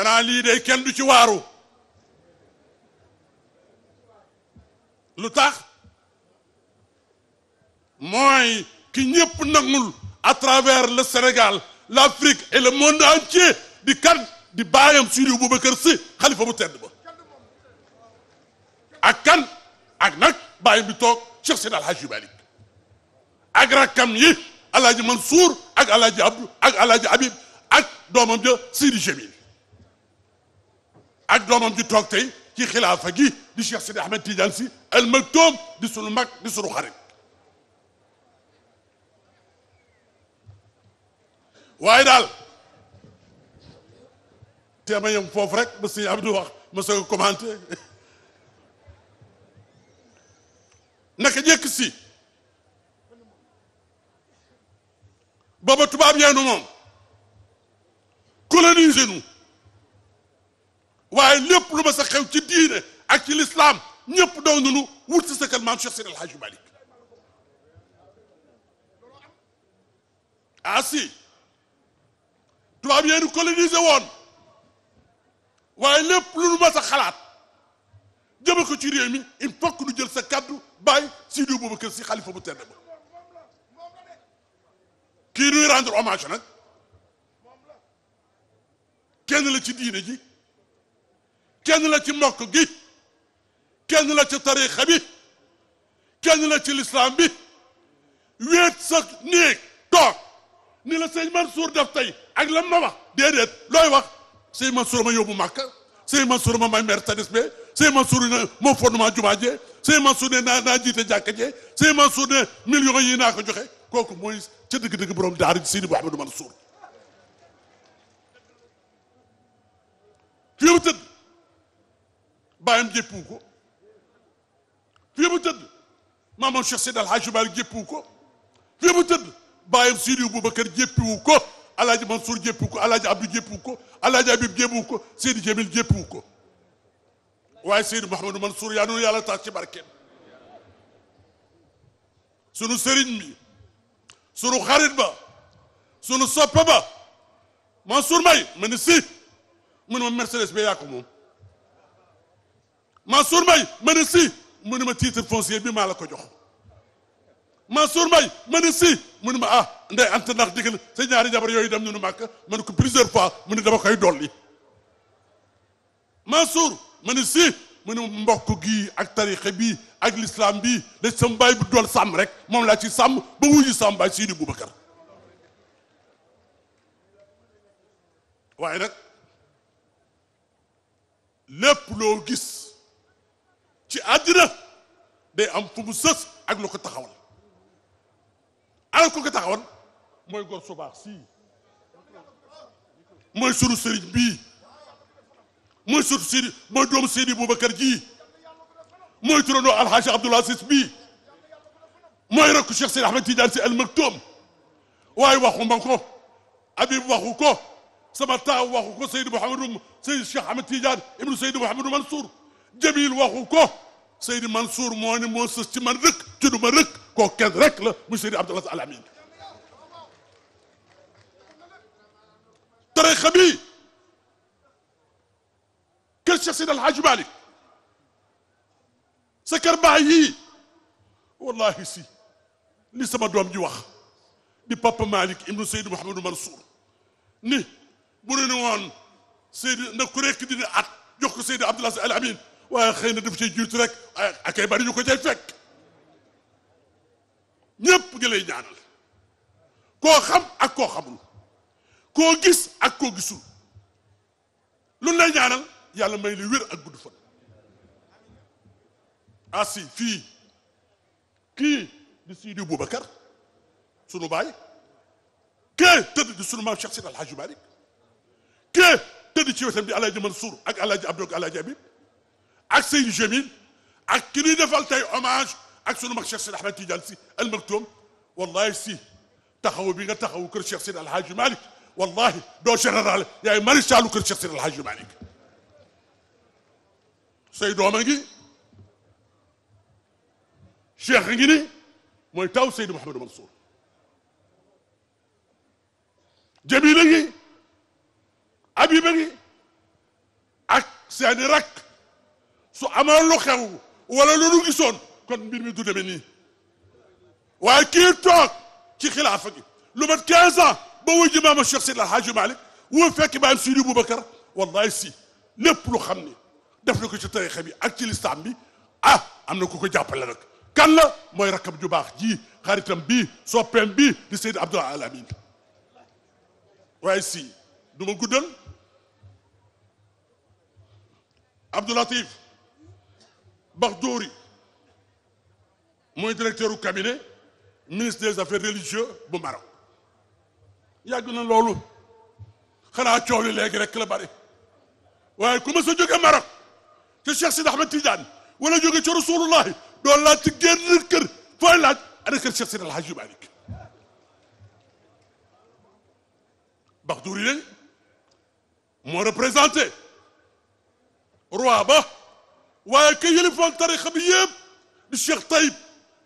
xanaa lii de kenn du ci waaru lu tax mooy ki ñëpp nangul à travers le Sénégal l'Afrique et le monde entier di kan di baayam Seydi Boubacar Sy xalifa bu tedd ba ak kan ak nag baayam bi toog Cheikh Seydi El Hadji Malick ak rakkam yi Alaaji Mansour ak Alaaji Abdou ak Alaaji Habib ak doomam Jamil ak doomam di toog tey ci xilaafa gi di Cheikh Sidi Ahmed Tidiane si al maktoum di sunu mag di sunu xarit waaye daal teema yem foofu rek ba sëñ Abdou wax ma soog a commenté naka jëkk si booba tubaab yeenu moom coloniser nu waaye lépp lu ma sa xew ci diine ak ci lislaam ñëpp daw nunu wut si sa kër maam Cheikh Seydi El Hadji Malick ah tubaab yéenu colonisé woon waaye lépp lu nu ma xalaat jëme ci réew mi il faut que nu jël sa kaddu bàyyi Seydi Boubacar Sy xalifa bu tedd ba kii nuy rendre hommage nag kenn la ci diine ji kenn la ci mbokk gi kenn la ci tarixa bi kenn la ci lislaam bi wéet sa nii toog ni la sëñ Mansour def tey ak lan ma wax déedéet looy wax sëñ Mansour ma yóbbu Màkka sëñ Mansour ma may Mercedes be sëñ Mansour ne moom fondement jumaa jee sëñ Mansour ne naa naa jiite jàkka jee sëñ Mansour ne millions yi naa ko joxe kooku mooy ca dëgg-dëgg borom daara ji Seydi Mouhamadou Mansour fi mu bàyyam jéppiwu ko fii mu tëdd maamam Cheikh Seydi Alhaaji Maalik jéppiwu ko fii mu tëdd bàyyam Seydi Boubacar jéppiwu ko alaaji Mansour jéppiwu ko alaaji Abdou jéppiwu ko alaaji Habib jéppiwu ko waaye Seydi Mouhamadou Mansour yaa noonu yàlla taas ci barkeem sunu sëriñ bi sunu xarit ba sunu soppe ba Mansour May ma ne si mu ne Mercedes ba yaa ko Mansour Mbaye ma ne si ma titre foncier bi maa la ko jox Mansour Mbaye ma ne ma ah ndey anta ndax digg na ñaari jabar yooyu dem ñu nu màkk ma ne ko plusieurs fois mu ne dama koy dolli Mansour ma ne si mu mbokk gii ak tarixe bii ak l'islam bii da sam baay sam rek moom laa ci sàmm ba wuyu sàmm baay Sidi Boubacar nag lépp loo ci àddina day am fu mu sës ak lu ko taxawal alal ko ko taxawal mooy gor su baax sii mooy sunu sëriñ bii mooy sunu sëriñ mooy doomu Seydi Boubacar jii mooy turandoo alxaaji Abdoul Aziz bii mooy rakku Cheikh Seydi Ahmed Tidiane Sy Al Maktoum waaye waxu ma ko Habib waxu ko sama taaw waxu ko Seydi Mouhamadou Seydi Cheikh Ahmed Tidiane ibnu Seydi Mouhamadou Mansour Jamil waxu ko Seydi Mansour moo ni moo sës man rëkk ci duma rëkk rek la mu Seydi Abdallah Al Amin tarixa bi kër Cheikh Seydi El Hadji sa kër baay yii wallahi si li sama doom ji wax di papa Malick ibnu Seydi Mouhamadou Mansour ni bu ne woon Seydi na ku rekk dina at Al Amin waaye xëy na daf ci jiitu rek ak ay bari ñu ko cay fekk ñépp ngi lay ñaanal koo xam ak koo xamul koo gis ak koo gisul lu lay ñaanal yàlla may li wér ak gudd asi ah fii kii di Sidi Boubacar sunu baay kee tëdd sunu maam Cheikh Seydi El Hadji Malick kee tëdd ci wetam di Alaaji Mansour ak Alaaji Abdou ak Alaaji Habib ak Seydi Jamil ak ki ñuy defal tey hommage ak sunu mag Cheikh Sidi Ahmed Tidiane si Al Maktoum wallahi si taxaw bi nga taxaw kër Cheikh Sidi Alhaji Malick wallahi doo général yaay maréchalu kër Cheikh Sidi Alhaji Malick say doom a ngi cheikh a ngi ni mooy taw Seydi Mouhamadou Mansour Jamil a ngi Habib a ngi ak seeni rakk su amaan lu xew wala lu nu gisoon kon mbir mi du demee nii waaye kii toog ci xilaafa gi lu mat 15 ans ba wuy ji maama Cheikh Seydi El Hadji i woo fekk baayam Seydi Boubacar wallahi si lépp lu xam def na ko ci tarixa bi ak ci lislaam bi ah am na ku ko jàppale nag kan la mooy rakkam ju baax ji xaritam bii soppeem bii di Seydi Abdoul Alamin waaye si du ma guddal Abdou Latif Bakhdori mooy directeur u cabinet ministre des affaires religieuses bu Maroc yàgg na loolu xanaa coow li léegi rek la bari waaye ku ma sa jóge Maroc te Cheikh Sidi Ahmed Tidiane wala jóge ci Rasulullahi doon laaj ci génn kër fooy laaj ana kër Cheikh Sidi El Hadji Malick Bakhdori moo représenté roi ba waaye ka yëlifoon tarixa bi yëpp di Cheikh Taïb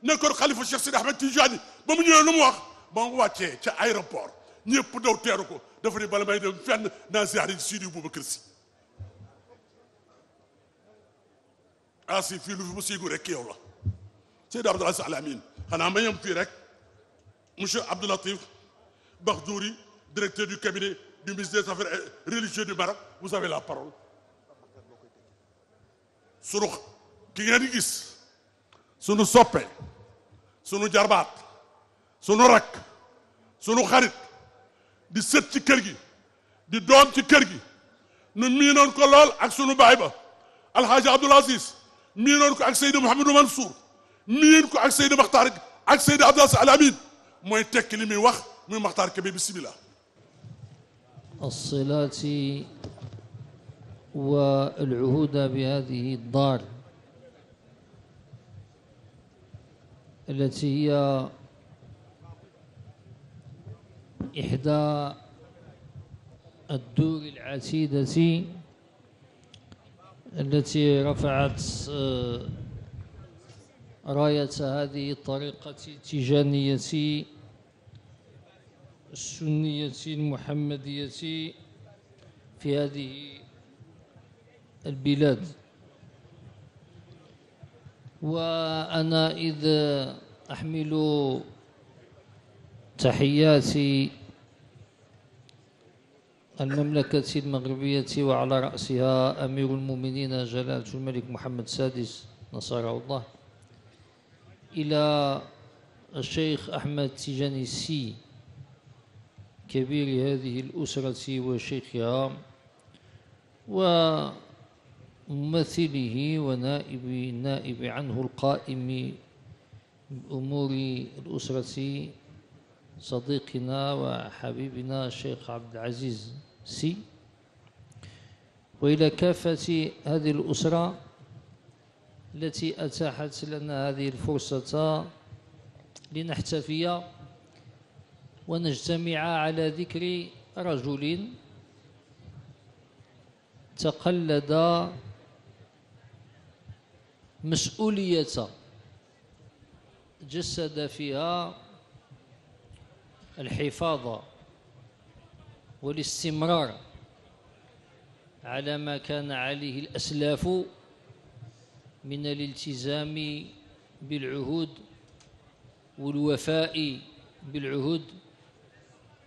nekkoon xalifa Cheikh Sidi Ahmed Tidiane ba mu ñëwee lu mu wax ba mu wàccee ca aéroport ñëpp daw teeru ko dafa ne bala may dem fenn naa ziyaari Sidi Boubacar ah, Si asi fii lu fi mu siigu rek yow la Seydi Abdoul Aziz Al Amine xanaa ma yem fii rek monsieur Abdou Latif Bakhdjouri directeur du cabinet du ministre des affaires euh, religieuses du Maroc vous la parole sunu ki ngeen di gis sunu soppe sunu jarbaat sunu rakk sunu xarit di sët ci kër gi di doom ci kër gi nu miinoon ko lool ak sunu baay ba alxaaji abdul aziz miinoon ko ak seydi mouhamadou mansour miin ko ak seydi maxtaar ak seydi abdul aziz mooy tekki li muy wax muy maxtaar kebe والعهود بهذه الدار التي هي إحدى الدور العتيدة التي رفعت راية هذه الطريقة التجانية السنية المحمدية في هذه البلاد وأنا إذ أحمل تحيات المملكة المغربية وعلى رأسها أمير المؤمنين جلالة الملك محمد السادس نصره الله إلى الشيخ أحمد تيجاني السي كبير هذه الأسرة وشيخها و ممثله ونائب النائب عنه القائم بأمور الأسرة صديقنا وحبيبنا الشيخ عبد العزيز سي وإلى كافة هذه الأسرة التي أتاحت لنا هذه الفرصة لنحتفي ونجتمع على ذكر رجل تقلد مسؤولية جسد فيها الحفاظ والاستمرار على ما كان عليه الأسلاف من الالتزام بالعهود والوفاء بالعهود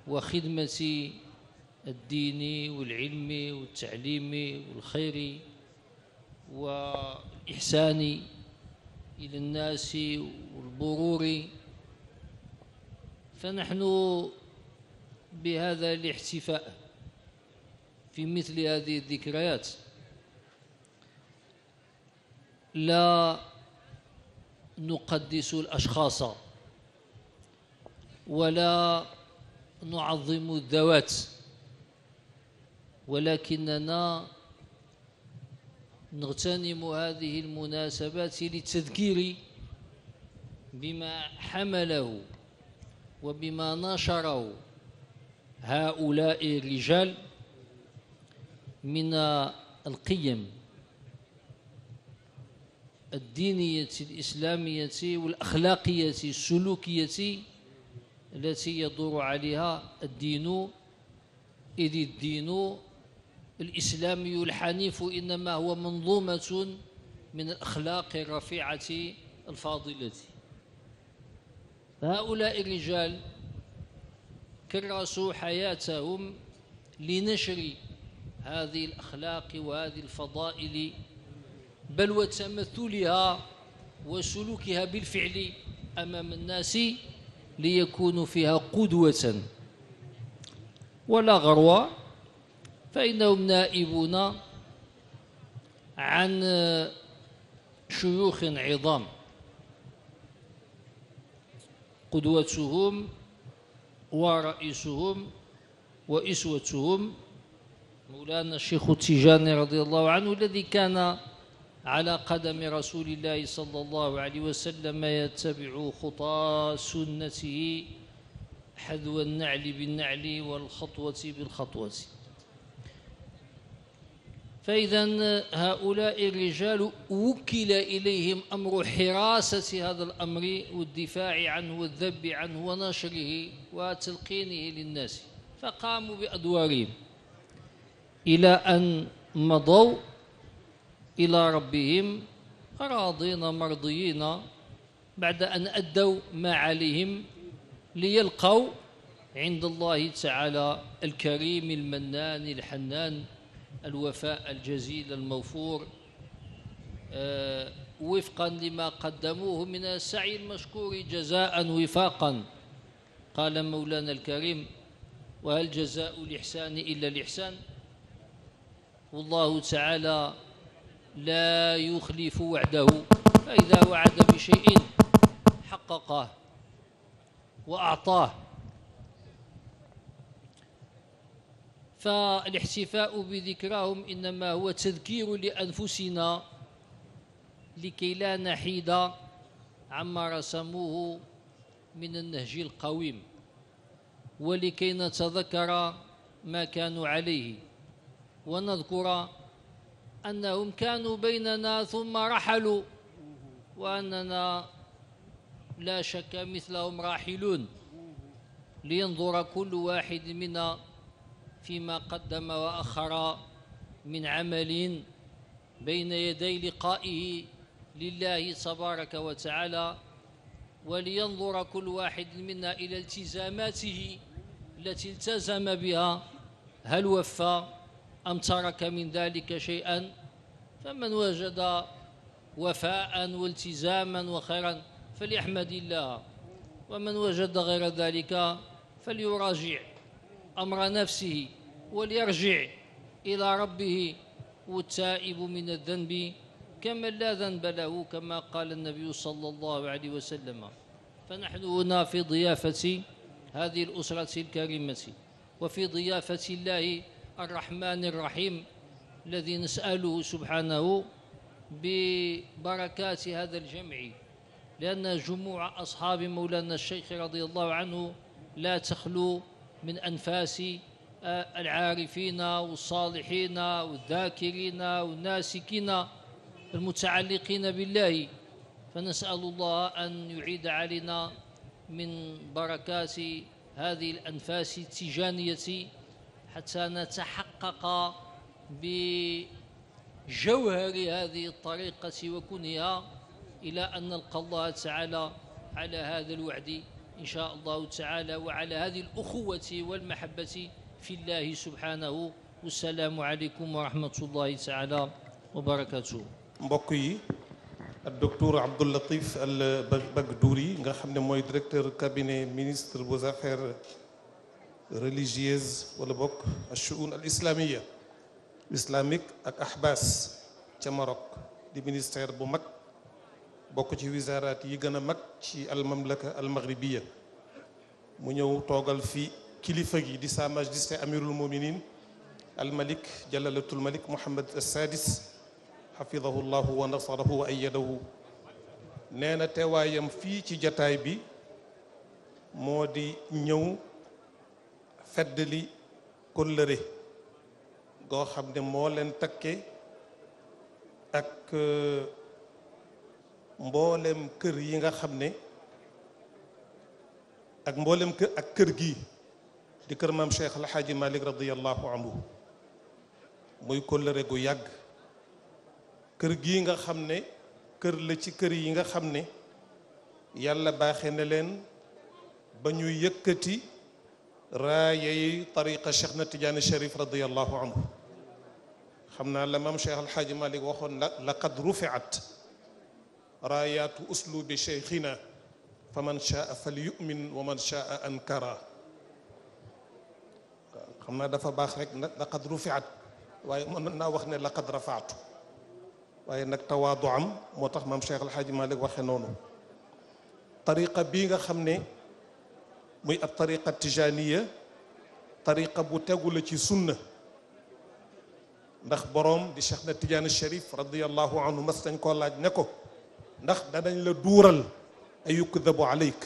وخدمة الدين والعلم والتعليم والخير وإحساني إلى الناس والبرور فنحن بهذا الاحتفاء في مثل هذه الذكريات لا نقدس الأشخاص ولا نعظم الذوات ولكننا نغتنم هذه المناسبات للتذكير بما حمله وبما نشره هؤلاء الرجال من القيم الدينية الإسلامية والأخلاقية السلوكية التي يدور عليها الدين إذ الدين الإسلامي الحنيف إنما هو منظومة من الأخلاق الرفيعة الفاضلة فهؤلاء الرجال كرسوا حياتهم لنشر هذه الأخلاق وهذه الفضائل بل وتمثلها وسلوكها بالفعل أمام الناس ليكونوا فيها قدوة ولا غروة فإنهم نائبون عن شيوخ عظام قدوتهم ورئيسهم وإسوتهم مولانا الشيخ التجاني رضي الله عنه الذي كان على قدم رسول الله صلى الله عليه وسلم يتبع خطى سنته حذو النعل بالنعل والخطوة بالخطوة فإذا هؤلاء الرجال وكل إليهم أمر حراسة هذا الأمر والدفاع عنه والذب عنه ونشره وتلقينه للناس فقاموا بأدوارهم إلى أن مضوا إلى ربهم راضين مرضيين بعد أن أدوا ما عليهم ليلقوا عند الله تعالى الكريم المنان الحنان الوفاء الجزيل الموفور وفقا لما قدموه من السعي المشكور جزاء وفاقا قال مولانا الكريم وهل جزاء الإحسان إلا الإحسان والله تعالى لا يخلف وعده فإذا وعد بشيء حققه وأعطاه فالاحتفاء بذكراهم إنما هو تذكير لأنفسنا لكي لا نحيد عما رسموه من النهج القويم ولكي نتذكر ما كانوا عليه ونذكر أنهم كانوا بيننا ثم رحلوا وأننا لا شك مثلهم راحلون لينظر كل واحد منا فيما قدم وأخر من عمل بين يدي لقائه لله تبارك وتعالى ولينظر كل واحد منا إلى التزاماته التي التزم بها هل وفى أم ترك من ذلك شيئا فمن وجد وفاء والتزاما وخيرا فليحمد الله ومن وجد غير ذلك فليراجع أمر نفسه وليرجع إلى ربه والتائب من الذنب كمن لا ذنب له كما قال النبي صلى الله عليه وسلم فنحن هنا في ضيافة هذه الأسرة الكريمة وفي ضيافة الله الرحمن الرحيم الذي نسأله سبحانه ببركات هذا الجمع لأن جموع أصحاب مولانا الشيخ رضي الله عنه لا تخلو من أنفاس العارفين والصالحين والذاكرين والناسكين المتعلقين بالله فنسأل الله أن يعيد علينا من بركات هذه الأنفاس التجانية حتى نتحقق بجوهر هذه الطريقة وكنها إلى أن نلقى الله تعالى على هذا الوعد إن شاء الله تعالى وعلى هذه الأخوة والمحبة في الله سبحانه والسلام عليكم ورحمة الله تعالى وبركاته mbokk yi ak docteur Abdoul Latif Al Bagdouri nga xam ne mooy directeur cabinet ministre des affaires religieuses wala bokk ashuun al islamia islamique ak ahbas ca Maroc di ministère bu mag bokk ci wisaaraat yi gën a mag ci almamlaka almaghribiya mu ñëw toogal fii kilifa gi di sa majesté amirul muminin almalik jalalatul malik muhammad assadis xafidahu llahu wa nasarahu wa ayadahu nee na teewaayam fii ci jataay bi moo di ñëw feddali kóllëre goo xam ne moo leen takke ak euh, mboolem kër yi nga xam ne ak mboolem kër ak kër gi di kër maam Cheikh El Hadj Malick radiyallahu anhu muy kóllëre gu yàgg kër gii nga xam ne kër la ci kër yi nga xam ne yàlla baaxe na leen ba ñu yëkkati raaya yi tariqa Cheikh na Tidiane Cherif radiyallahu anhu xam naa la maam Cheikh El Hadj Malick waxoon la laqad rufiat raayaatu uslubi cheikhina fa man shaa fal yumin wa man shaa ankara xam naa dafa baax rek nag laqad rufiat waaye mën naa wax ne laqad rafaatu waaye nag tawaadu am moo tax maam Cheikh Alhaaji Malick waxe noonu tariqa bii nga xam ne muy ab tariqa tijaniya tariqa bu tegu la ci sunna ndax boroom di Cheikh na Tidiane Cherif radiallahu anhu mas nañ koo laaj ne ko ndax danañ la duural ay yukdabu aleyk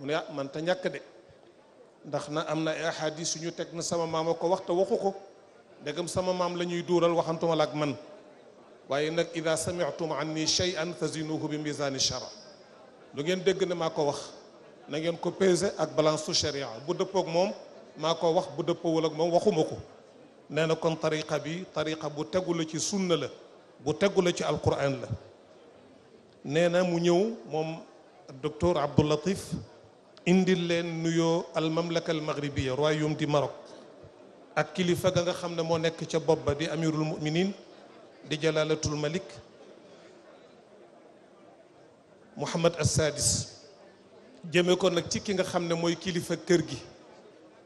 mu ah, man te ñàkk de ndax na am na ay ahadis suñu teg na sama maam a ko wax te waxu ko ndegam sama maam la ñuy dóoral waxantuma la ak man waaye nag ida sami'tum anni shay'an fazinuhu bi mizaani shara lu ngeen dégg ne maa ko wax na ngeen ko peser ak balance su sharia bu dëppook moom maa ko wax bu dëppoowul ak moom waxuma ko nee na kon tariqa bi tariqa bu tegu la ci sunna la bu tegu la ci alquran la nee na mu ñëw moom docteur Abdoulatif indi leen nuyoo al mamlaka al maghribiya royaume di Maroc ak kilifa ga nga xam ne moo nekk ca bopp ba di amirul muminin di jalaalatul malik Mouhamad Assadis jëme ko nag ci ki nga xam ne mooy kilifa kër gi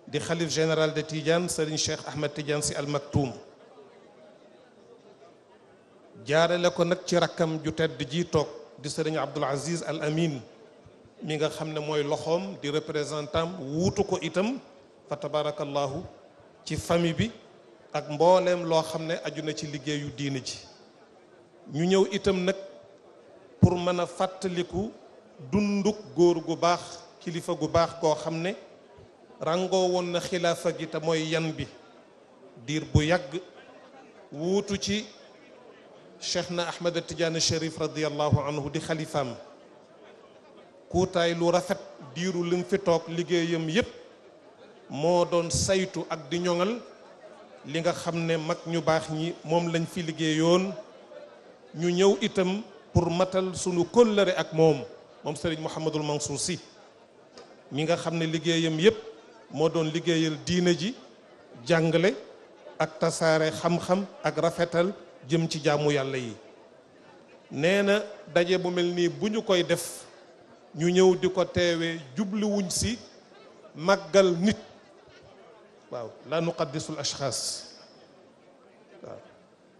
di xalif général de Tidiane Serigne Cheikh Ahmed Tidiane si al jaare jaarale ko nag ci rakkam ju tedd ji toog di Serigne Abdoul Aziz al Amin mi nga xam ne mooy loxoom di représentant wuutu ko itam fa tabarakallahu ci famille bi ak mbooleem loo xam ne aju na ci liggéeyu diine ji ñu ñëw itam nag pour mën a fàttaliku dunduk góor gu baax kilifa gu baax koo xam ne rangoo woon na xilaafa gi te mooy yan bi diir bu yàgg wuutu ci cheikh na ahmed tidiane sharif radiallahu anhu di xalifaam kuutaay lu rafet diiru li mu fi toog liggéeyam yépp moo doon saytu ak di ñoŋal li nga xam ne mag ñu baax ñi moom lañ fi yoon ñu ñëw itam pour matal sunu kóllëre ak moom moom sëriñ Mouhamadul Mansour si ñi nga xam ne liggéeyam yépp moo doon liggéeyal diina ji jàngale ak tasaare xam-xam ak rafetal jëm ci jaamu yàlla yi nee na daje bu mel nii bu ñu koy def ñu ñëw di ko teewee jubluwuñ si màggal nit waaw la nuqaddisul ashxaas waaw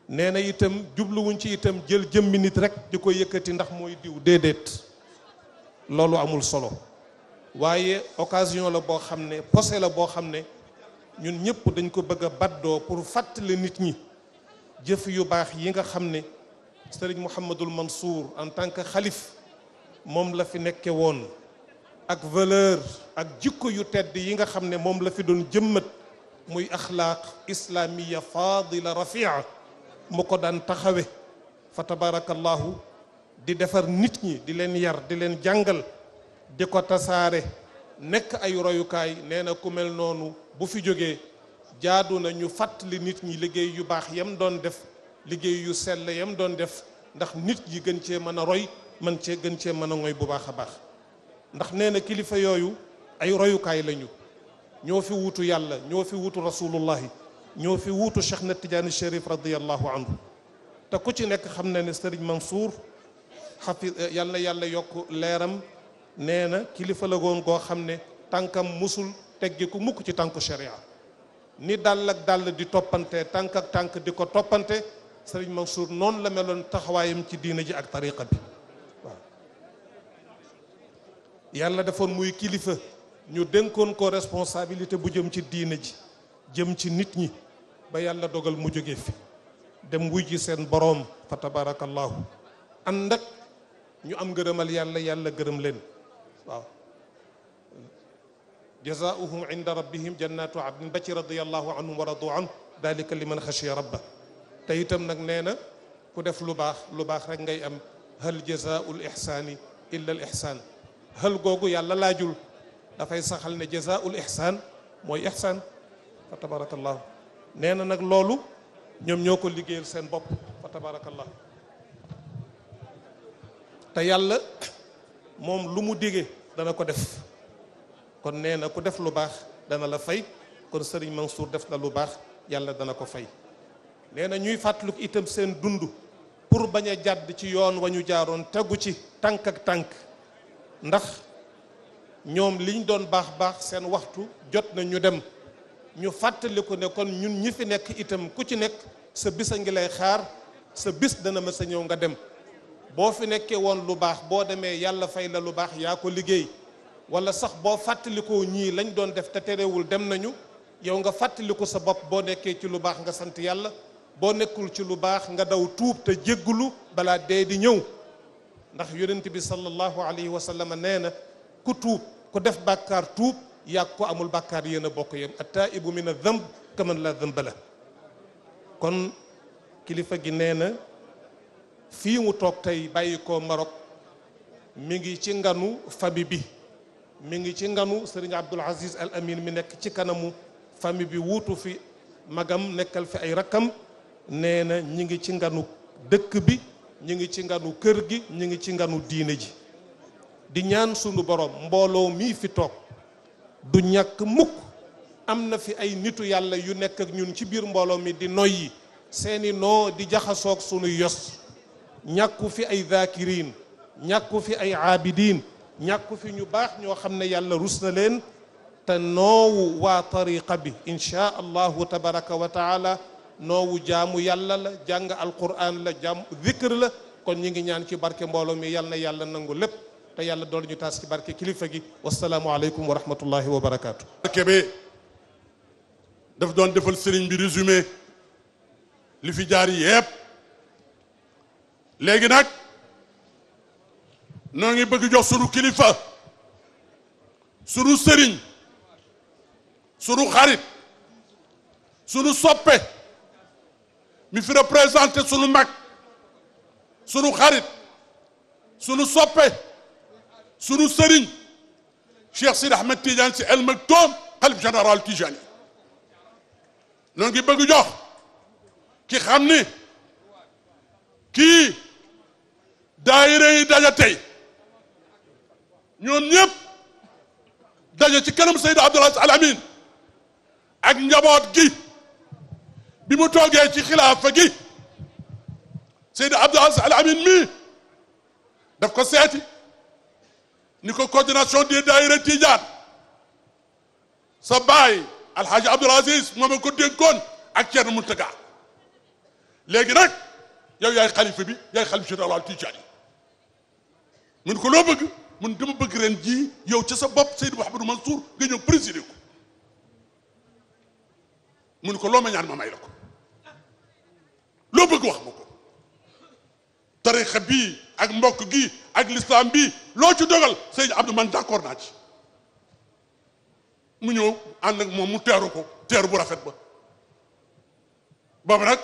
nee na itam jubluwuñ ci itam jël jëmmi nit rek di ko yëkkati ndax mooy diw déedéet loolu amul solo waaye occasion la boo xam ne pose la boo xam ne ñun ñëpp dañ ko bëgg a baddoo pour fàttali nit ñi jëf yu baax yi nga xam ne sëriñ Mouhamadul Mansour en tant que xalif moom la fi nekke woon ak valeur ak jikko yu tedd yi nga xam ne moom la fi doon jëmmat muy axlaaq islaamiya faadila rafia mu ko daan taxawe fa tabarakallahu di defar nit ñi di leen yar di leen jàngal di ko tasaare nekk ay royukaay nee na ku mel noonu bu fi jógee jaadu na ñu fàttali nit ñi liggéey yu baax yam doon def liggéey yu sell yam doon def ndax nit ñi gën cee mën a roy man cee gën cee mën a ngoy bu baax a baax ndax nee na kilifa yooyu ay royukaay lañu ñoo fi wuutu yàlla ñoo fi wuutu rasulullahi ñoo fi wuutu Cheikh na Tidiane Chérif radiyallahu anhu te ku ci nekk xam na ne sëriñ Mansour xafi eh, yàlla na yàlla yokk leeram nee na kilifa la woon goo xam ne tànkam musul teggi ku mukk ci tànku sharia ni dàll ak dàll di toppante tànk ak tànk di ko toppante sëriñ Mansour noonu la meloon taxawaayam ci diina ji ak tariqa bi yàlla defoon muy kilifa ñu dénkoon ko responsabilité bu jëm ci diina ji jëm ci nit ñi ba yàlla dogal mu jóge fi dem wuy ji seen boroom fa tabarakallahu ànd ak ñu am gërëmal yàlla yàlla gërëm leen waaw jazaauhum inda rabbihim jannatu adnin ba ci radiallahu anhum wa radu anhu dalika liman xashiya te itam nag nee na ku def lu baax lu baax rek ngay am hal jazaau l ixsaani illa xël googu yàlla laajul dafay saxal ne jazaul ihsaan mooy ihsaan fa tabarakallahu nee na nag loolu ñoom ñoo ko liggéeyal seen bopp fa tabarakallahu te yàlla moom lu mu digee dana ko def kon nee na ku def lu baax dana la fay kon sëriñ Mansour def na lu baax yàlla dana ko fay nee ñuy fàttaliku itam seen dund pour bañ a jàdd ci yoon wañu jaaroon tegu ci tànk ak tànk ndax ñoom liñ doon baax baax seen waxtu jot na ñu dem ñu fàttaliku ne kon ñun ñi fi nekk itam ku ci nekk sa bis a ngi lay xaar sa bis dana ma sa ñëw nga dem boo fi nekkee woon lu baax boo demee yàlla fay la lu baax yaa ko liggéey wala sax boo fàttaliku ñii lañ doon def te terewul dem nañu yow nga fàttaliku sa bopp boo nekkee ci lu baax nga sant yàlla boo nekkul ci lu baax nga daw tuub te jéggulu balaa dee di ñëw ndax yonent bi sallallahu alayhi wa sallam nee na ku tuub ku def bàkkaar tuub yàgg ko amul bàkkaar yéen a bokk yem attaibu min adamb kaman la dëmb la kon kilifa gi nee na fii mu toog tey bàyyi ko Maroc mi ngi ci nganu famille bi mi ngi ci nganu Serigne Abdoul Aziz Al Amin mi nekk ci kanamu famille bi wuutu fi magam nekkal fi ay rakkam nee na ñi ngi ci nganu dëkk bi ñu ngi ci nganu kër gi ñu ngi ci nganu diine ji di ñaan sunu borom mbooloo mii fi toog du ñàkk mukk am na fi ay nitu yàlla yu nekk ak ñun ci biir mbooloo mi di noyyi seeni noo di jaxasoog sunu yos ñàkku fi ay zaakiriin ñàkku fi ay aabidiin ñàkku fi ñu baax ñoo xam ne yàlla rus na leen te noowu waa tariqa bi inchaa allahu tabaraka wa taala noowu jaamu yàlla la jàng alquran la jàmm zikr la kon ñi ngi ñaan ci barke mbooloo mi yàlla na yàlla nangu lépp te yàlla dool ñu taas ci barke kilifa gi wasalaamualeykum wa rahmatullahi wa barakaatu. barke bi daf doon defal sëriñ bi résumé li fi jaar yépp léegi nag noo ngi bëgg jox sunu kilifa sunu sëriñ sunu xarit sunu soppe. mi fi représenté sunu mag sunu xarit sunu soppe sunu sëriñ Cheikh Sidi Ahmed Tidiane si El Maktoum xalif général Tijani noo ngi bëgg jox ki xam ni kii daayira yi daja tey ñoom daja ci kanam Seydi Abdoul Aziz Al Amine ak njaboot gi bi mu toogee ci xilaafa gi Seydi Abdou Aziz Al Amin mii def ko seeti ni ko coordination des daayira Tijaan sa baay Alxaaji Abdul Aziz moom a ko dénkoon ak Ceerno Muntaga léegi nag yow yaay xalifa bi yaay xalifa général Tijaan yi mun ko loo bëgg mun dama bëgg ren jii yow ci sa bopp Seydou Mouhamadou Mansour nga ñëw présider ko mun ko loo ma ñaan ma may la ko loo bëgg wax ma ko tarixa bii ak mbokk gi ak lislaam bii loo ci dogal sëñ Abdou man d'accord naa mu ñëw ànd moom mu teeru ko teeru bu rafet ba boobu nag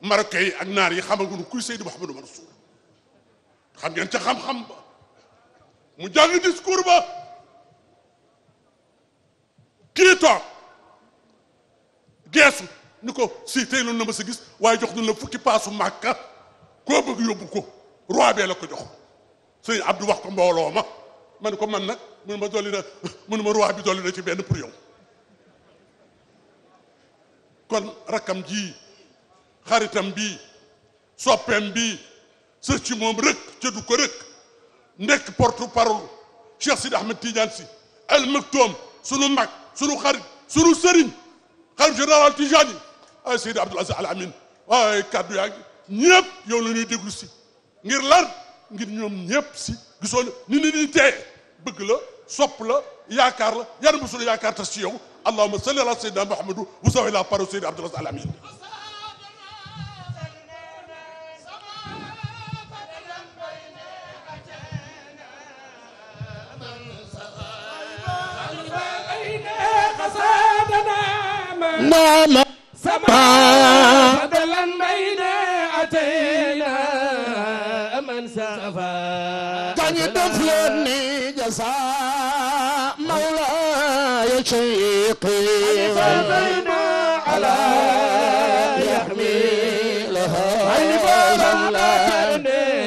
marocain yi ak naar yi xamaguñu kuy Seydi Mouhamadou Mansour xam ngeen ca xam-xam ba mu jàng discours ba kii toog geesu ni ko si tey loolu na ma sa gis waaye jox nañ la fukki paasu màkka koo bëgg yóbbu ko roi bee la ko jox sëñ Abdou wax ko mbooloo ma ma ne ko man nag mënu ma dolli na mënu ma roi bi dolli na ci benn pour yow kon rakkam ji xaritam bi soppeem bi sër ci moom rëkk ca du ko rëkk nekk porte parole Cheikh Ahmed Tidiane si al maktoum sunu mag sunu xarit sunu sëriñ xarit général Tidiane ay Seydi Abdoul Aziz Al Amin waaye kaddu yaa ngi ñëpp yow la ñuy déglu si ngir lan ngir ñoom ñëpp si gisoon ni bëgg la sopp la yaakaar la yan bu sunu yaakaar tas ci yow allahuma salli ala Seydina Muhammadu bu la paro Seydi Abdoul Aziz Al Amin السماء فضلا بين أتينا من سفا كان يدفلني جزاء مولاي شيقي فضينا على يحمي لها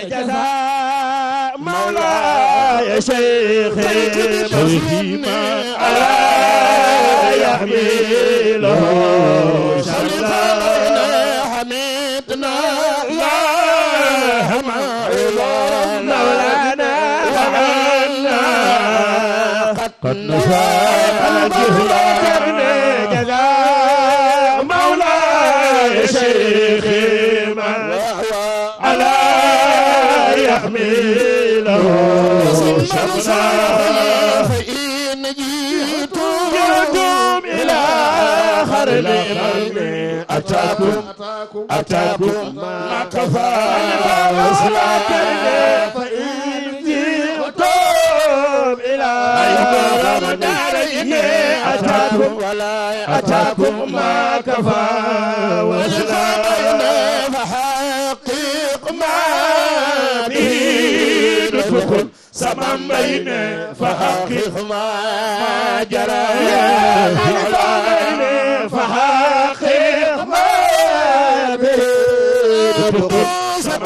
جزاء مولاي شيخي شيخي ما على يحمي لها أتاكم أتاكم ما كفى وصلاة فإن نور دارين أتاكم ولا أتاكم ما كفى وزلنا فحقق ما به نطلق سما بين فحقق ما جرى فحقق ما به نطلق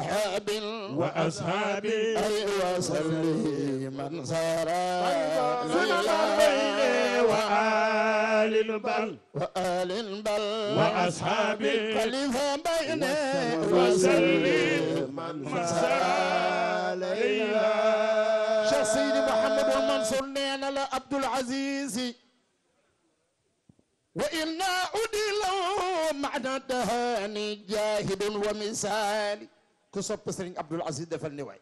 وأصحاب وأصحاب أي وصلي من سار لله وآل البل وآل البل وأصحاب خليفة بيني وسلي من سار لله شيخ سيدي محمد ومنصور نينا لعبد العزيز وإنا أدلوا معنى دهاني جاهد ومثالي ku sopp sëriñ Abdul Aziz defal ni waay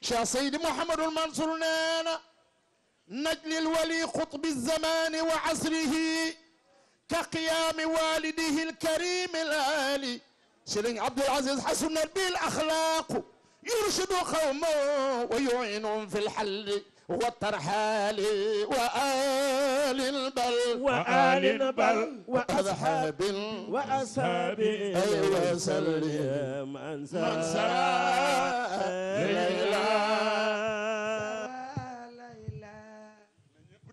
Cheikh Seydi Mouhamadul Mansour nee na najlil wali xutbi zamani wa asrihi ka qiyaami walidihi lkarimi lali sëriñ Abdul Aziz xasunat bil axlaaqu yurshidu xawma wa yuinum fi lxalli وترحالي وآل البل وآل البل وأصحاب وأصحاب أي وسلم أنسى ليلى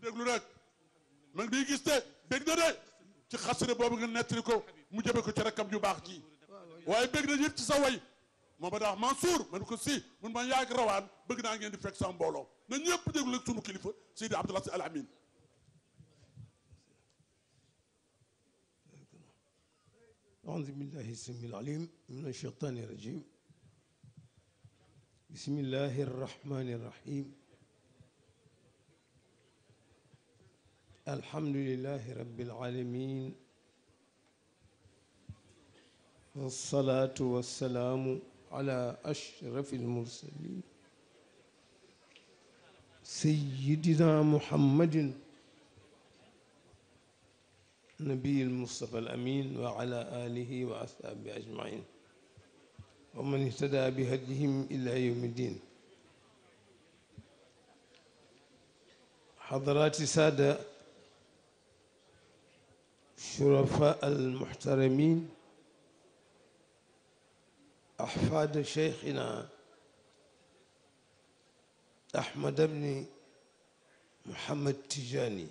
déglu nag man bii gis te bég na de ci xasida boobu nga nettali ko mu jëme ko ci rakkam ju baax ji waaye bég na yëpp ci sa way moo ma daax Mansour man ko si mun ma yaag rawaan bëgg naa ngeen di fekk sama mbooloo na ñëpp déglu nag sunu kilifa Seydi Abdoul Aziz Al Amin أعوذ بالله السميع العليم من الشيطان الرجيم بسم الله الرحمن الرحيم الحمد لله رب العالمين والصلاة والسلام على أشرف المرسلين سيدنا محمد نبي المصطفى الأمين وعلى آله وأصحابه أجمعين ومن اهتدى بهديهم إلى يوم الدين حضرات سادة شرفاء المحترمين أحفاد شيخنا أحمد بن محمد تجاني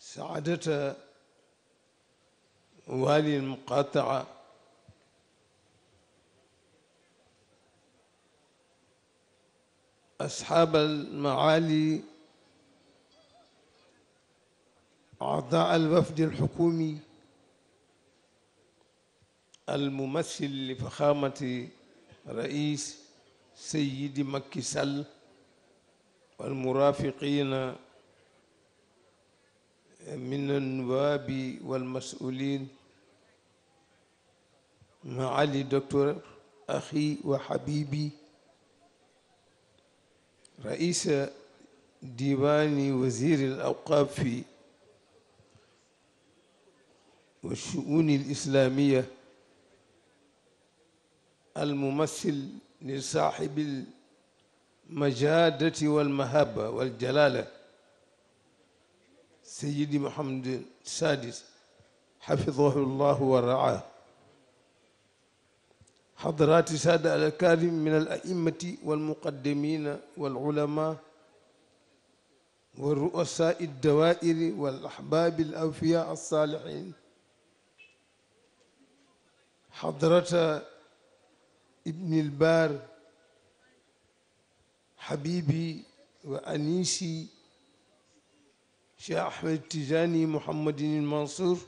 سعادة والي المقاطعة أصحاب المعالي أعضاء الوفد الحكومي الممثل لفخامة رئيس سيد مكي سل والمرافقين من النواب والمسؤولين معالي دكتور أخي وحبيبي رئيس ديوان وزير الأوقاف والشؤون الإسلامية الممثل لصاحب المجادة والمهابة والجلالة سيدي محمد السادس حفظه الله ورعاه حضرات سادة الأكارم من الأئمة والمقدمين والعلماء والرؤساء الدوائر والأحباب الأوفياء الصالحين حضرة ابن البار حبيبي وأنيسي شيخ أحمد التجاني محمد المنصور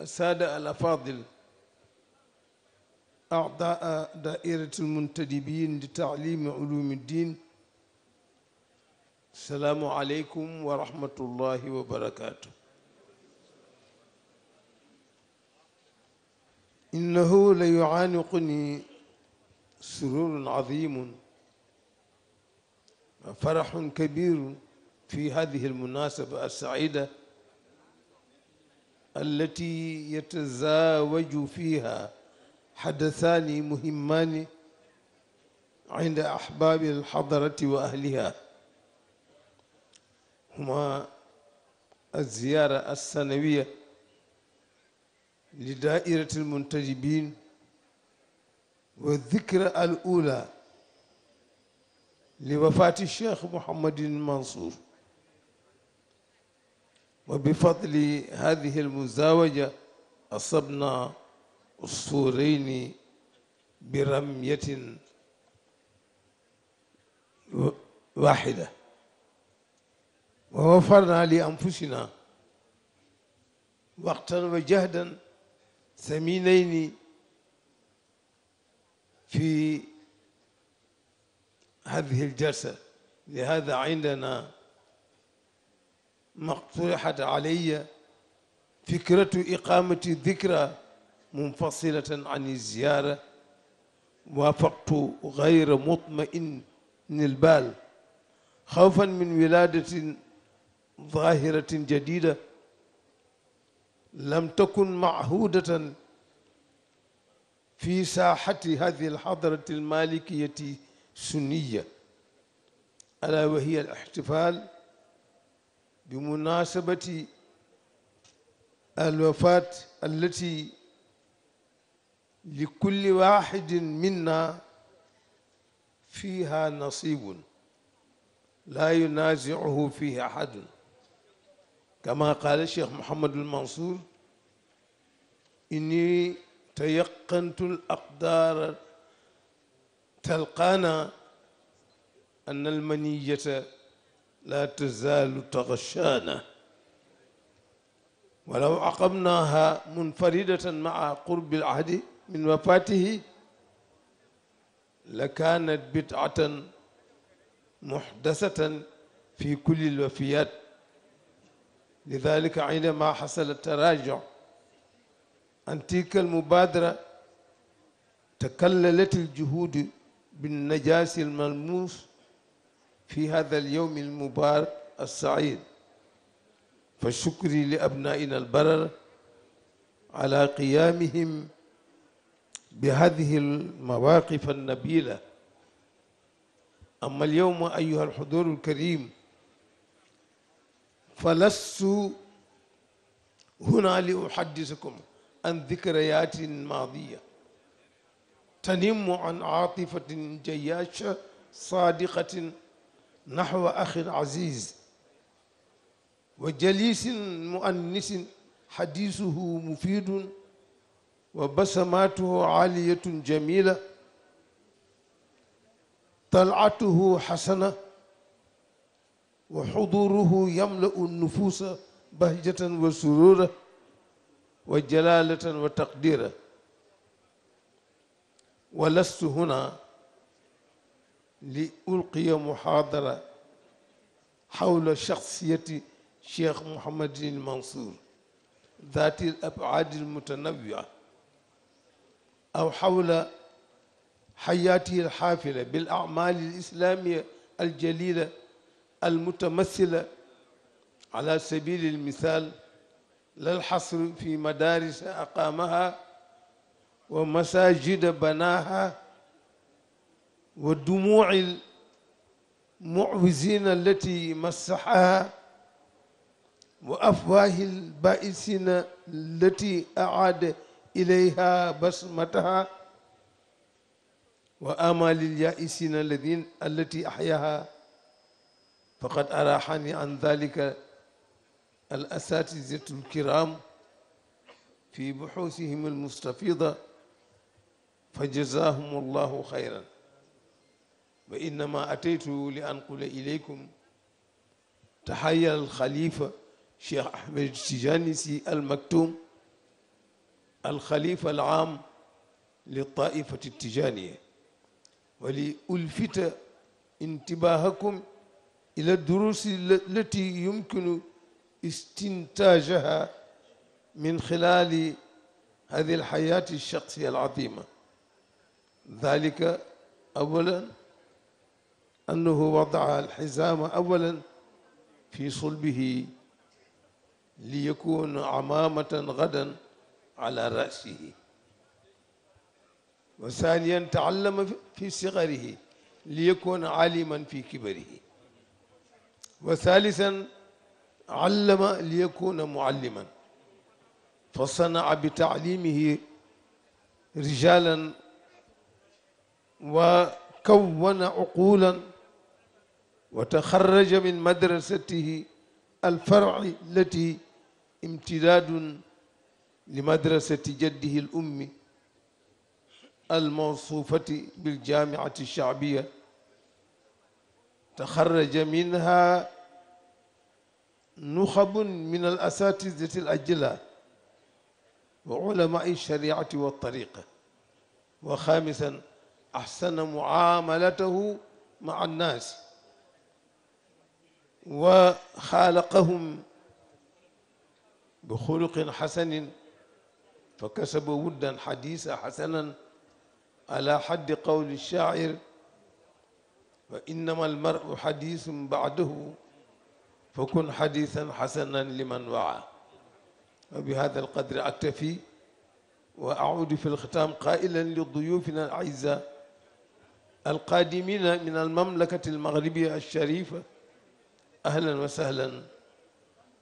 السادة الأفاضل أعضاء دائرة المنتدبين لتعليم علوم الدين السلام عليكم ورحمة الله وبركاته إنه ليعانقني سرور عظيم فرح كبير في هذه المناسبة السعيدة التي يتزاوج فيها حدثان مهمان عند أحباب الحضرة وأهلها هما الزيارة السنوية li daairatil muntajibin wa dikra al ula li wafaati cheikh Mouhamadin Mansour wa bi fadli hadihi al muzawaja asabna suurayni bi ramyatin waaxida wa wafarna li anfusina waqtan wa jahdan ثمينين في هذه الجلسة لهذا عندنا مقترحت علي فكرة إقامة ذكرى منفصلة عن الزيارة وافقت غير مطمئن البال خوفا من ولادة ظاهرة جديدة lam takun mahudatan fi saaxati hadihi alxadrati almalikiyati sunniya ala wa hiya alixtifal bi munasabati alwafat allati likulli waxidin minna fiha nasibun la yunazicuhu fihi axadun كما قال الشيخ محمد المنصور إني تيقنت الأقدار تلقانا أن المنية لا تزال تغشانا ولو عقبناها منفردة مع قرب العهد من وفاته لكانت بدعة محدثة في كل الوفيات لذلك عندما حصل التراجع عن تلك المبادرة تكللت الجهود بالنجاس الملموس في هذا اليوم المبارك السعيد فشكري لأبنائنا البرر على قيامهم بهذه المواقف النبيلة أما اليوم أيها الحضور الكريم falastu huna li uhaddisukum an dikriyatin maadiya tanimu an aatifatin jayaasha saadiqatin naxwa axin aziz wa jalisin muannisin xadiisuhu mufiidun wa basamaatuhu aaliyatun jamila talcatuhu xasana wa xuduruhu yamla'u nufuusa bahjatan wa surura wa jalalatan wa taqdira wa lastu huna li ulqiya muhaadara xawla shaxsiyati cheikh Mouhamadin Mansour ذات الأبعاد المتنوعة أو حول حياته الحافلة بالأعمال الإسلامية الجليلة المتمثلة على سبيل المثال لا الحصر في مدارس أقامها ومساجد بناها ودموع المعوزين التي مسحها وأفواه البائسين التي أعاد إليها بصمتها وآمال اليائسين الذين التي أحياها faqad araxani an dalika al asatizatu lkiram fi buxuusihim almustafida fa jazahum allahu xayran wa innama ateytu li anqula ilaykum taxaya alxalifa cheikh ahmed tijani si almaktum alxalifa alaam liltaifati tijaniya wa li ulfita intibahakum إلى الدروس التي يمكن استنتاجها من خلال هذه الحياة الشخصية العظيمة ذلك أولا أنه وضع الحزام أولا في صلبه ليكون عمامة غدا على رأسه وثانيا تعلم في صغره ليكون عالما في كبره wa thalithan allama liyakuna mualliman fa sanaa bi taalimihi rijalan wa kawwana uqulan wa taxarraja min madrasatihi alfarci lati imtidaadun limadrasati jaddihi al ummi almawsuufati biljaamiati alshacbiya taxarraja minha nuxabun min al asatidati al ajla wa ulamai shariati wa tariqa wa xaamisan axsana muaamalatahu ma annaas wa xaalaqahum bi xuluqin xasanin fa kasaba wuddan xadiisa xasanan ala xaddi qawli shaair fa innama almaru xadiisum baadahu fa kun xadiisan xasanan liman waa wa bi hada alqadri aktafi wa audu fi alxitaam qailan li duyufina alaisa alqaadimina min almamlakati almaghribiya alsharifa ahlan wa sahlan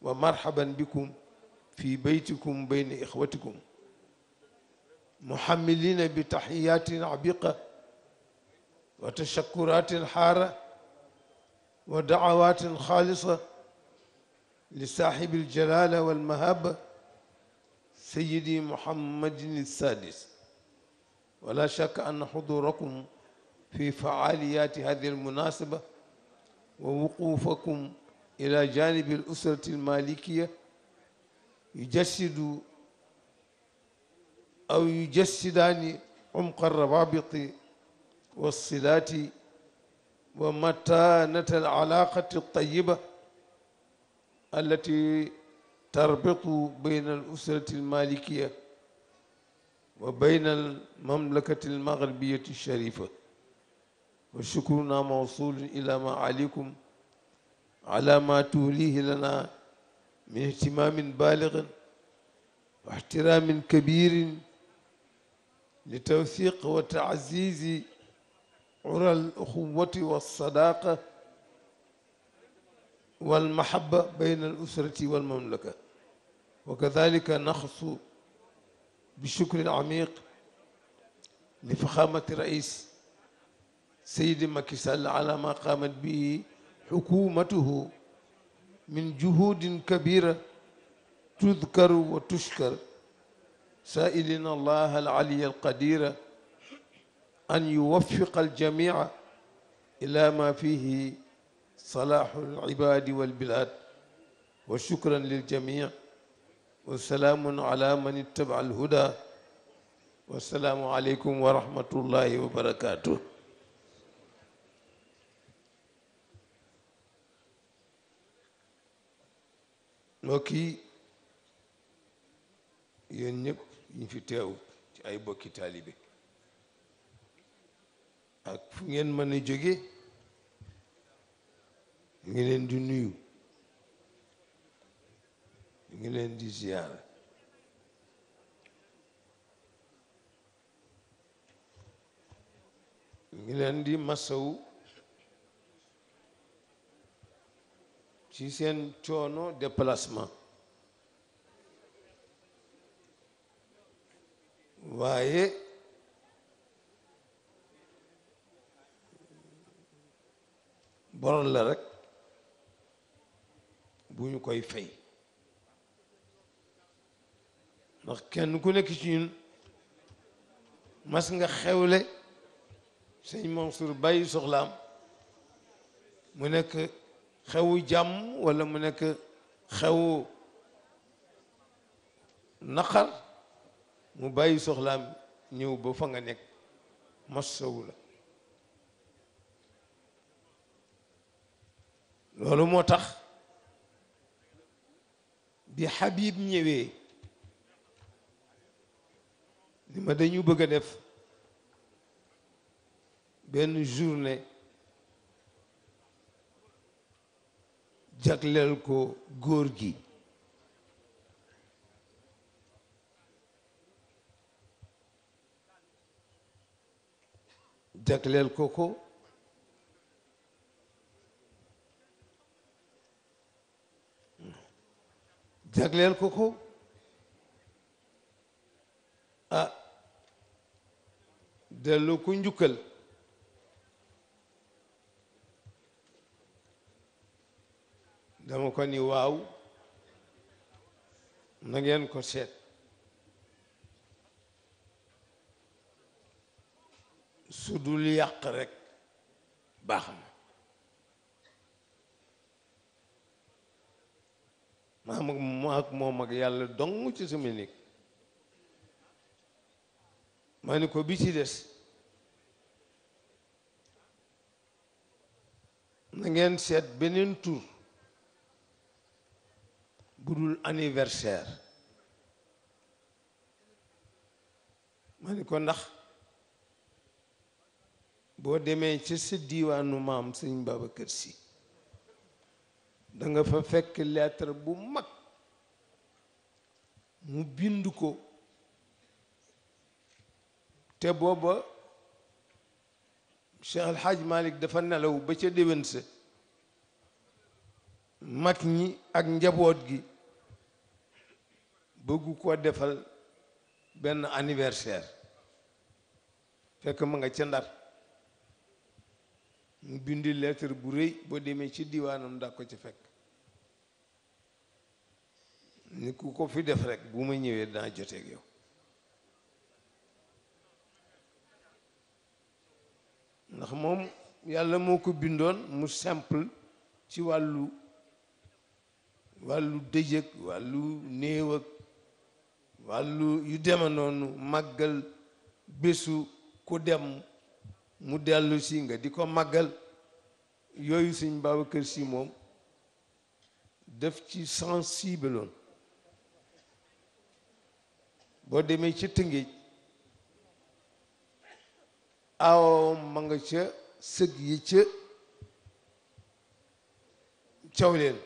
wa marhaban bikum fi baytikum bayna ixwatikum muhammilina bi taxiyatin abiqa wa tashakkuraatin xaara wa dacawaatin xaalisa li saaxibil jalaala wal mahabba sayyidi muhammadin saadis wala shakka anna xuduurakum fi facaaliyaati haadihi lmunaasaba wa wuquufakum ila jaanibi l-usrati l-maalikiya yujassidu aw yujassidaani cumqa rabaabiti والصلات ومتانة العلاقة الطيبة التي تربط بين الأسرة المالكية وبين المملكة المغربية الشريفة وشكرنا موصول إلى معاليكم على ما توليه لنا من اهتمام بالغ واحترام كبير لتوثيق وتعزيز عرى الأخوة والصداقة والمحبة بين الأسرة والمملكة وكذلك نخص بشكر عميق لفخامة رئيس سيد مكي سال على ما قامت به حكومته من جهود كبيرة تذكر وتشكر سائلنا الله العلي القدير an yuwaffiqa aljamia ila ma fihi salahu alibadi walbilad wa shukran liljami wa salaamun ala man ittaba alhuda wa salaamu aleykum wa rahmatullahi wa barakatuh mbokk yi yéen ñëpp ñu fi teew ci ay bokki taalibe ak fu ngeen mën a jóge ñu ngi di nuyu ñu ngi leen di ziyaar ñu di masawu ci seen coono déplacement waaye borom la rek bu ñu koy fay ndax kenn ku nekk ci ñun mas nga xewle sëñ Mansour bàyyi soxlaam mu nekk xewu jàmm walla mu nekk xewu naqar mu bàyyi soxlaam ñëw ba fa nga nekk massawu la loolu moo tax bi Habib ñëwee ni ma dañu bëgg a def benn journée jagleel ko góor gi jagleel ko ko jagleel ko ko ah dellu ko njukkal dama ko ni waaw na ngeen ko seet su dul yàq rekk baax maam ak moom ak yàlla dong ci sama néeg ma ko bi ci des na ngeen seet beneen tur bu dul anniversaire ma ni ko ndax boo demee ci sa diiwaanu maam sëñ kër Si danga fa fekk lettre bu mag mu bind ko te booba Cheikh El Hadj dafa nelaw ba ca déwén sa mag ñi ak njaboot gi bëggu ko defal benn anniversaire fekk ma nga ca ndar mu bindi lettre bu rëy boo demee ci diwaanam daa ko ci fekk ni ku ko fi def rek bu ma ñëwee daa joteeg yow ndax moom yàlla moo ko bindoon mu simple ci wàllu wàllu dëjëg wàllu néew ak wàllu yu deme noonu màggal bésu ku dem mu dellu si nga di ko màggal yooyu sëñ Babacar Si moom def ci sensible loon boo demee ca Tëngéej aawam ma nga ca sëg yi ca caw leen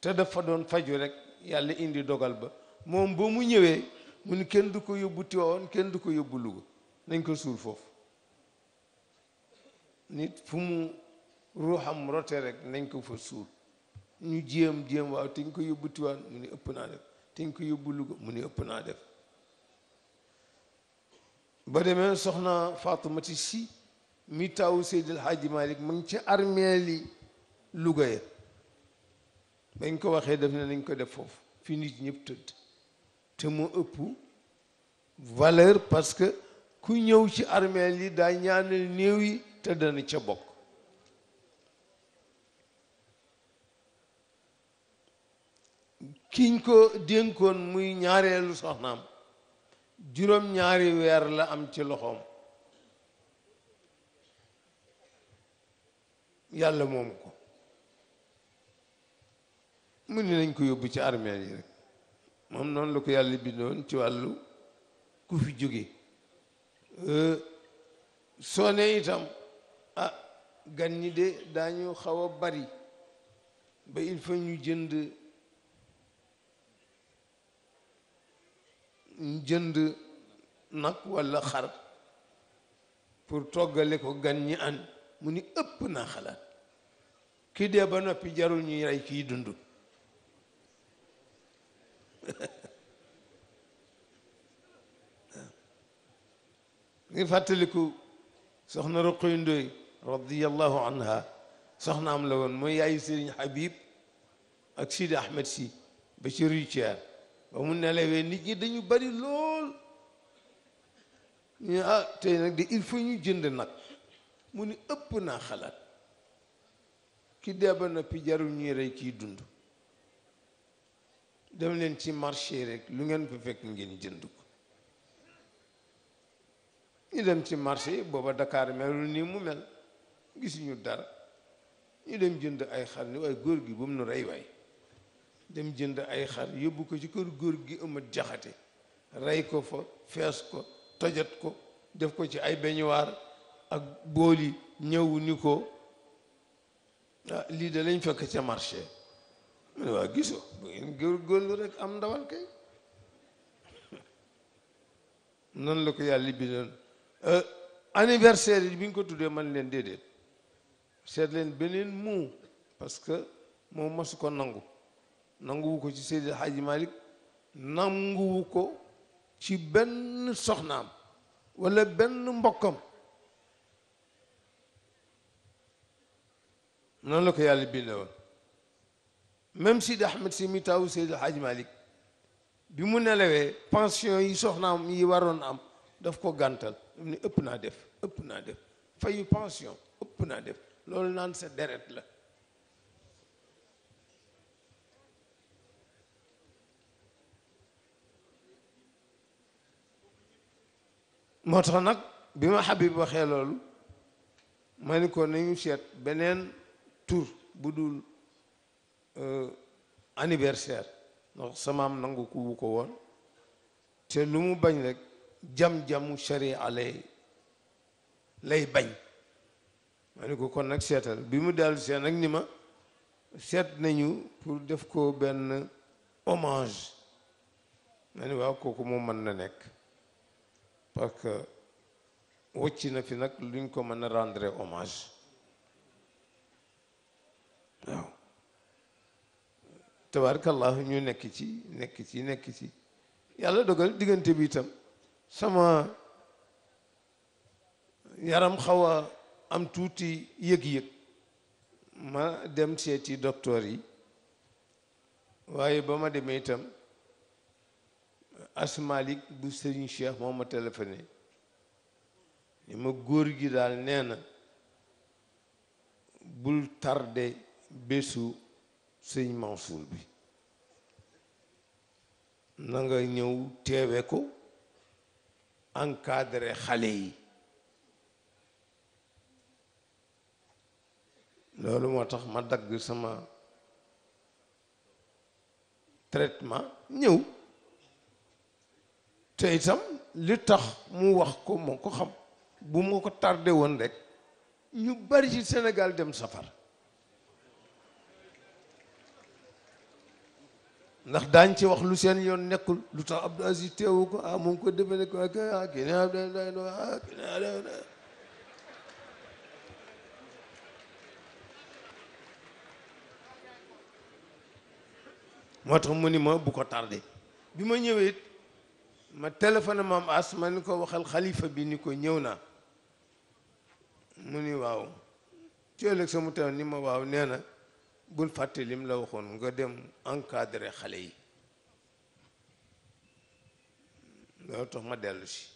te dafa doon faju rek yàlla indi dogal ba moom ba mu ñëwee mu ni kenn du ko yóbbu Tiwaawan kenn du ko yóbbu Luga nañ ko suul foofu nit fu mu ruuxam rek nañ ko fa suul ñu jéem jéem waaw te ñu ko yóbbu Tiwaan mu ne ëpp naa def te ñu ko yóbbu Luga mu ne ëpp naa def ba demee soxna Faatumata Si mi taawu Seydil Haaji Malick mu ngi ci armeeli Luga ya bañ ko waxee def ne nañ ko def foofu fi nit ñëpp tëdd te mu ëpp valeur parce que ku ñëw ci armeel yi daa ñaanal néew yi dana ca bokk kiñ ko dénkoon muy ñaareelu soxnaam juróom ñaari weer la am ci loxoom yàlla moom ko mu ni nañ ko yóbbu ci armeel yi rek moom noonu la ko yàlla bindoon ci wàllu ku fi itam ah gan ñi de daañu xaw a bari ba il faut ñu jënd jënd nag walla xar pour toggale ko gan ñi an mu ni ëpp naa xalaat kii de ba noppi jarul ñuy rey kii dund ngi fàttaliku soxna Roqoy Ndoy radiyallahu anha soxnaam la woon mooy yaayu Serigne Habib ak Sidi Ahmed si ba ci Richard ba mu nelawee nit ñi dañu bari lool ñu ah tey nag de il faut ñu jënd nag mu ni ëpp naa xalaat ki dee ba noppi jarul ñuy rey ciy dund dem leen ci marché rek lu ngeen ko fekk ngeen jënd ko ñu dem ci marché booba Dakar melul nii mu mel gisuñu dara ñu dem jënd ay xar ni waaye góor gi bu mu nu rey waay dem jënd ay xar yóbbu ko ci kër góor gi ëmat jaxate rey ko fa fees ko tojat ko def ko ci ay beñuwaar ak bool yi ñëw ni ko ah, lii de lañ fekk ca marché mu ne waa gisoo bu ngeen góorgóorlu rek am ndawal kay noonu la ko yàlla bi doon eh, anniversaire yi bi ñu ko tuddee man leen déedéet seet leen beneen muu parce que moom masu ko nangu nanguwu ko ci Seydi Hadji Malick nanguwu ko ci benn soxnaam wala benn mbokkam noonu la ko yàlla binde woon même Sidi Ahmed si mi taw Seydi Hadji bi mu nelawee pension yi soxnaam yi waroon am daf ko gàntal am ni ëpp naa def ëpp naa def fay pension ëpp naa def loolu naan sa deret la moo tax nag bi ma Habib waxee loolu ma ni ko nañu seet beneen tur bu dul euh, anniversaire ndax samaam nangu ku wu ko woon te lu mu bañ rek jam-jamu sharia lay lay bañ ma ne ko kon nag seetal bi mu dellu seen nag ni ma seet nañu pour def ko benn hommage ma ne waaw kooku moo mën na nekk parce que wocc na fi nag luñ ko mën a rendre hommage waaw tabaarakallah ñu nekk ci nekk ci nekk ci yàlla dogal diggante bi itam sama yaram xaw am tuuti yëg-yëg ma dem seeti docteur yi waaye ba ma demee itam asmalik bu Serigne Cheikh moo ma téléphoné ni ma góor gi daal nee na bul tarde bésu sëñ Mansour bi na nga ñëw teewe ko encadré xale yi loolu moo tax ma dagg sama traitement ñëw te itam li tax mu wax ko moo ko xam bu ma ko tardé woon rek ñu bari ci Sénégal dem safar ndax daañ ci wax lu seen yoon nekkul lu tax Abdou Aziz teewu ko ah mu ngi ko débale ko ak ah kii ne Abdou Aziz ah moo tax mu ni ma bu ko tardé bi ma ñëwee ma téléphone maam as ma ni ko waxal xalifa bi ni ko ñëw naa mu ni waaw ci ëllëg sama teew ni ma waaw nee na bul fàtte lim la waxoon nga dem encadré xale yi loolu tax ma dellusi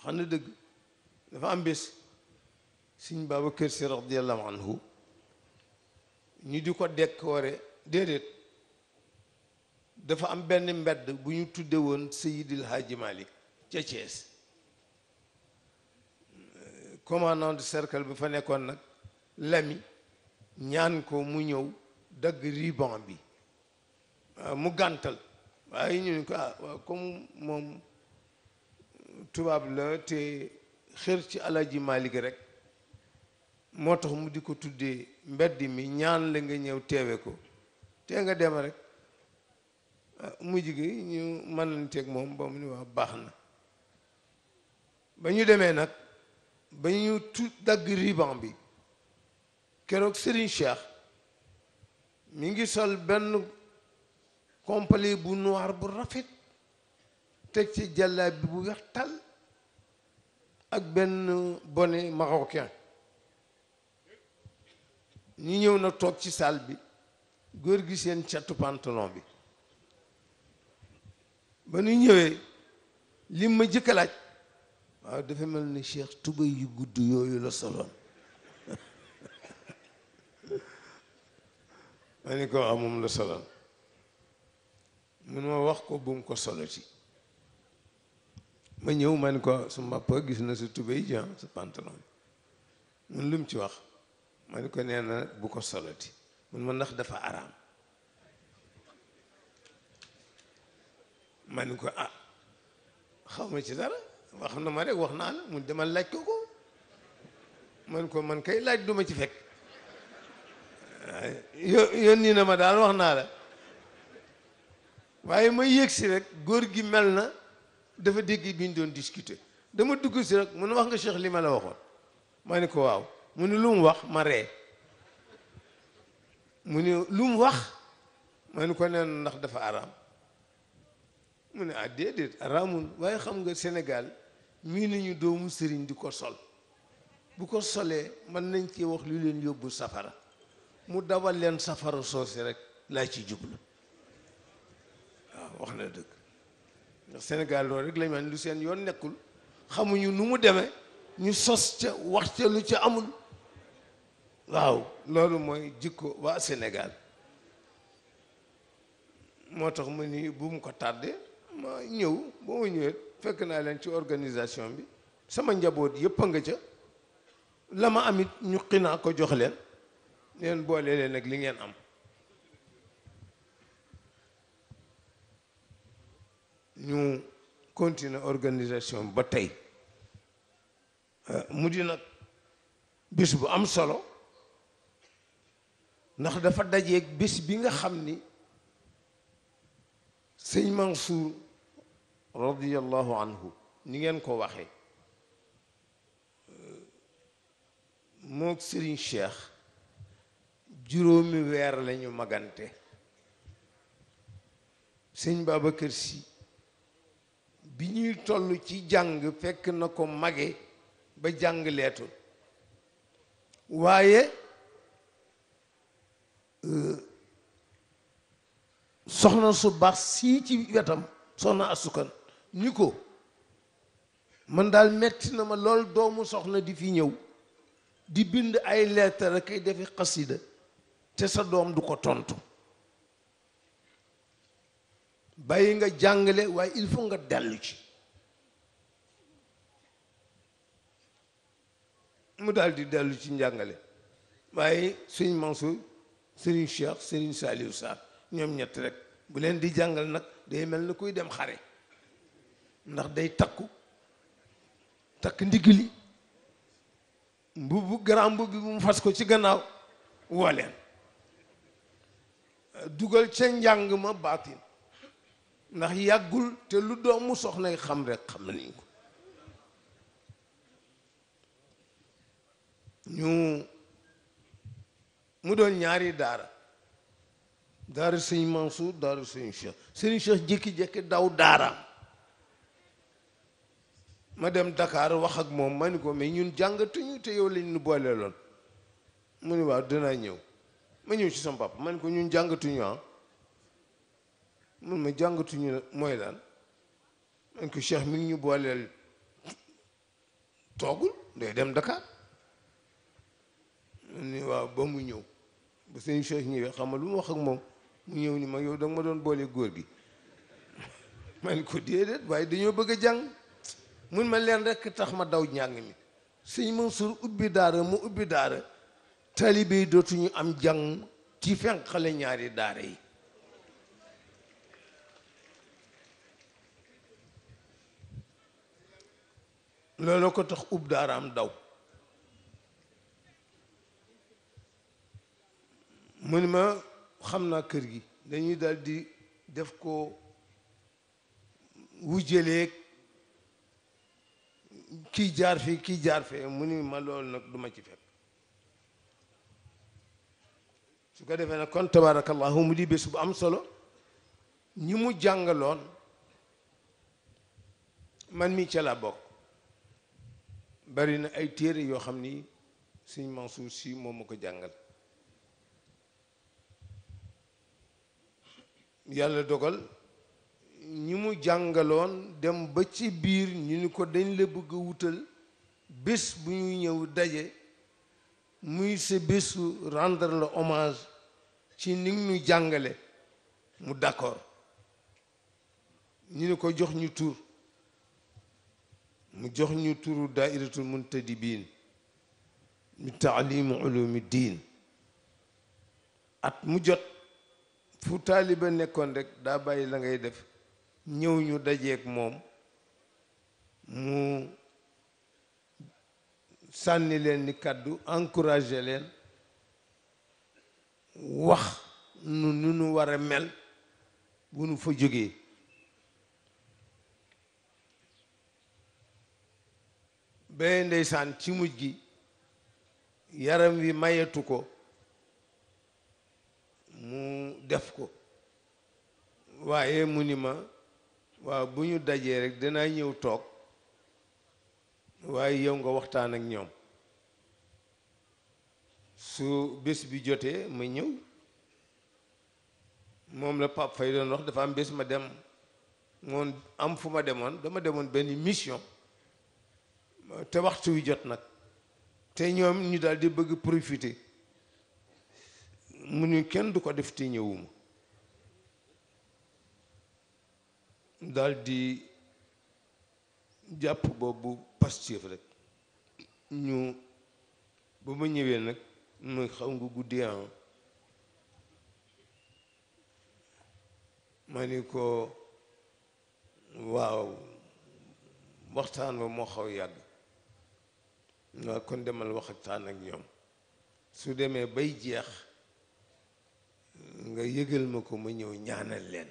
xam ne dëgg dafa am bés Sëñ Babacar Si radiyallahu anhu ñu di ko décorer déedéet dafa am benn mbedd bu ñu tuddee woon Seydil Hadji Malick ca Thiès commandant de cercle bi fa nekkoon nag lami ñaan ko mu ñëw dagg ruban bi ah, mu gàntal waaye ñu ne ko ah comme moom tubaab la te xër ci Alaaji Malick rek moo tax mu di ko tuddee mbedd mi ñaan la nga ñëw teewe ko te nga dem rek mujj gi ñu mënanteeg moom ba mu ni waa baax na ba ñu demee nag ba ñu tu dagg ruban bi keroog Serigne Cheikh mi ngi sol benn complet bu noir bu rafet teg ci jàllaab bi bu weex tal ak benn bonnet marocain ñu ñëw na toog ci salle bi góor gi seen catu pantalon bi ba nu ñëwee lim ma jëkk laaj waaw dafa mel ni Cheikh tubéy yu gudd yooyu la soloon ma ni ko waaw la soloon mun ma wax ko bum ko ko soloti ma ñëw ma ni ko su mbàppa gis na sa tubéy ji ah, sa pantalon mun lu ci wax ma ni ko nee na bu ko soloti mun ma ndax dafa araam ma ni ko ah xawma ci dara wax na ma rek wax naa la mun demal laaj ko ko man ko man kay laaj duma ci fekk yo- yónni na ma daal wax naa la waaye ma yëg si rek góor gi mel na dafa dégg bi doon discuter dama dugg si rek mun wax nga Cheikh li ma la waxoon ma ni ko waaw mu ni wax ma ree mu ni lu wax ma ni ko neen ndax dafa araam mu ne ah déedéet araamul waaye xam nga Sénégal mii nañu doomu sëriñ di ko sol bu ko solee mën nañ ci wax lu leen yóbbu safara mu dawal leen safara soosi rek laa ci jublu waaw wax na dëgg ndax Sénégal rek lañ lu seen yoon nekkul xamuñu nu mu demee ñu sos ca wax ca lu ca amul waaw loolu mooy jikko waa Sénégal moo tax mu ni bu mu ko tàddee ma ñëw ba ñëwee fekk naa leen ci organisation bi sama njaboot yëpp a nga ca la ma amit ñu xinaa ko jox leen leen boole leen ak li ngeen am ñu continuer organisation ba tey euh, mu di nag bis bu am solo ndax dafa dajeek bis bi nga xam ni sëñ Mansour radiyallahu anhu ni ngeen ko waxe euh, mook Serigne Cheikh juróomi weer lañu magante sëñ Babacar Sy bi ñuy toll ci jàng fekk na ko mage ba jàng leetul waaye euh, soxna su baax sii ci wetam soxna asukan ni ko man daal metti na ma lool doomu soxna di fi ñëw di bind ay leetar ak ay defi xasida te sa doom du ko tontu bàyyi nga jàngale waaye il faut nga dellu ci mu daal di dellu ci njàngale waaye sëñ Mansour sëriñ Cheikh sëriñ Saliou Sarr ñoom ñett rek bu leen di jàngal nag day mel na kuy dem xare ndax day takku takk ndigli mbubu grand mbubb mu fas ko ci gannaaw woo dugal ca njàng ma baatin ndax yàggul te lu doomu soxnay xam rek xam nañ ko ñu mu doon ñaari daara daara sëñ Mansour daara sëñ Cheikh sëñ Cheikh jékki-jékki daw daara ma dem Dakar wax ak moom ma ni ko mais ñun jàngatuñu te yow lañ nu boole loon mu ni waaw dinaa ñëw ma ñëw ci sama papa ma ni ko ñun jàngatuñu ah mun ma jàngatuñu mooy lan ma ni ko Cheikh mi ngi ñu booleel toogul day dem Dakar mu ni ba mu ñëw ba seen Cheikh ñëwee xam nga lu mu moom mu ñëw ni ma yow da ma doon boole góor gi ma ni ko déedéet waaye dañoo bëgg a jàng mun ma leen rekk tax ma daw njàng mi sëñ Mansour ubbi daara mu ubbi daara taalibe dootuñu am jàng ci fenqale ñaari daara yi loolu ko tax ub am daw mu ma xam naa kër gi dañuy daldi def ko wujjaleeg kii jaar fii kii jaar fee mu ni ma loolu nag du ma ci fekk su ko defee na kon tabaarakallahu mu di bés bu am solo ñi mu jàngaloon man mi ca la bokk bari na ay téere yoo xam ni suñ Mansuur si moom ma ko jàngal yàlla dogal ñi mu jàngaloon dem ba ci biir ñu ni ko dañ la bëgg a wutal bés bu ñuy ñëw daje muy sa bésu rendre le hommage ci ni ñu jàngale mu d'accord ñu ni ko jox ñu tur mu jox ñu turu daairatul muntadibin mi taalimu ulumi diin at mu jot fu taaliba nekkoon rek daa bàyyi la ngay def ñëw ñu dajeeg moom mu sànni leen ni kàddu encouragé leen wax nu nu nu war a mel bu nu fa jógee bee ndeysaan ci mujj gi yaram wi mayetu ko mu def ko waaye mu ni ma waaw bu ñu dajee rek danaa ñëw toog waaye yow nga waxtaan ak ñoom su bés bi jotee ma ñëw moom la Pape Faye doon wax dafa am bés ma dem moon am fu ma demoon dama demoon benn mission te waxtu wi jot nag te ñoom ñu daal di bëgg profiter mu nu kenn du ko def te ñëwuma daal di jàpp boobu pastif rek ñu ba ma ñëwee nag muy xaw nga guddi an ah. ma ni ko waaw waxtaan ba moo xaw yàgg waa kon demal waxtaan ak ñoom su demee bay jeex nga yëgal ma ko ma ñëw ñaanal leen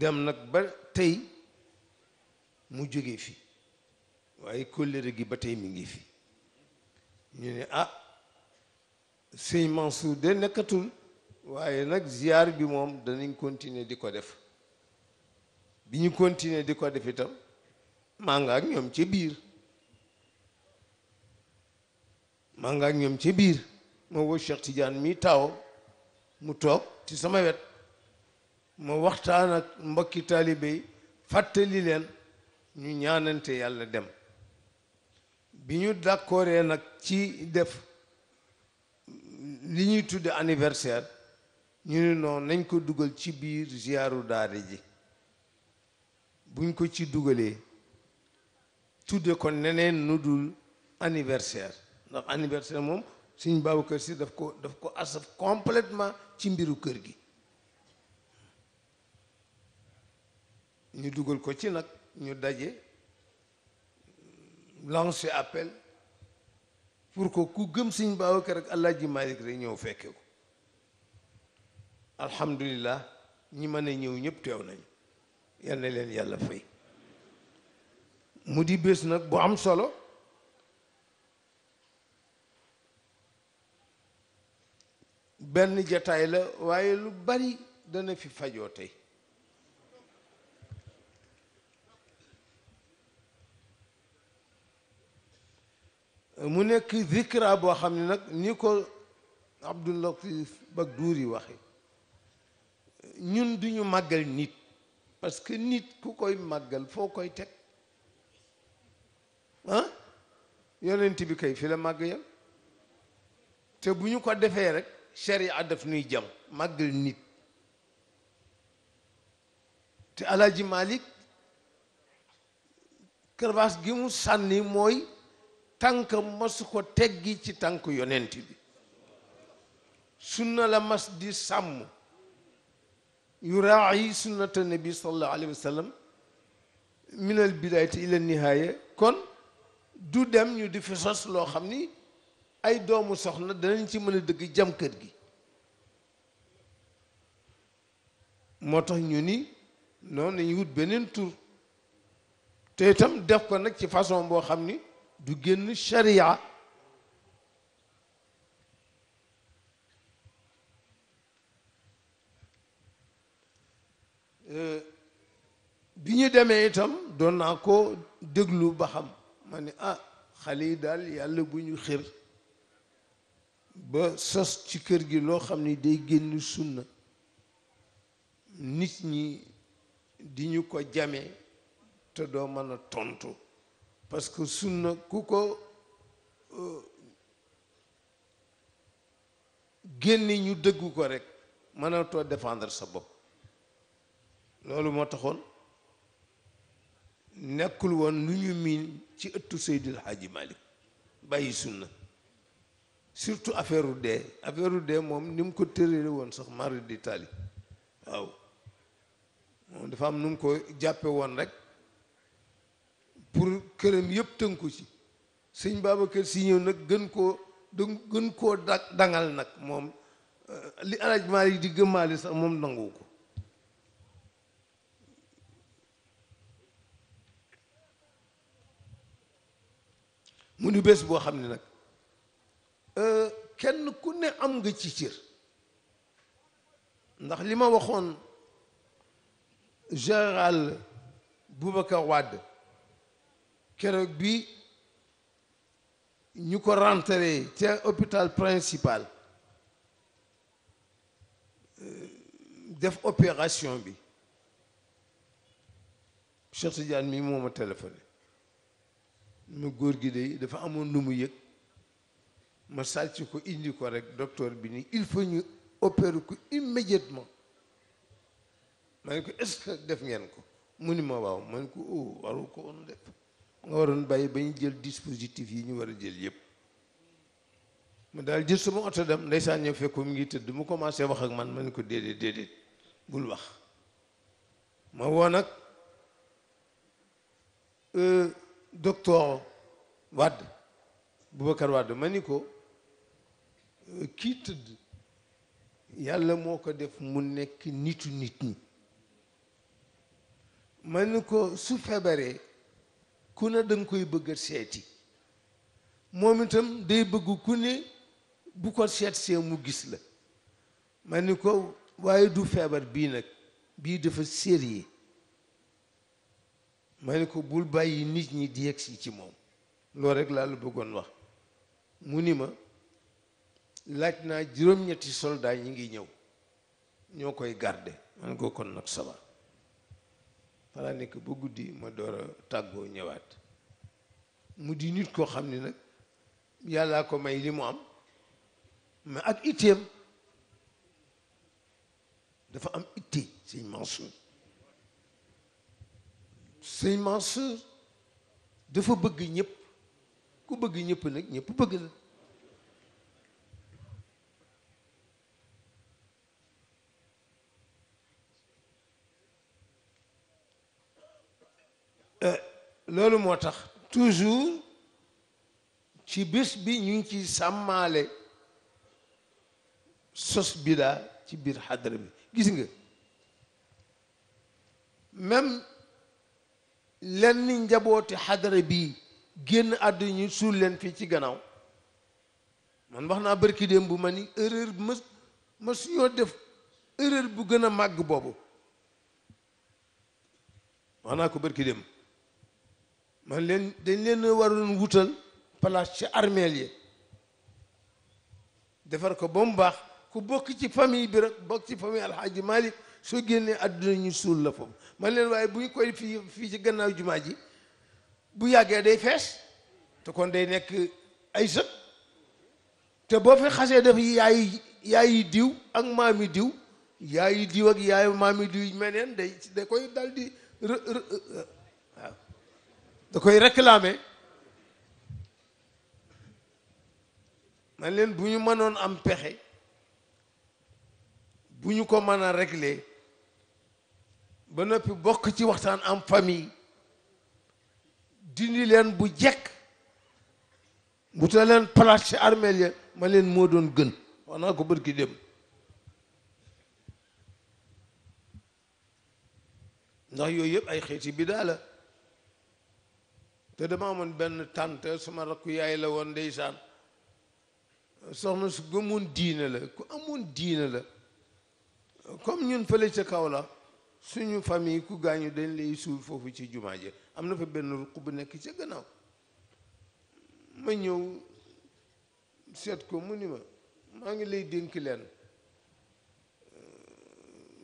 dem nag ba tey mu jóge fi waaye kóllëre gi ba tey mi ngi fi ñu ne ah sëñ Mansour de nekkatul waaye nag ziar bi moom danañ continuer di ko def bi ñu continuer di ko def itam maa nga ak ñoom ca biir maa nga ak ma woo Cheikh Tidiane mi taw mu toog ci sama wet ma waxtaan ak mbokki taalibe yi fàttali leen ñu ñaanante yàlla dem bi ñu d'accordee nag ci def li ñuy tudde anniversaire ñu ni noonu nañ ko dugal ci biir ziaru daara ji buñ ko ci dugalee tudde ko neneen nu dul anniversaire ndax anniversaire moom suñ Babacar Si daf ko daf ko asaf complètement ci mbiru kër gi ñu dugal ko ci nag ñu daje lancer appel pour ko ku gëm Sëñ Babacar ak Alaaji Malick rek ñëw fekke ko alhamdulilah ñi mën a ñëw ñëpp teew nañu yal na leen yàlla fay mu di bés nag bu am solo benn jataay la waaye lu bari dana fi fajoo tey mu nekk zikra boo xam ne nag ni ko Abdou Latif yi waxe ñun duñu màggal nit parce que nit ku koy màggal foo koy teg ah yonent bi kay fi la màgg yam te bu ñu ko defee rek sharia daf nuy jam màggal nit te Alaaji Malik kërbaas gi mu sànni mooy tànk masu ko teggi ci tànk yonent bi sunna la mas di sàmm yuraayi sunnata nabi sallallahu alayhi wa sallam min al bidayati ila nihaaya kon du dem ñu di fi loo xam ni ay doomu soxna danañ ci mën a dëgg jam kër gi moo tax ñu ni noonu nañu wut beneen tur te itam def ko nag ci façon boo xam ni du génn sharia euh, bi ñu demee itam doon naa ko déglu ba xam ma ne ah xale yi daal yàlla bu ñu xir ba sas ci kër gi loo xam ni day génn sunna nit ñi di ñu ko jame te doo mën a tontu parce que na ku ko euh, génni ñu dëggu ko rek mënatoo défendre sa bopp loolu moo taxoon nekkul woon lu ñu miin ci ëttu Seydil Hadji Malick bàyyi sunna surtout affaire u dee affaire u dee moom ni mu ko tërale woon sax mari di tali waaw moom dafa am nu mu ko jàppe woon rek pour këram yëpp tënku ci sëñ Babacar kër ñëw nag gën koo gën koo da dangal nag moom euh, li arrangement yi di gëmmaale sax moom nangu ko mu ni bés boo xam ni nag euh, kenn ku ne am nga ci cër ndax li ma waxoon général Boubacar Wade keroog bi ñu ko rentré ca hôpital principal euh, def opération bi Cheikh Tidiane mi moom ma téléphoné ma góor gi de dafa amoon lu mu yëg ma sàcc ko indi ko rek docteur bi ni il faut ñu opérer ko immédiatement man ko est-ce que def ngeen ko mu ni ma waaw ma ne ko oh waru ko woon def nga waroon bàyyi ba ñu jël dispositif yi ñu war a jël yëpp mu daal jël suma oto dem ndeysaan ñëw fekk mu ngi tëdd mu commencé wax ak man ma ni ko déedéet déedéet bul wax ma woo nag euh, docteur wadd Boubacar Wade ma ni ko euh, kii tëdd yàlla moo ko def mu nekk nitu nit ñi ma ni ko su feebaree ku ne da koy bëgg a seeti moom itam day bëgg ku ne bu ko seet see mu gis la ma ni ko waaye du feebar bii nag bii dafa sérieux ma ni ko bul bàyyi nit ñi di yegsi ci moom loolu rek laa la bëggoon wax mu ni ma laaj naa juróom-ñetti soldat ñi ngi ñëw ñoo koy garde man ko kon nag sabar fala nekk ba guddi ma door a tàggoo ñëwaat mu di nit koo xam ni nag yàlla ko may li mu am mais ak itteem dafa am itte sëñ Mansour sëñ Mansour dafa bëgg ñëpp ku bëgg ñëpp nag ñëpp bëgg la loolu moo tax toujours ci bis bi ñu ngi ci sàmmaale sos bidaa ci biir xadara bi gis nga même lenn njabooti xadara bi génn àdduna ñu suul leen fii ci gannaaw man wax naa barki démb bu ma ni erreur mas ma suñoo def erreur bu gën a màgg boobu wax naa ko bërki dem man leen dañ leen waroon wutal palaas ci armeel yi defar ko ba mu baax ku bokk ci fami bi rek bokk ci famille alxaaji Malick soo génnee àdduna ñu suul la foofu man leen waaye bu ñu koy fii fii ci gannaaw jumaa ji bu yàggee day fees te kon day nekk ay sët te boo fi xasee def yaay yaayi diw ak maami diw yaayi diw ak yaayu maami diw meneen day da koy dal di da koy réclamer man leen bu ñu mënoon am pexe bu ñu ko mën a régler ba noppi bokk ci waxtaan am famille dindi leen bu jekk buta leen place ci armeel ya ma leen moo doon gën wax naa ko bërki dem ndax yooyu yëpp ay xeeti bidaa la te dama amoon benn tante sama rakku yaay la woon ndeysaan soxna su gëmoon diine la ku amoon diine la comme ñun fële ca kaw la suñu famille ku gaañu dañ lay suul foofu ci jumaa ji am na fa benn ruq bu nekk ca gannaaw ma ñëw seet ko mu ni ma maa ngi lay dénk leen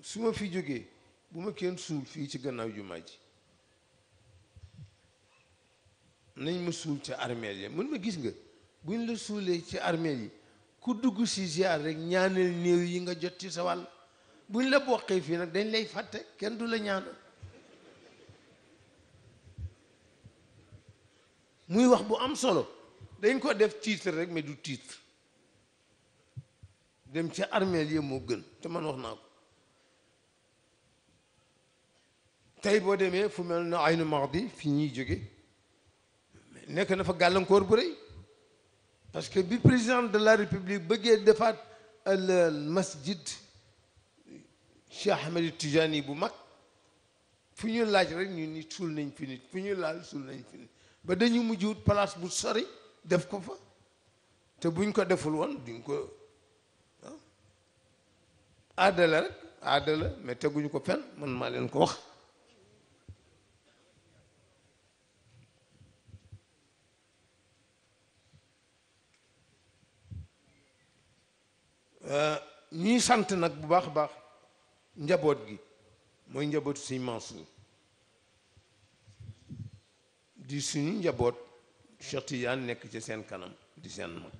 su ma fi jógee bu ma kenn suul fii ci gannaaw jumaa ji nañ ma suul ci armeel yi mun ma gis nga buñ la suulee ci armeel yi ku dugg si ziar rek ñaanal néew yi nga jot ci sa wàll buñ la boqee fii nag dañ lay fàtte kenn du la ñaan muy wax bu am solo dañ ko def titre rek mais du titre dem ci armeel yi moo gën te mën wax naa ko tey boo demee fu mel na Aynu Mahdi fi ñuy jóge nekk na fa gàllankoor bu rëy parce que bi président de la république bëggee defaat al masjid Cheikh Ahmed Tijani bu mag fu ñu laaj rek ñu nii suul nañ fi nit fu ñu laal suul nañ fi ba dañu mujj wut place bu sori def ko fa te buñ ko deful woon duñ ko ah, aada la rek aada la mais teguñu ko fenn man maa leen ko wax Euh, ñuy sant nag bu baax a baax njaboot gi mooy njabootu suñu Mansour di suñu njaboot Cheikh Tidiane nekk ci seen kanam di seen mag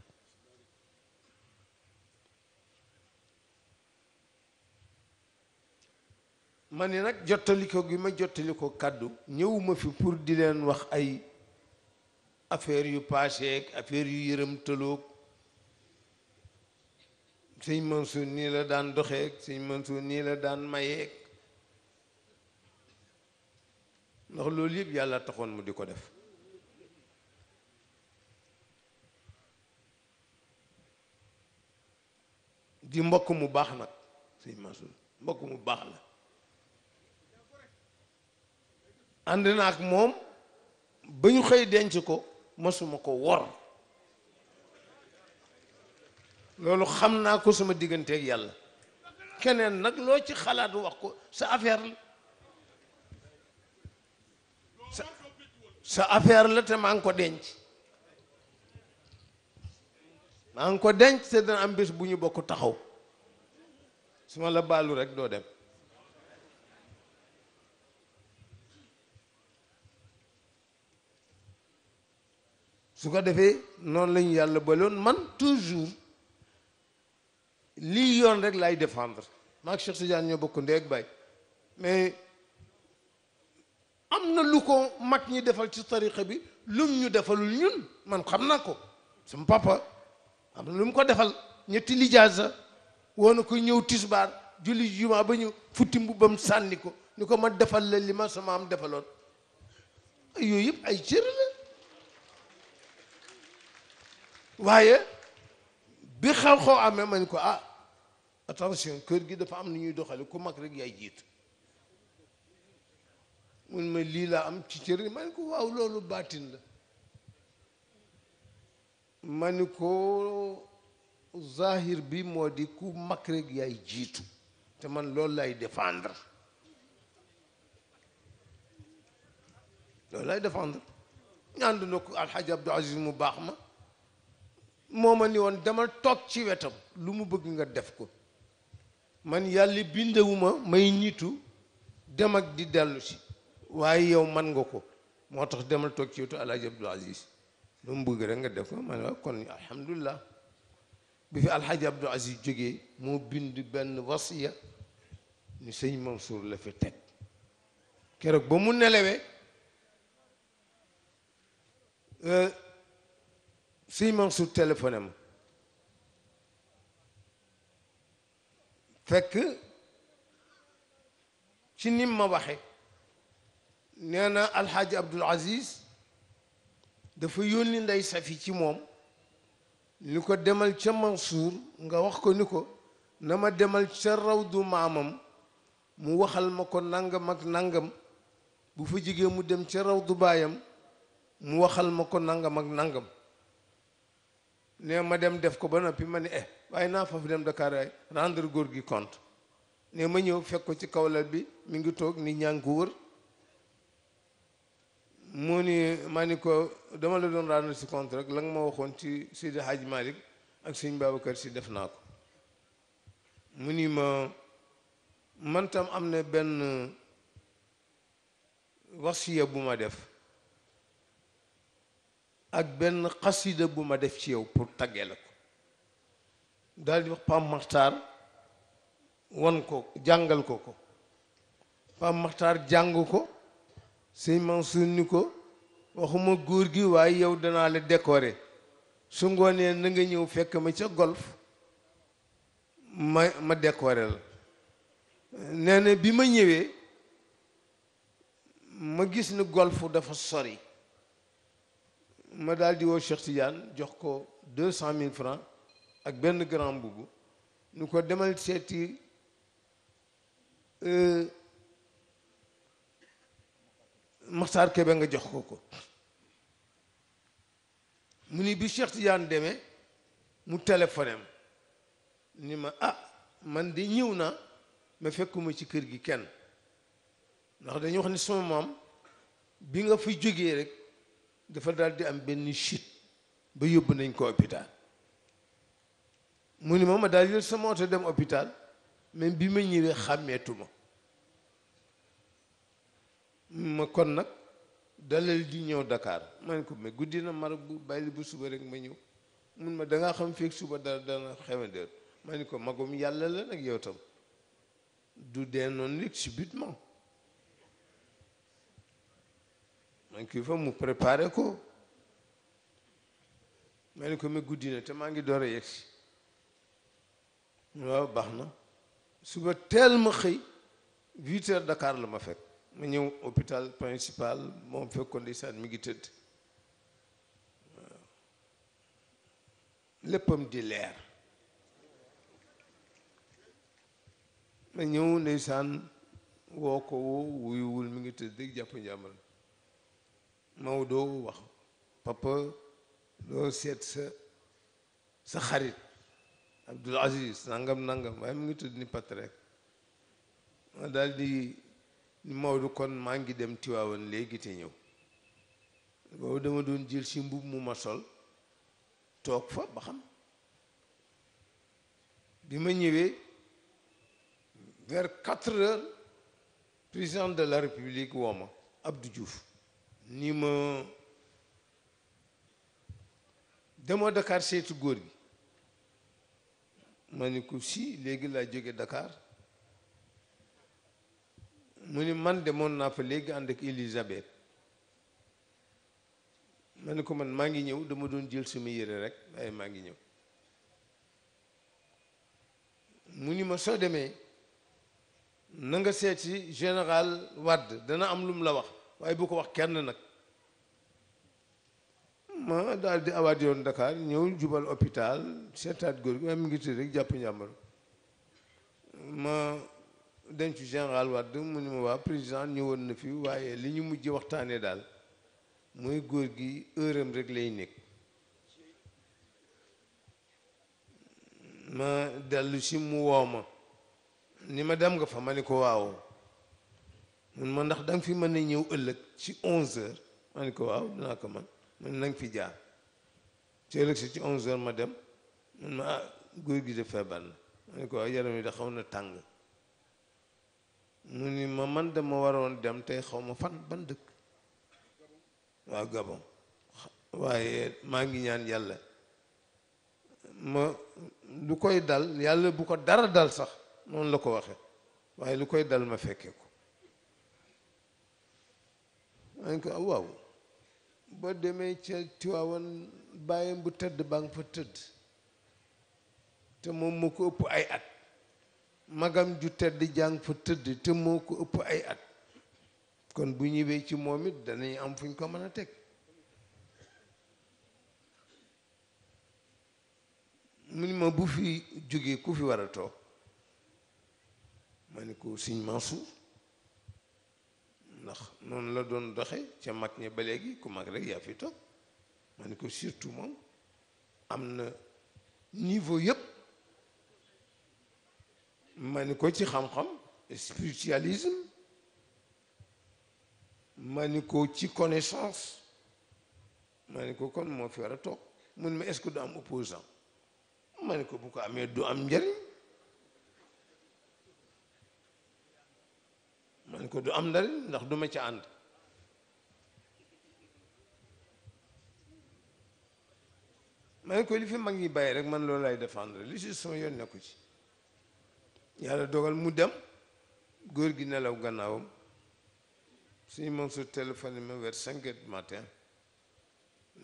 ma ni nag jottali gi ma jottali ko kàddu ñëwuma fi pour di leen wax ay affaire yu passé ak yu yërëm sëñ Mansour nii la daan doxeek sëñ Mansour nii la daan mayeek ndax loolu yëpp yàlla taxoon mu di ko def di mbokk mu baax nag sëñ Mansour mbokk mu baax la ànd na ak moom ba ñu xëy denc ko masuma ko wor loolu xam naa ko sama digganteek yàlla keneen nag loo ci xalaat wax ko sa affaire la sa sa affaire la te maa ngi ko denc maa ngi ko denc te dana am bés bu ñu bokk taxaw suma la baalu rek doo dem su ko defee noonu la ñu yàlla baloon man toujours lii yoon rek laay défendre maag Cheikh Tidiane ñoo bokk ndee ak baay mais am na lu ko mag ñi defal ci tariqa bi lum ñu defalul ñun man xam naa ko suma papa am na lu mu ko defal ñetti lijaasa woona ko ñëw tisbaar julli juma ba ñu futti mbubbam sànni ko ni ko ma defal la li ma sama am defaloon yooyu yëpp ay cër la waaye bi xaw xaw amee mañ ko ah attention kër gi dafa am ni ñuy doxale ku mag rek yaay jiitu mun ma lii laa am ci cër ma ne ko waaw loolu baatin la ma ni ko bi moo di ku mag rek yaay jiitu te man loolu lay défendre loolu lay défendre ñand na ko alxaaji Abdou Aziz mu baax ma moo ma ni woon demal toog ci wetam lu mu bëgg nga def ko man yàlla bindewuma may ñiitu dem ak di dellu si waaye yow man nga ko moo tax demal toog ci wetu alaaji abdul aziz lu mu rek nga def ko man waa kon alhamdulilah bi fi alxaaji abdul aziz jógee moo bind benn wasiya ni sëñ Mansour la fi teg keroog ba mu nelawee euh, sëñ Mansour téléphoné ma fekk ci nim ma waxe nee na alxaaj abdul aziz dafa yónni ndey safi ci moom ni ko demal ca mansuur nga wax ko ni ko na ma demal ca raw du maamam mu waxal ma ko nangam ak nangam bu fa jigee mu dem ca raw du baayam mu waxal ma ko nangam ak nangam ne ma dem def ko ba noppi ma ni eh waaye naa foofu dem Dakar ay rendre góor gi compte ne ma ñëw fekk ko ci kawlal bi mi ngi toog ni ñaa ngi wër mu ni maa ni ko dama la doon rendre si compte rek la nga ma waxoon ci Seydi Hadj Malick ak sëñ Babacar si def naa ko mu ni ma man tam am na benn wasiya bu ma def ak benn xasida bu ma def ci yow pour tagge la ko daal di wax Pam Maxtaar wan ko jàngal ko ko Pam Maxtaar jàng ko sëñ Mansour ni ko waxuma góor gi waaye yow danaa la décorer su ngoonee na nga ñëw fekk ma ca golf ma ma décorer la nee bi ma ñëwee ma gis ni golf dafa sori ma daal di woo Cheikh jox ko deux cent mille francs ak benn grand mbubu nu ko demal seeti euh, Maxtaar Kebe nga jox ko ko mu ni bi Cheikh Tidiane demee mu téléphoné ni ma ah man de ñëw na ma fekkuma ci kër gi kenn ndax dañu wax ni sama maam bi nga fi jógee rek dafa daal di am benn chute ba yóbbu nañ ko hôpital mu ni ma ma daal jël sama oto dem hôpital même bi ma ñëwee xàmmeetuma ma kon nag dalal di ñëw dakaar ma ne ko mais guddi na mar bu bàyyi ma ñëw xam feeg suba dara dana xewandeer ma ne ko magum yàlla la nag yow tam du dee noonu rek subitement man kii fa mu préparé ko ma ni ko mais guddi na te maa ngi door a yegsi waaw baax na suba teel ma xëy huit heures Dakar la ma fekk ma ñëw hôpital principal moom fekkoon ndeysaan mi ngi tëdd waaw léppam di leer ma ñëw ndeysaan woo ko woo wuyuwul mi ngi tëdd dëgg jàpp njàmbal Maodo wax papa doo seet sa sa xarit Abdul Aziz nangam nangam waaye mu ngi tudd ni pat ma daal di Maodo kon maa ngi dem Tiwaawan léegi te ñëw boobu dama doon jël ci mbubb mu ma sol toog fa ba xam bi ma ñëwee vers quatre heures président de la république woo ma Abdou Diouf ni ma demoo Dakar seetu góor gi ma ni ko si léegi laa jóge dakaar mu ni man demoon naa fa léegi ànd ak Elisabeth ma ni ko man maa ngi ñëw dama doon jël sama yére rek waaye maa ngi ñëw mu ni ma soo demee na nga seeti général Wade dana am lu mu la wax waaye bu ko wax kenn nag ma daal di awaat yoon Dakar ñëw jubal hôpital seetaat góor gi ma mi ngi tëdd rek jàpp njàmbaru ma denc général Wade mu ñëwoon na fi waaye li ñu mujj waxtaanee daal mooy góor gi rek lay nekk ma dellu mu woo ni ma dem nga fa ma ni ko waaw mun ma ndax danga fi mën a ñëw ëllëg ci onze heures ma ni ko waaw dinaa ko man man na nga fi jaar ci ëllëg si onze heures ma dem man ma ah góor gi feebar na ma ne ko waaw ah, yaram yi da xaw na tàng mu ni ma man dama waroon dem tey xaw ma fan ban dëkk waaw Gabon waaye maa ngi ñaan yàlla ma lu koy dal yàlla bu ko dara dal sax noonu la ko waxe waaye lu koy dal ma fekke ko ma ne ko ah, waaw boo demee ca Tiwaawan bàyyam bu tëdd baa fa tëdd te moom moo ko ëpp ay at magam ju tëdd jàng fa tëdd te moo ko ëpp ay at kon bu ñëwee ci moom it danañ am fuñ ko mën a teg mu ni ma bu fi jógee ku fi war a toog ma ni ko Sëñ Mansuur ndax noonu la doon doxe ca mat ñi ba léegi ku mag rek yaa fi toog ma ko surtout moom am na niveau yëpp ma ni ko ci xam-xam spiritualisme ma ni ko ci connaissance ma ni ko kon moo fi war a toog mun ma est du am opposant ma ni ko bu ko amee du am njariñ ko du am njariñ ndax duma ma ci ànd ma ne ko li fi mag yi bàyyi rek man loolu lay défendre li si sama yoon nekku ci yàlla dogal mu dem góor gi nelaw gannaawam suñu moom su téléphone ma vers cinq matin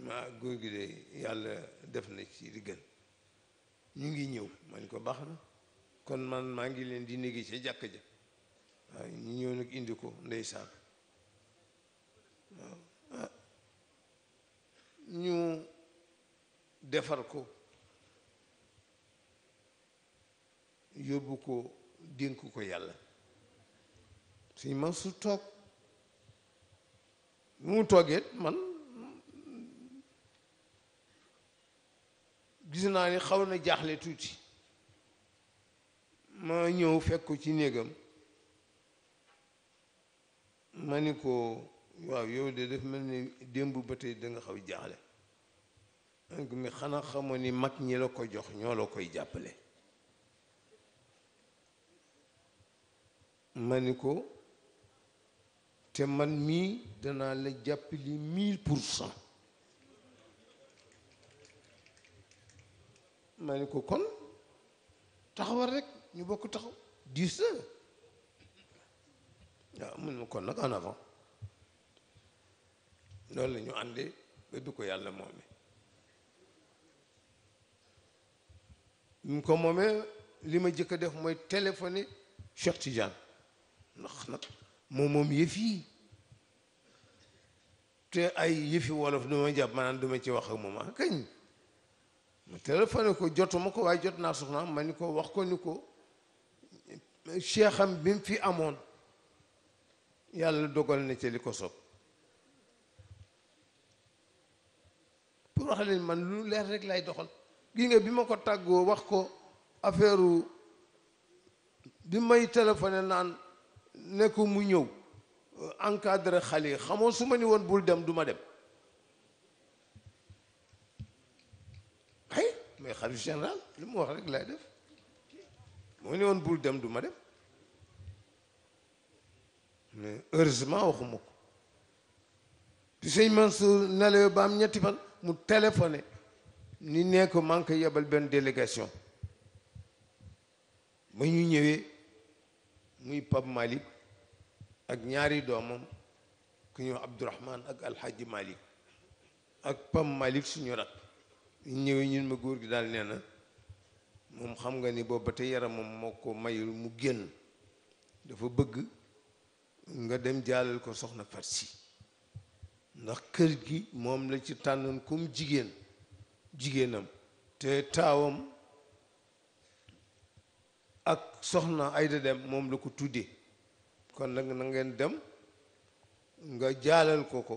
ma góor gi de yàlla def na ci di gën ñu ngi ñëw man ko baax na kon man maa ngi leen di néegi ca jàkk ja waaw ñu ñëw nag indi ko ndeysaan waaw ñu defar ko yóbbu ko dénk ko yàlla suñ man su toog bi mu toogee man gis naa ni xaw na jaaxle tuuti ma ñëw fekk ko ci néegam ma ni ko waaw yow de daf mel ni démb ba tey danga nga xaw jaaxle donc mi xanaa xamoo ni mag ñi la ko jox ñoo la koy jàppale ma ni ko te man mii danaa la jàppale mille pour cent ma ni ko kon taxawal rek ñu bokk taxaw diis na waaw mun ma kon nag en avant loolu la ñu ànde ba du ko yàlla moome mu ko moomee li ma jëkk def mooy téléphoné Cheikh Tidiane ndax nag moom moom yëf yi te ay yëfi wolof du ma jàpp maanaam du ci wax ak moom ah kañ ma téléphoné ko jotuma ko waaye jot naa soxnaam ma ni ko wax ko ni ko Cheikh am fi amoon yàlla dogal na ci li ko sob pour wax leen man lu leer rek lay doxal gi nga bi ma ko tàggoo wax ko affaire bi may téléphoné naan ne ko mu ñëw euh, encadré xale yi xamoo su ma ni woon bul dem du ma dem ay mais xalif général li mu wax rek lay def moo ni woon bul dem du ma dem mais heureusement waxuma ko bi sëñ Mansour nelawee ba am ñetti fan mu téléphoné ni nee ko man ko yebal benn délégation ba ñu ñëwee muy Pape Malick ak ñaari doomam ku ñëw Abdourahman ak Alhaji malik ak Pape Malick suñu rak ñu ñëwee ñun ma góor gi daal nee na moom xam nga ni boobu ba tey yaramam moo ko mayul mu génn dafa bëgg nga dem jaalal ko soxna fat si ndax kër gi moom la ci tànnoon comme jigéen jigéenam te taawam ak soxna Ayda Dem moom la ko tuddee kon nag na ngeen dem nga jaalal ko ko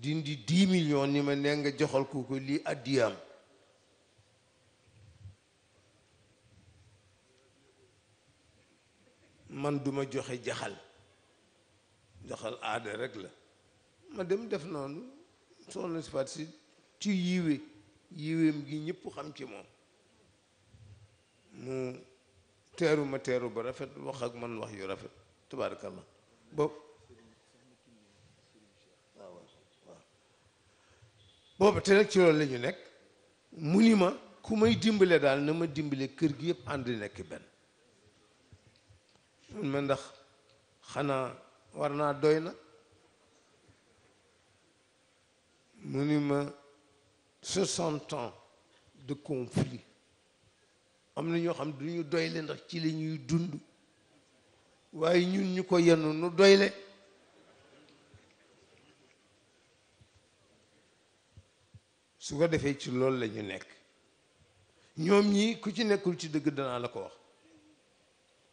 dindi dix millions ni ma nee nga joxal ko ko lii addiyaam man duma joxe jaxal jaxal aada rek la ma dem def noonu soxna si faat si ci yiwe yiweem gi ñëpp xam ci moom mu teeru ma teeru ba rafet wax ak man wax yu rafet tabaarakallah boobu boobu te nag ci loolu la ñu nekk mu ni ma ku may dimbale daal na ma dimbale kër gi yëpp ànd nekk benn mun ndax xanaa war naa doy na mu ni ma soixante ans de conflit am na ñoo xam du ñu doyle ndax ci la dund waaye ñun ñu ko yenn nu doyle su ko defee ci loolu la ñu nekk ñoom ñi ku ci nekkul ci dëgg danaa la ko wax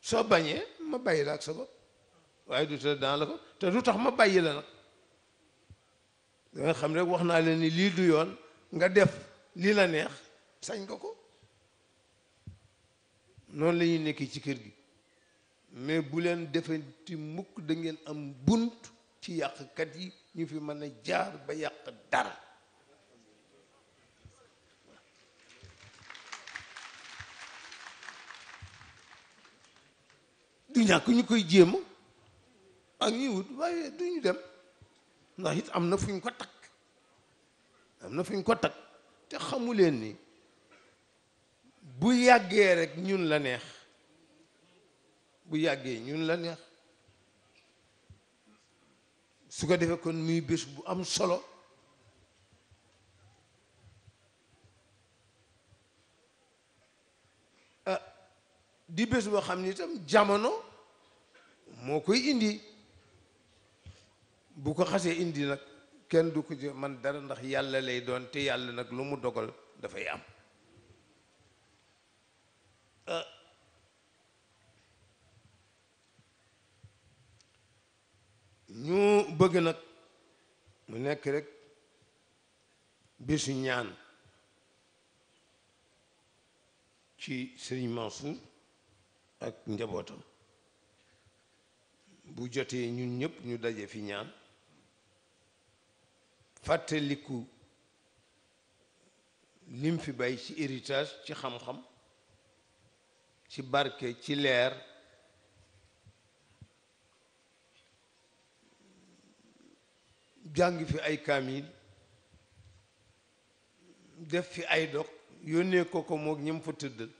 soo bañee ma bàyyi la ak sa waaye du te daan la ko te du tax ma bàyyi la na da xam rek wax naa leen ni lii du yoon nga def lii la neex sañ ko ko noonu la nekkee ci kër gi mais bu leen defenti mukk da ngeen am bunt ci yàqkat yi ñu fi mën a jaar ba yàq dara du ñàkk ñu koy jéem ak ñuy wut waaye du ñu dem ndax it am na fu ñu ko takk am na fu ñu ko takk te xamuleen leen ni bu yàggee rek ñun la neex bu yàggee ñun la neex su ko defee kon muy bés bu am solo di bés boo xam ni itam jamono moo koy indi bu ko xasee indi nag kenn du ko ci man dara ndax yàlla lay doon te yàlla nag lu mu dogal dafay am ñu bëgg nag mu nekk rek bésu ñaan ci Sëriñ Mansour ak njabootam bu jotee ñun ñëpp ñu daje fi ñaan fàttaliku lim fi bay ci héritage ci xam-xam ci barke ci leer jàng fi ay kaamil def fi ay dox yónnee ko ko moog ñëm fa tëddal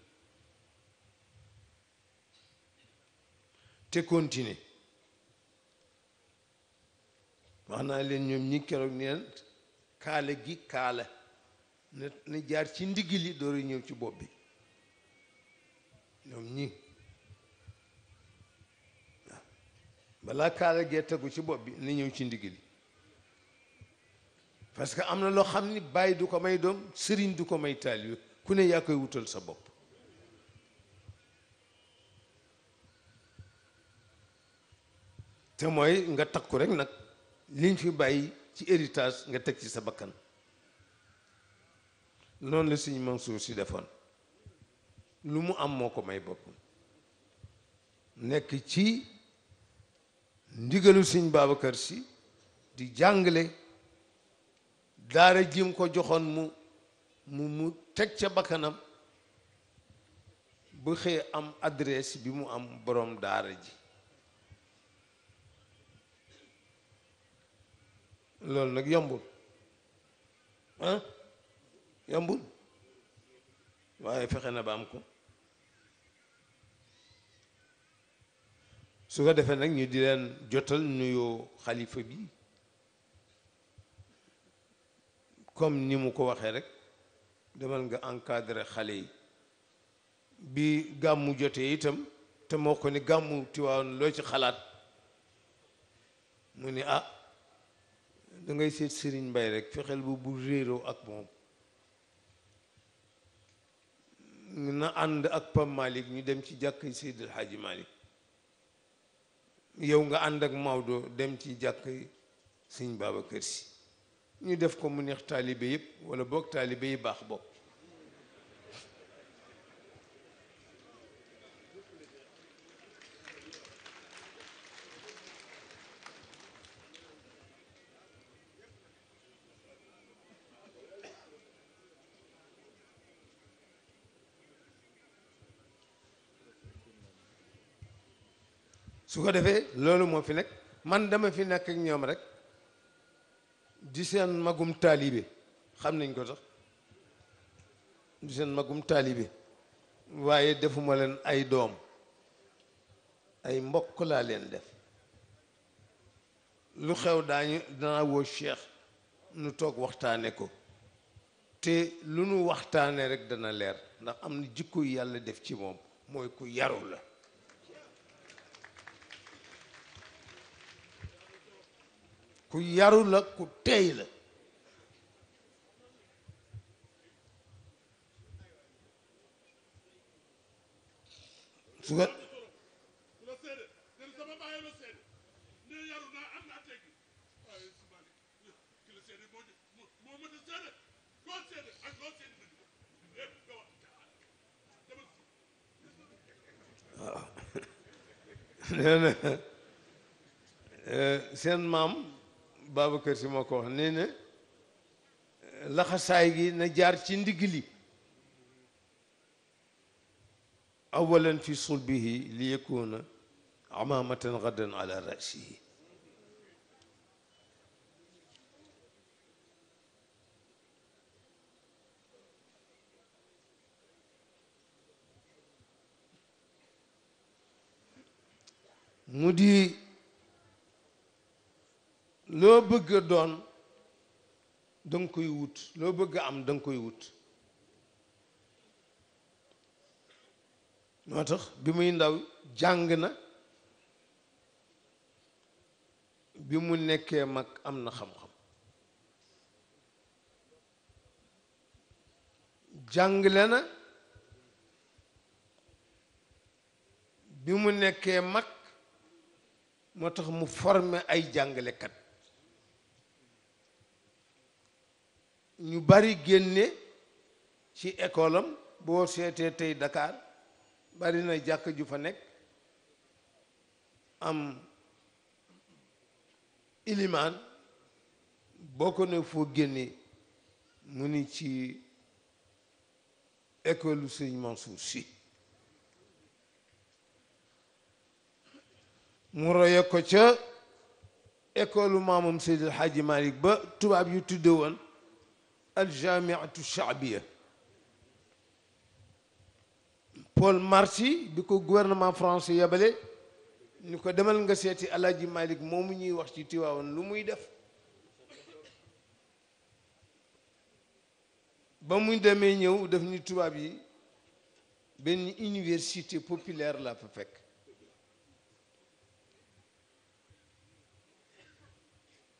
te continuer wax naa leen ñoom ñi keroog neen kaala gi kaala na na jaar ci ndigg li door a ñëw ci bopp bi ñoom ñi waaw balaa kaala gee tegu ci bopp bi na ñëw ci ndigg li parce que am na loo xam ni bàyyi du ko may doom sëriñ du ko may taalibe ku ne yaa koy wutal sa bopp te mooy nga takku rek nag liñ fi bàyyi ci héritage nga teg ci sa bakkan noonu la suñu Mansour si defoon lu mu am moo ko may boppam nekk ci ndigalu suñ kër si di jàngale daara jim ko joxoon mu mu mu teg ca bakkanam bu xëy am adresse bi mu am borom daara ji loolu nag yombul ah yombul waaye fexe na ba am ko su ko defee nag ñu di leen jotal nuyoo xalifa bi comme ni mu ko waxee rek demal nga encadré xale yi bi gàmmu jotee itam te moo ko ni gàmmu Tiwaawan loo ci xalaat mu ni ah dangay ngay seet Serigne Mbaye rek fexeel bu bu réeroo ak moom na ànd ak Pam Malick ñu dem ci jàkk Seydil Hadji Malick yow nga ànd ak Maodo dem ci jàkk Serigne Babacar Sy ñu def ko mu neex taalibe yëpp wala boog taalibe baax bokk su ko defee loolu moo fi nekk man dama fi nekk ak ñoom rek di seen magum taalibe xam nañ ko sax di seen magum taalibe waaye defuma leen ay doom ay mbokk laa leen def lu xew daañu danaa woo cheikh nu toog waxtaane ko te lu nu waxtaane rek dana leer ndax am na jikko yàlla def ci moom mooy ku yaru la ku yaru la ku teey la su nga eh, seen maam Babacar si moo ko wax nee na eh, laxasaay gi na jaar ci ndigg li awalan fi sulbihi li yakuna amamatan gadan ala rasihi mu di loo bëgg doon da nga koy wut loo bëgg am da nga koy wut moo tax bi muy ndaw jàng na bi mu nekkee mag am na xam jàngle na bi mu nekkee mag moo tax mu formé ay jàngalekat ñu bari génne ci école boo seetee tey Dakar bari na jàkk ju fa nekk am ilimaan boo ko ne foo génne mu ni ci école Sëñ Mansour Sy mu roye ko ca école maamam Seydil Hadji Malick ba tubaab yu tudde woon aljaamiatu shaabiya Paul Marty bi ko gouvernement français yebale ñu ko demal nga seeti Alaaji Malik moomu ñuy wax ci Tiwaawan lu muy def ba muy demee ñëw daf ñu tubaab yi benn université populaire laa fa fekk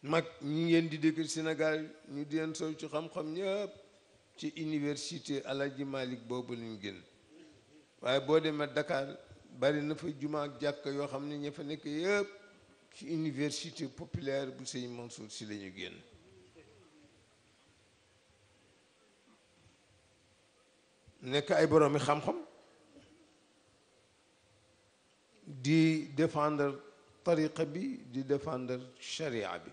mag ñi ngeen di dëkk Sénégal ñu di sol sow ci xam-xam ñëpp ci université Alaaji Malik boobu lañ génn waaye boo demee Dakar bari na fa juma ak jàkk yoo xam ne ña fa nekk yëpp ci université populaire bu Sëñ Mansour si la génn nekk ay boroomi xam-xam di défendre tariqa bi di défendre charia bi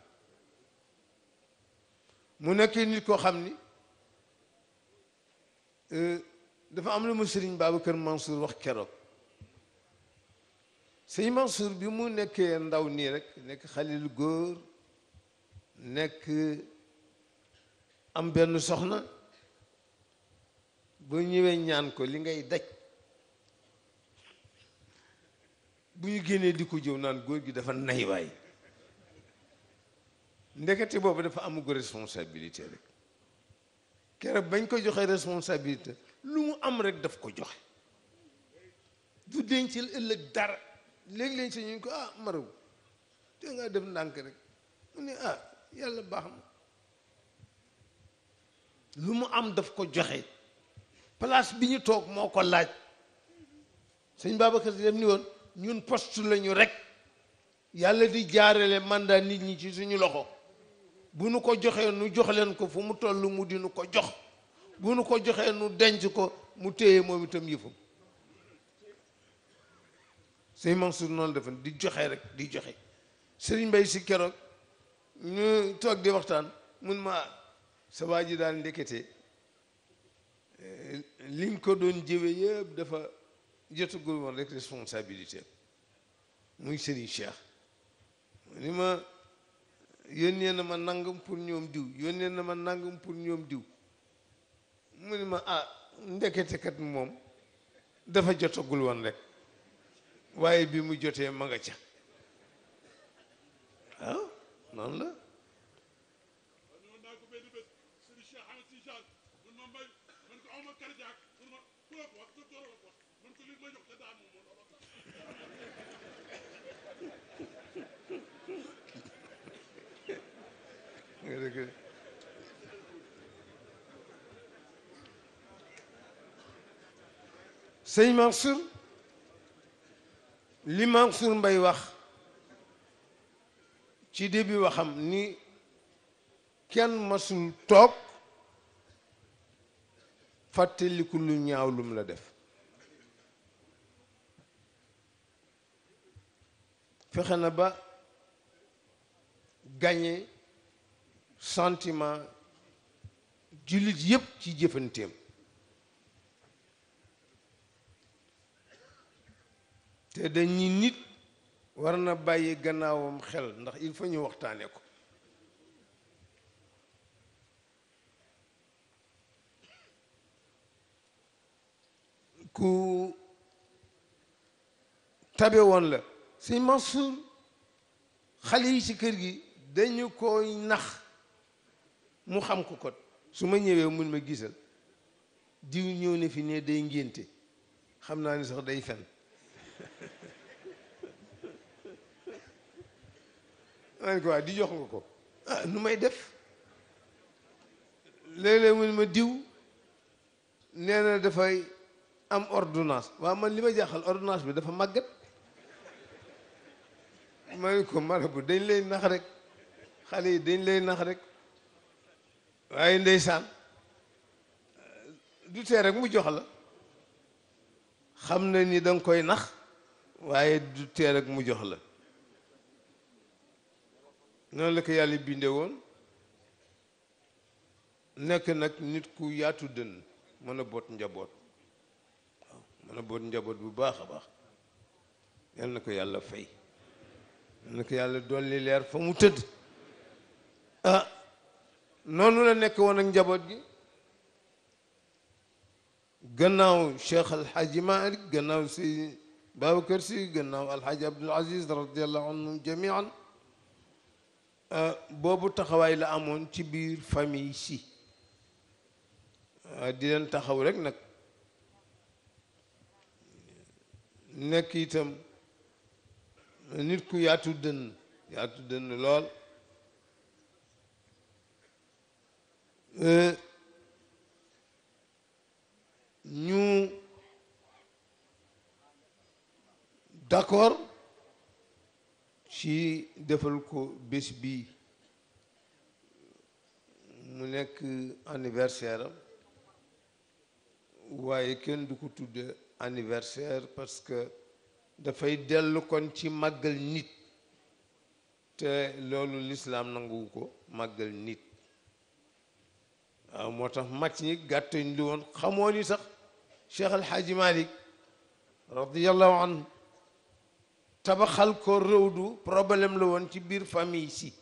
mu nekkee nit koo xam ni euh, dafa am lu ma mu sëriñ Babacar Mansour wax keroog sëriñ Mansour bi mu nekkee ndaw nii rek nekk xale lu góor nekk am benn soxna bu ñëwee ñaan ko li ngay daj bu ñu génnee di ko jëw naan góor gi dafa nay waay ndekete boobu dafa amagu responsabilité rek kere bañ ko joxe responsabilité lu mu am rek daf ko joxe du dencal ëllëg dara léegi-léeg si ñu ko ah maraw te ngaa def ndànk rek mu ne ah yàlla baax na lu mu am daf ko joxe place bi ñu toog moo ko laaj sëñ Babacar Si def ni woon ñun post lañu rek yàlla di jaarale mandat nit ñi ci suñu loxo bu nu ko joxee nu jox leen ko fu mu toll mu di nu ko jox bu nu ko joxee nu denc ko mu téye moom itam yëfam sëñ Mansour noonu defen di joxe rek di joxe sëriñ Mbay si keroog ñu toog di waxtaan mun ma sa waa ji daal ndekete eh, liñ ko doon jëwe yëpp dafa jotagul woon rek responsabilité muy sëriñ Cheikh yónnee na ma nangam pour ñoom diw yónnee na ma nangam pour ñoom diw mu ni ma ah ndeketekat moom dafa jotagul woon rek waaye bi mu jotee ma nga ca waaw noonu la sëñ Mansour li Mansour Mbaye wax ci début waxam ni kenn masul toog fàttaliku lu ñaaw lum la def fexe na ba gañe sentiment jullit yépp ci jëfanteem te dañu nit war na bàyyi gannaawam xel ndax il faut ñu waxtaane ko ku tabe woon la Sëñ Mansour xale yi ci kër gi dañu koy nax mu xam ko ko su ma ñëwee mun ma gisal diw ñëw na fi ne day ngénte xam naa ni sax day fen man ko waa di jox nga ko ah, nu may def léeg-léeg mun ma diw nee na dafay am ordonnance waaw man li ma jaaxal ordonnance bi dafa màggat ma ne ko marabu dañ lay nax rek xale yi dañ lay nax rek waaye ndeysaan du tee rek mu jox la xam na ni danga koy nax waaye du tee rek mu jox la noonu la ko yàlla bindewoon nekk nag nit ku yaatu dënn mën a boot njaboot waaw mën a boot njaboot bu baax a baax yal na ko yàlla fay yal na ko yàlla dolli leer fa mu tëdd ah, noonu la nekk woon ak njaboot gi gannaaw cheikh alxaaji malik gannaaw si babacar si gannaaw alxaaji abdul aziz radiallahu anhu ah, boobu taxawaay la amoon ci biir famille si ah, di leen taxaw rek nag nekk itam nit ku yaatu dënn yaatu dënn lool Euh, ñu d'accord ci defal ko bés bi mu nekk anniversaire am waaye kenn du ko tudde anniversaire parce que dafay dellu kon ci màggal nit te loolu lislaam nanguwu ko màggal nit waaw ah, moo tax mag ñi gàttañ lu woon xamoo ni sax Cheikh El Hadj Malick tabaxal ko rëwdu problème la woon ci biir famille si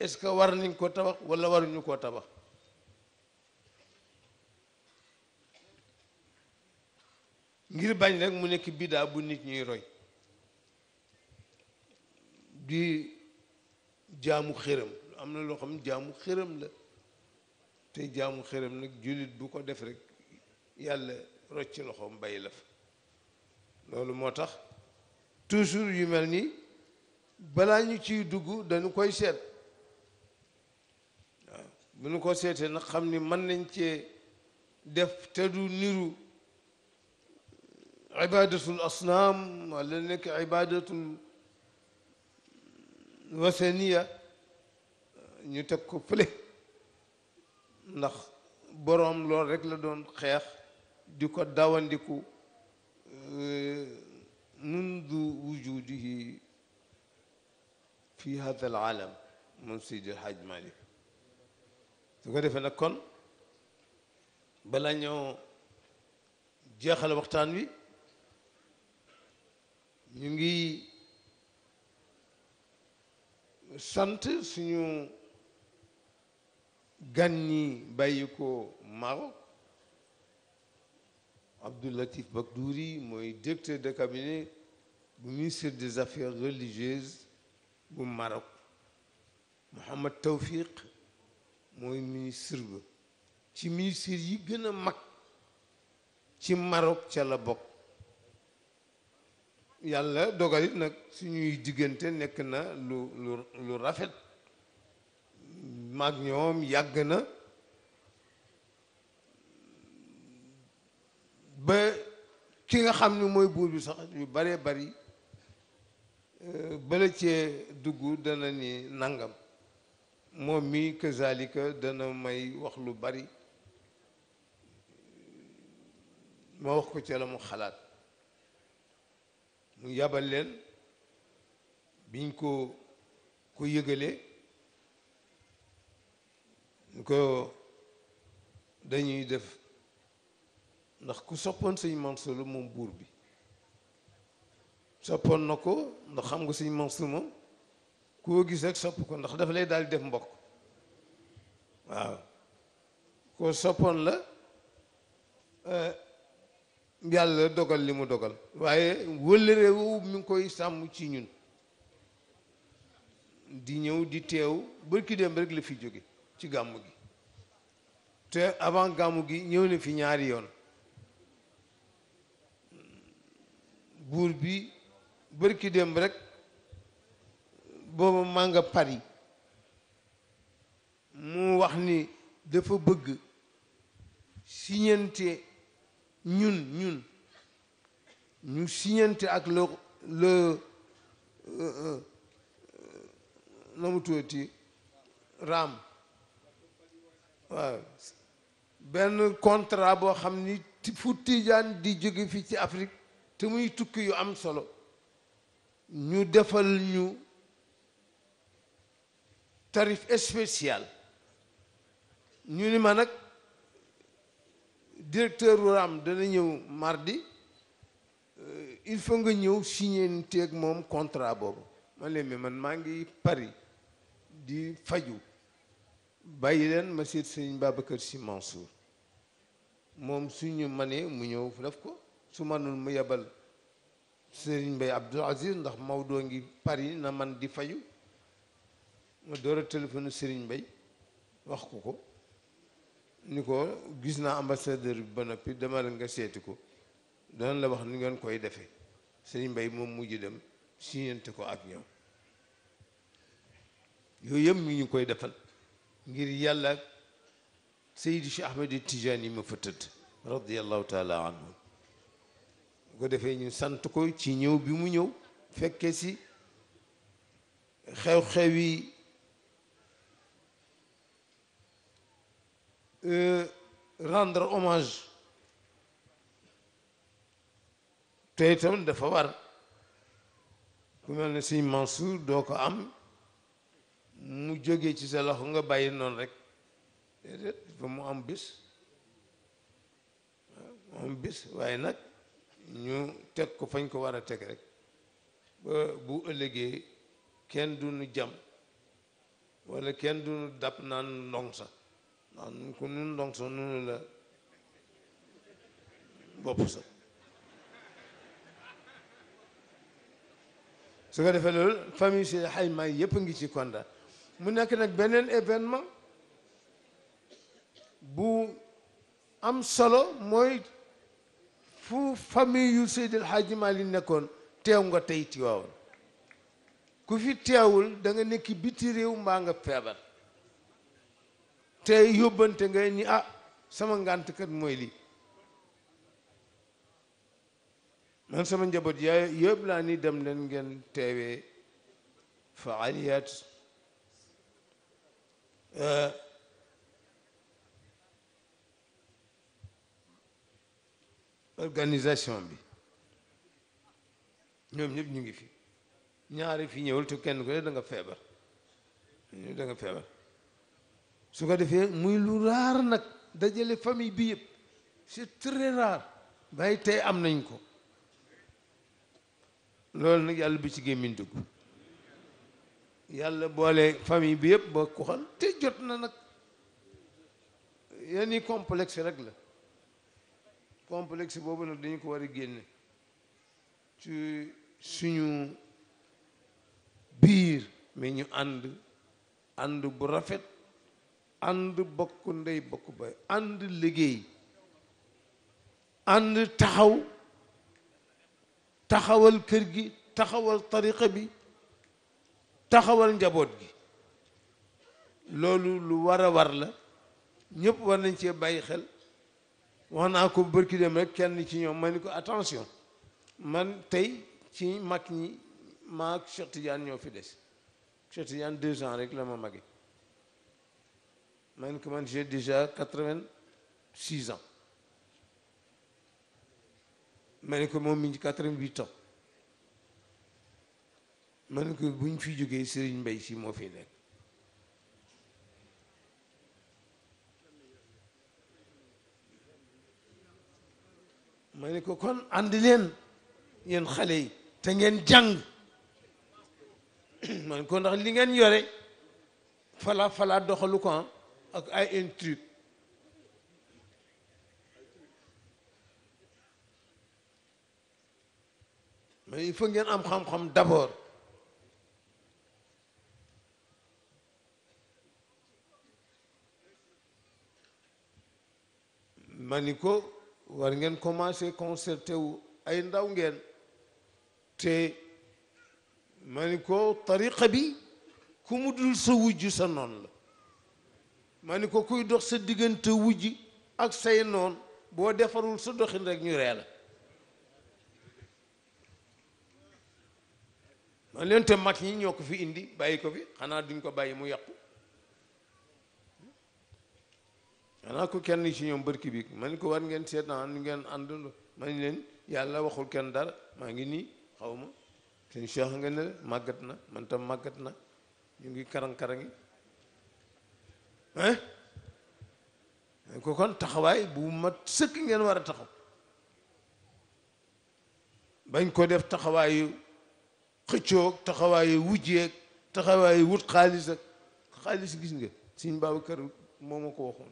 est-ce que war nañ koo tabax wala waruñu koo tabax ngir bañ rek mu nekk bidaa bu nit ñuy roy di jaamu xërëm am na loo xam jaamu xërëm la te jaamu xërëm nag jullit bu ko def rek yàlla rocci loxoom bàyyi la fa loolu moo tax toujours yu mel nii balaa ñu ciy dugg dañu koy seet waaw bu ñu ko seetee nag xam ni mën nañ cee def te du niru ibadatul asnaam wala nekk ibadatul wasaniya ñu teg ko fële ndax boroom loolu rek la doon xeex di ko dawandiku euh, mundu wujudihi fi hada al alam moom Seydi El Hadj su ko defee nag kon bala ñoo jeexal waxtaan wi ñu ngi sant suñu gan ñi bàyyi ko Maroc Abdoul Latif Bakdouri mooy directeur de cabinet bu ministre des affaires religieuses bu Maroc Mohamed Tawfiq mooy ministre ba ci ministre yi gën a mag ci Maroc ca la bokk yàlla dogalit nag suñuy diggante nekk na lu lu lu rafet mag ñoom yàgg na ba ki nga xam ni mooy buur bi sax yu baree bari euh, bala cee dugg dana ni nangam moom mi kazalika dana may wax lu bari ma wax ko ca mu xalaat mu yabal leen biñ ko ko yëgalee ko dañuy def ndax ku soppoon sëñ Mansour la moom buur bi soppoon na ko ndax xam nga sëñ Mansour moom koo gis rek sopp ko ndax dafa lay daal di def mbokk waaw ko soppoon la eh, yàlla dogal li mu dogal waaye wëllëre woowu mi ngi koy sàmm ci ñun di ñëw di teew bërki dem rek la fi jóge ci gàmmu gi te avant gàmmu gi ñëw na fi ñaari yoon buur bi bërki démb rekk booba maa nga Paris mu wax ni dafa bëgg siñante ñun ñun ñu siñante ak le le euh, euh, euh, na mu raam waaw benn contra boo xam ni fu Tijaan di jóge fii ci Afrique te muy tukki yu am solo ñu defal ñu tarif spécial ñu ni ma nag directeur Ram dana ñëw mardi euh, il faut nga ñëw signé teeg moom contrat boobu ma ne man maa ngi Paris di faju bàyyi leen ma seet sëñ kër Sy Mansour moom suñu manee mu ñëw def ko su manul mu yebal sëriñ Bay Abdou Aziz ndax Maodo ngi Paris na man di fayu ma door a téléphone sëriñ Bay wax ko ko ni ko gis naa ambassadeur bi ba noppi demal nga seeti ko dana la wax ni ngeen koy defee sëriñ Bay moom mujj dem siñante ko ak ñoom yooyu yëpp mi ñu koy defal ngir yàlla Seydi Cheikh Ahmed Tidiane ma fa radiallahu taala anhu ko defee ñu sant ko ci ñëw bi mu ñëw fekke si xew-xewi euh, rendre hommage te itam dafa war ku mel ne Sëñ Mansour doo ko am mu jóge ci sa loxo nga bàyyi noonu rek déedéet mu am bis mu am waaye nag ñu teg ko fañ ko war a teg rek ba bu ëllëgee kenn du nu jam wala kenn du nu dab naan ndong sa naan nun ko nun ndong sa nunu la bopp sa su ko defee loolu famille si xayma yëpp ngi ci konda mu nekk nag beneen événement bu am solo mooy fu famille yu Seydil Hadji li nekkoon teew nga tey Tiwaawan ku fi teewul da nga nekk biti réew mbaa nga feebar te yóbbante nga ni ah sama ngànt kat mooy lii man sama njaboot yaay yëpp laa ni dem leen ngeen teewee faaliyaat Euh, organisation bi ñoom ñëpp ñu ngi fi ñaari fi ñëwul te kenn ku ne danga feebar da nga su ko defee muy lu raar nag dajale famille bi yëpp c'est très rare waaye tey am nañ ko loolu nag yàlla bi ci gémmiñ dugg yàlla boole famille bi yëpp bokk xol te jot na nag yenni complexe rek la complexe boobu nag dañu ko war a génne ci suñu biir mais ñu ànd ànd bu rafet ànd bokk ndey bokk bay ànd liggéey ànd taxaw taxawal kër gi taxawal tariqa bi taxawal njaboot gi loolu lu war a war la ñëpp war nañ cee bàyyi xel wax naa ko bërki dem rek kenn ci ñoom may ni ko attention man tey ci mag ñi maag Cheikh Tidiane ñoo fi des Cheikh Tidiane deux ans rek la ma mage man ko man j'ai déjà quatre-vingt-six ans ma ne ko moom mi ngi quatre-vingt-huit ans ma ne ko buñ fi jógee Serigne Mbaye si moo fi nekk ma ne ko kon ànd leen yéen te ngeen jàng ma ko ndax li ngeen yore fala fala doxalu ko ah ak ay un truc mais il faut ngeen am xam-xam d'abord ma ni ko war ngeen commencé concerté wu ay ndaw ngeen te ma ni ko tariqa bi ku mu dul sa wujj sa noon la ma ni ko kuy dox sa diggante wujj ak say noon boo defarul sa doxin rek ñu ree la man leen te mag ñi ñoo ko fi indi bàyyi ko fi xanaa duñ ko bàyyi mu yàqu xanaa ko kenn ci ñoom barki bi ma ni ko war ngeen seetaan nu ngeen àndandoo ma ni leen yàlla waxul kenn dara maa ngi nii xaw ma seen cheikh nga ne màggat na man tam màggat na ñu ngi karang-karangi hein ma ko kon taxawaay bu mat sëkk ngeen war a taxaw bañ ko def taxawaayu xëccoog taxawaayu wujjeeg taxawaayu wut xaalis xaalis gis nga Sëñ Babacar moo ma ko waxoon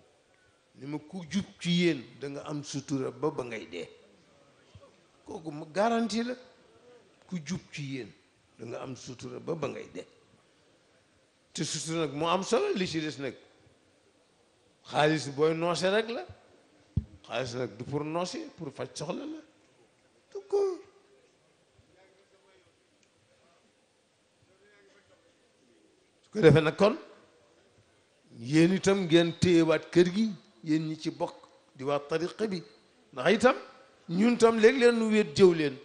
ni ma ku jub ci yéen da am sutura ba ba ngay dee kooku ma garantie la ku jub ci yéen da am sutura ba ba ngay dee te sutura nag moo am solo li si des nag xaalis booy noose rek la xaalis nag du pour noose pour faj soxla la du ko su nag kon yéen itam ngeen téyewaat kër gi yéen ñi ci bokk di waa tariqa bi ndax itam ñun tam léegi leen nu wéet jëw leen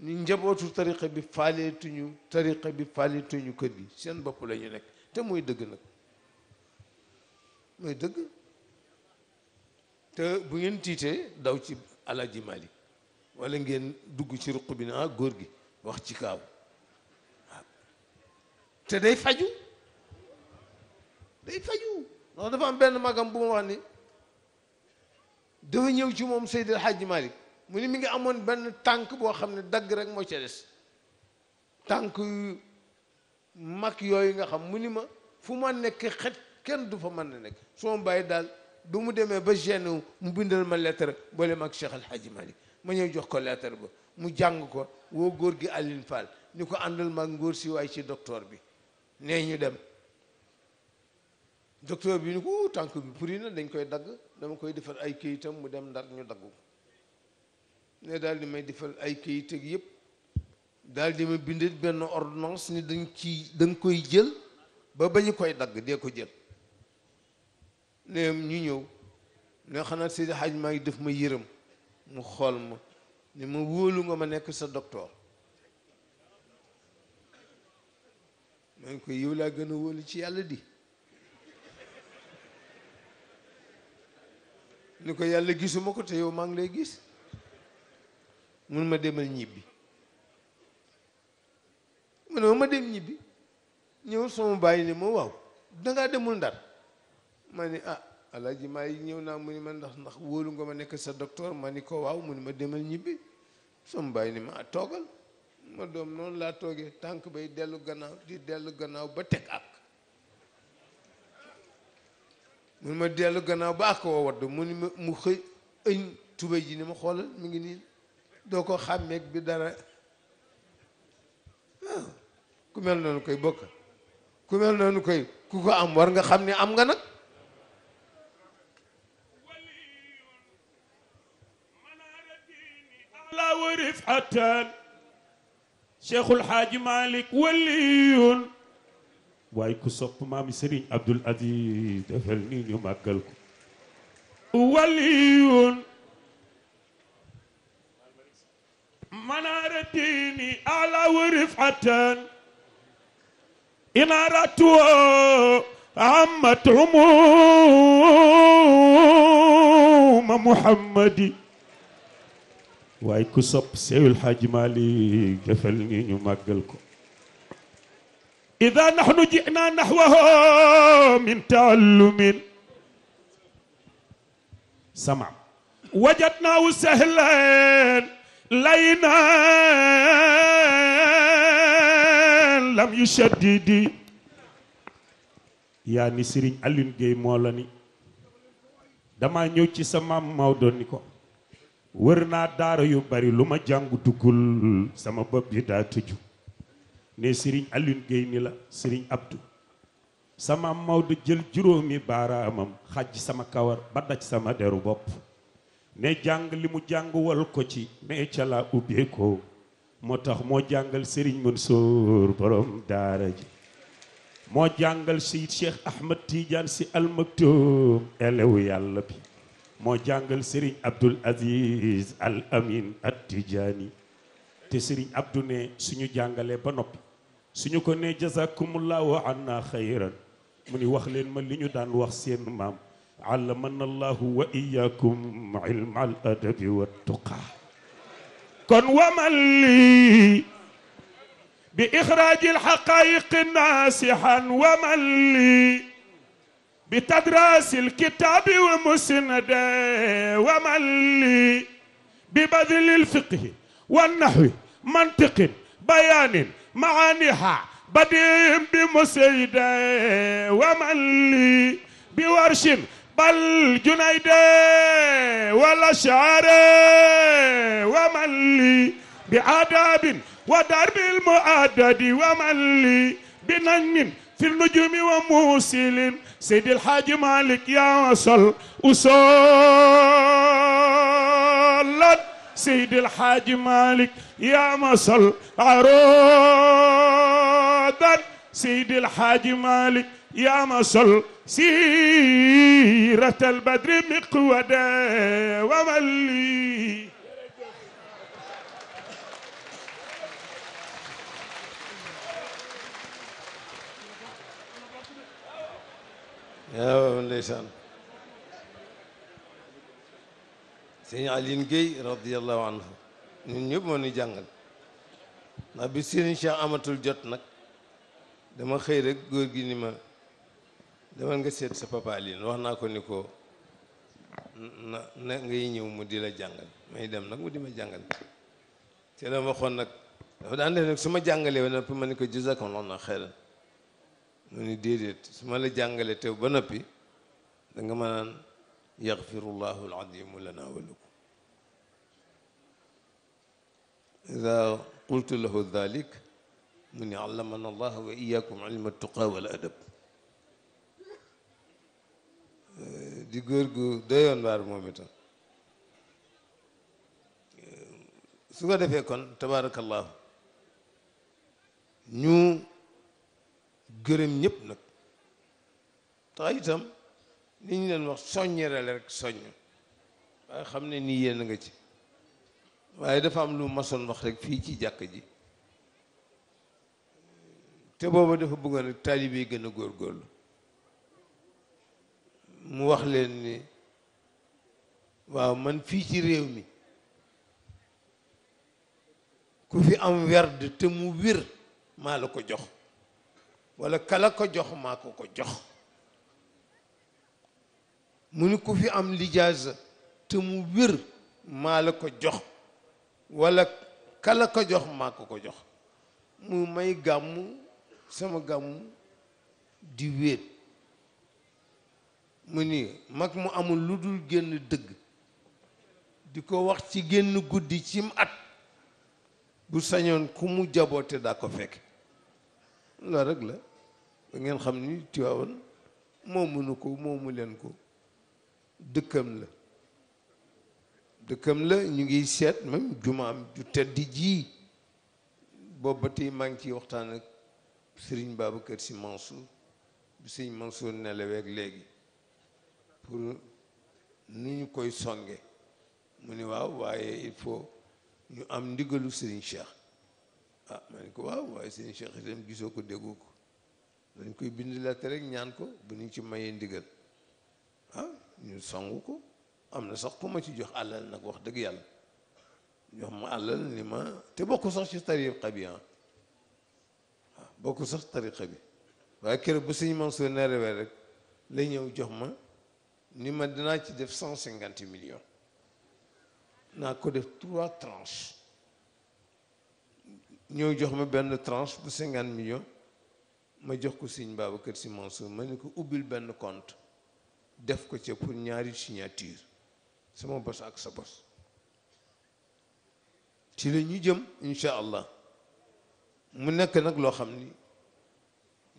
ñu njabootu tariqa bi faaleetuñu tariqa bi faaleetuñu kër gi seen bopp lañu nekk te mooy dëgg nag mooy dëgg te bu ngeen tiitee daw ci alaji malik wala ngeen dugg ci ruq bi naa ah, góor gi wax ci kaaw te day faju day faju non dafa am benn magam bu ma wax ni dafa ñëw ci moom Seydi El Hadji mu ni mi ngi amoon benn tànk boo xam ne dagg rek moo ca des tànk yu mag yooyu nga xam mu ni ma fu ma nekk xet kenn du fa mën na nekk su ma bàyyi daal bu mu demee ba Gênes mu bindal ma lettre boole ma ak Cheikh El Hadji ma ñëw jox ko leetar ba mu jàng ko woo góor gi Aline Fall ni ko àndal mag ngóor si waay ci docteur bi nee ñu dem docteur bi ni ko tànk bi puri na dañ koy dagg dama koy defar ay këyitam mu dem ndar ñu daggu ne daal di may defar ay këyit yépp daldi daal di ma bindit benn ordonnance ni dañ ci dañ koy jël ba ba ñu koy dagg dee ko jël ne ñu ñëw ne xanaa Seydi Hadj maa ngi def ma yërëm mu xool ma ne ma wóolu nga ma nekk sa docteur maa ngi koy yow laa gën a wóolu ci yàlla di ni ko yàlla gisuma ko te yow maa ngi lay gis mun ma demal ñibbi mu ma dem ñibbi ñëw sama bàyyi ne ma waaw dangaa demul ndar ma ni ah alaaji maa yi ñëw naa mu ni ma ndax ndax wóolu nga ma nekk sa docteur ma ni ko waaw mu ni ma demal ñibbi sama bàyyi ni ma ah toogal ma doom noonu laa toogee tànk bay dellu gannaaw di dellu gannaaw ba teg ak mun ma dellu gannaaw ba ak waddu mu ni mu xëy ëñ tubéy ji ni ma xoolal mu ngi nii doo ko xàmmeeg bi dara ah, ku mel noonu koy bokk ku mel noonu koy ku ko am war nga xam ni am nga nag la warif atan cheikhul xaaji malik waliyun waaye ku sopp maami Serigne Abdoul Aziz defal nii ñu màggal ko waliyun منار الدين على ورفعة إنارته عمت عموم محمد واي كسب سيو الحاج مالي جفلني نمقلكم إذا نحن جئنا نحوه من تعلم سمع وجدناه سهلا لينا لم يشدد yaa ni sëriñ Alioune Guèye moo la ni dama ñëw ci sa maam Maodo ni ko wër naa daara yu bari lu ma jàngu duggul sama bopp bi daa tëju ne sëriñ Alioune Guèye ni la sëriñ Abdou sama Maodo jël juróomi baaraamam xaj sama kawar ba daj sama deru bopp ne jàng li mu jàng wal ko ci mais ca la ubbeekoo moo tax moo jàngal sëriñ Mansour borom daara ji moo jàngal Seydi Cheikh Ahmed Tidiane si almaktoum elewu yàlla bi moo jàngal sëriñ Abdul Aziz al Amin at Tidiani te sëriñ Abdou ne suñu jàngalee ba noppi suñu ko nee jazakumullahu anna xayran mu ni wax leen ma li ñu daan wax seen maam allamana allahu wa iyakum ilma al adabi wa tuqa kon waman li bi ixraji alxaqaiq naasixan waman li bi tadrasi alkitabi wa musnade waman li bi badli alfiqhi wa nahwi mantiqin bayanin معانيها بديم بمسيدة ومن لي بورش بل جنيدة ولا شعر ومن لي بآداب ودرب المؤدد ومن لي بنجم في النجوم وموسل سيد الحاج مالك يا صل وصلت سيد الحاج مالك يا مصل عروضا سيد الحاج مالك يا مصل سيرة البدر مقودا وملي يا ndeysaan sëñ Aline Gueye radiallahu anhu ñun ñëpp moo ñu jàngal ndax bi sëriñ Cheikh amatul jot nag dama xëy rek góor gi ni ma demal nga seet sa papa Aline wax naa ko ni ko na na ngay ñëw mu di la jàngal may dem nag mu di ma jàngal ci la waxoon nag dafa daan def nag su ma jàngalee ba noppi ma ni ko jazakallahu na xeyran mu ni déedéet su ma la jàngalee tew ba noppi da nga ma يغفر الله العظيم لنا ولكم إذا قلت له ذلك من علمنا الله وإياكم علم التقى والأدب di góor gu doyoon waar moom itam su ko defee kon tabaarakallaahu ñu gërëm ñëpp nag tax itam li ñu leen wax soññerale rek soññ waaye xam ne nii yéen nga ci waaye dafa am lu masoon wax rekk fii ci jàkk ji te booba dafa bëggoon rek taalibe gën a góorgóorlu mu wax leen ni waaw man fii ci réew mi ku fi am werd te mu wir maa la ko jox wala kala ko jox maa ko ko jox mu ni ku fi am lijaasa te mu wér maa la ko jox wala kala ko jox maa ko ko jox mu may gàmm sama gàmm di wéet mu ni mag mu amul lu dul génn dëgg di ko wax ci génn guddi cim at bu sañoon ku mu jaboote daa ko fekk loolu rek la da xam ni Tiwaawan moo mënu ko moo mu leen ko dëkkam la dëkkam la ñu ngi seet même jumaam ju tedd ji boobu ba maa ngi ciy waxtaan ak Serigne Babacar Sy Mansour bu sëñ Mansour nelaweeg léegi pour nu ñu koy songe mu ni waaw waaye il faut ñu am ndigalu Serigne Cheikh ah ma ni ko waaw waaye Serigne Cheikh itam gisoo ko déggu ko dañ koy bind lettre rek ñaan ko bu ñu ci mayee ndigal ah, ñu songu ko am na sax ku ma ci jox àllal nag wax dëgg yàlla jox ma àllal ni ma te bokk sax ci tariqa bi ah bokk sax tariqa bi waaye kër bu sëñ Mansour nerewee rek la ñëw jox ma ni ma dinaa ci def cent cinquante millions naa ko def trois tranches ñëw jox ma benn tranche bu cinquante millions ma jox ko sëñ Babacar Sy Mansour ma ni ko ubbil benn compte def ko ca pour ñaari signature sama bos ak sa bos ci la ñu jëm incha allah mu nekk nag loo xam ni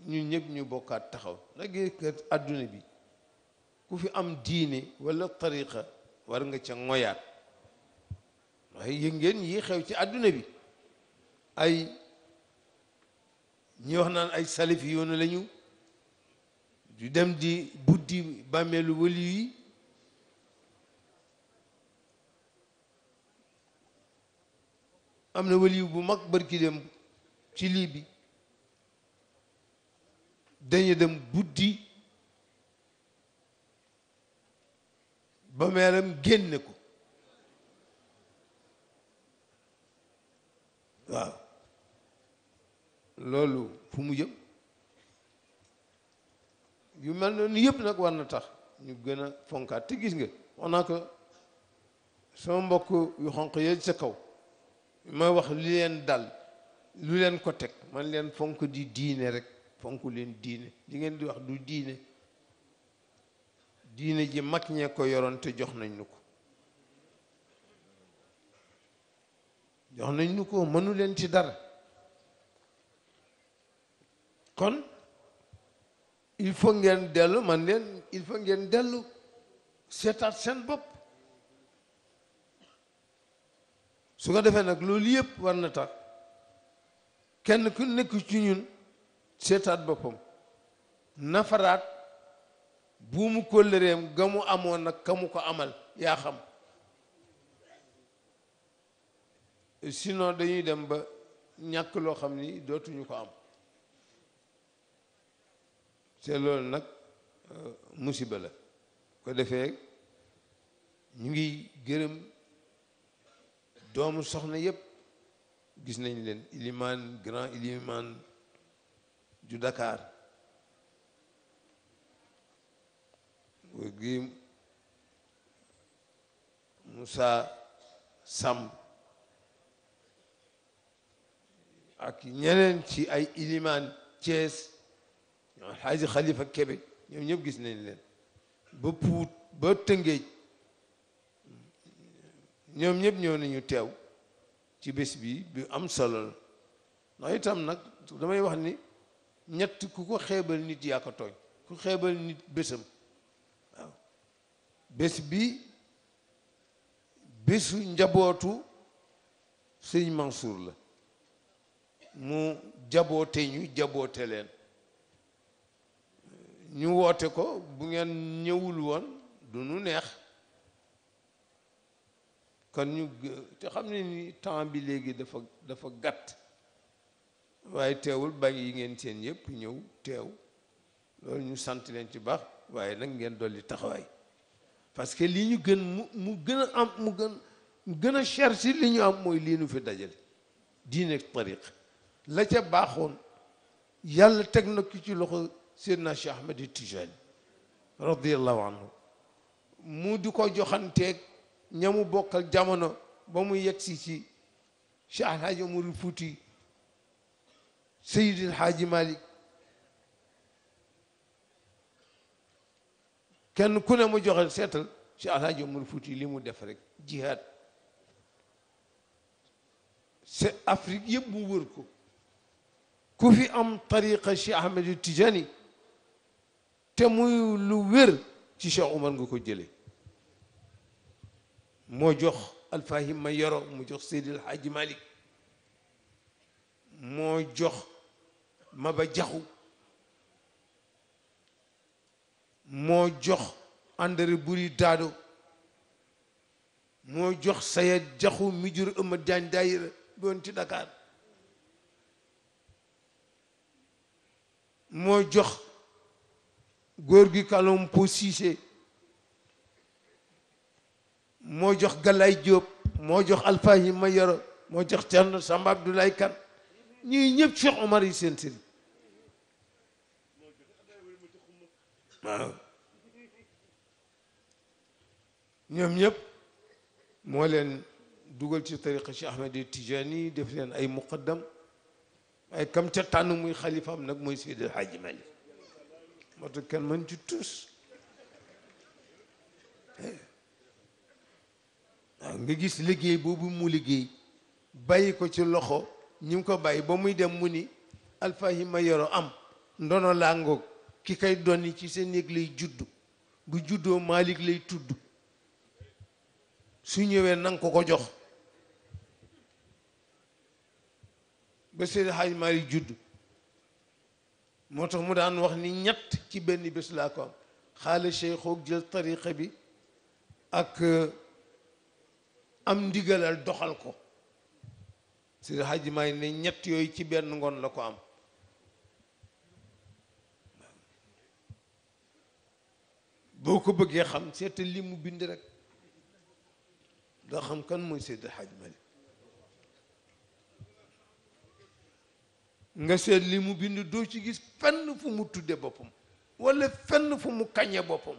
ñu ñëpp ñu bokkaat taxaw nag àdduna bi ku fi am diine wala tariqa war nga ca ngoyaat waaye ngeen yi xew ci àdduna bi ay ñu wax naan ay salif yoonu la du dem di buddi bàmmeelu wëli am na wëliw bu mag bërki dem ci lii bi dañu dem buddi ba meeram génne ko waaw loolu fu mu jëm yu mel noonu yépp nag war na tax ñu gën a fonkaat te gis nga wax naa ko mbokk yu xonq yooyu sa kaw may wax li leen dal lu leen ko teg man leen fonk di diine rek fonk leen diine li ngeen di wax du diine diine ji mag ñee ko yoroon te jox nañ nu ko jox nañ nu ko mënu leen ci dara kon il faut ngeen dellu man leen il faut ngeen dellu seetaat seen bopp su ko defee nag loolu yëpp war na tax kenn ku nekk ci ñun seetaat boppam nafaraat buumu kóllëreem ga mu amoon nag ka ko amal yaa xam sinon dañuy dem ba ñàkk loo xam ni dootuñu ko am te lool nag euh, musiba la ko defee ñu ngi gërëm doomu soxna yëpp gis nañ leen ilimaan grand ilimaan ju Dakar gi Moussa Sam ak ñeneen ci ay ilimaan Thiès alxaaji xalifa kebe ñoom ñëpp gis nañ leen ba puut ba tëngéej ñoom ñëpp ñoo nañu teew ci bés bi bi am solo la itam nag damay wax ni ñett ku ko xeebal nit yaa tooñ ku xeebal nit bésam waaw bés bi bésu njabootu sëñ Mansour la mu jaboote ñu jaboote leen ñu woote ko bu ngeen ñëwul woon du nu neex kon ñu te xam ne nii temps bi léegi dafa dafa gàtt waaye teewul bañ yi ngeen seen yëpp ñëw teew loolu ñu sant leen ci baax waaye nag ngeen dolli taxawaay parce que li ñu gën mu mu gën a am mu gën gën a cher li ñu am mooy lii nu fi dajale diine tariq la ca baaxoon yàlla teg na ki ci loxo Seydina Cheikh Ahmed Tijani radiallahu anhu mu di ko joxanteeg ñamu bokkal jamono ba mu yegsi ci Cheikh Alhaji Umarul Fuuti Seydil Haaji Malik kenn ku ne mu joxe seetal Cheikh Alhaji Umarul Fuuti li mu def rek jihaad c'est Afrique yëpp mu Ahmed Tijani te muy lu wér ci Cheikh Oumar nga ko jëlee moo jox alfahim ma yoro mu jox Seydi El Hadji moo jox Maba Jaxu moo jox André Buri Daado moo jox Sayed Jaxu mi jur ëmma Jaañ daayira doon ci Dakar moo jox góor gi kalom po siise moo jox Galaye Diop moo jox Alfaahi Mayoro moo jox Thierno Samba Abdoulaye Kane ñii ñëpp Cheikh Omar yi seen sëriñ waaw ñoom ñëpp moo leen dugal ci tariqa Cheikh Ahmed Tijani def leen ay muqaddam waaye kam ca tànn muy xalifaam nag mooy Seydi El Hadji Malick moo tax kenn mën ci waaw nga gis liggéey boobu mu liggéey bàyyi ko ci loxo ñi ngi ko bàyyi ba muy dem mu ni alfahima yoro am ndono laa ki kay donni ci sa néeg lay juddu bu juddoo Malick lay tudd su ñëwee nanga ko ko jox ba Seydi Hadj Malick juddu moo tax mu daan wax ni ñett ci benn bés laa ko am xaale cheikhoog jël tariqa bi ak am ndigalal doxal ko si haaji maay ne ñett yooyu ci benn ngoon la ko am boo ko bëggee xam seetal li mu bind rek doo xam kan mooy sedd Hajj Mali nga seet li mu bind doo ci gis fenn fu mu tuddee boppam walla fenn fu mu kañe boppam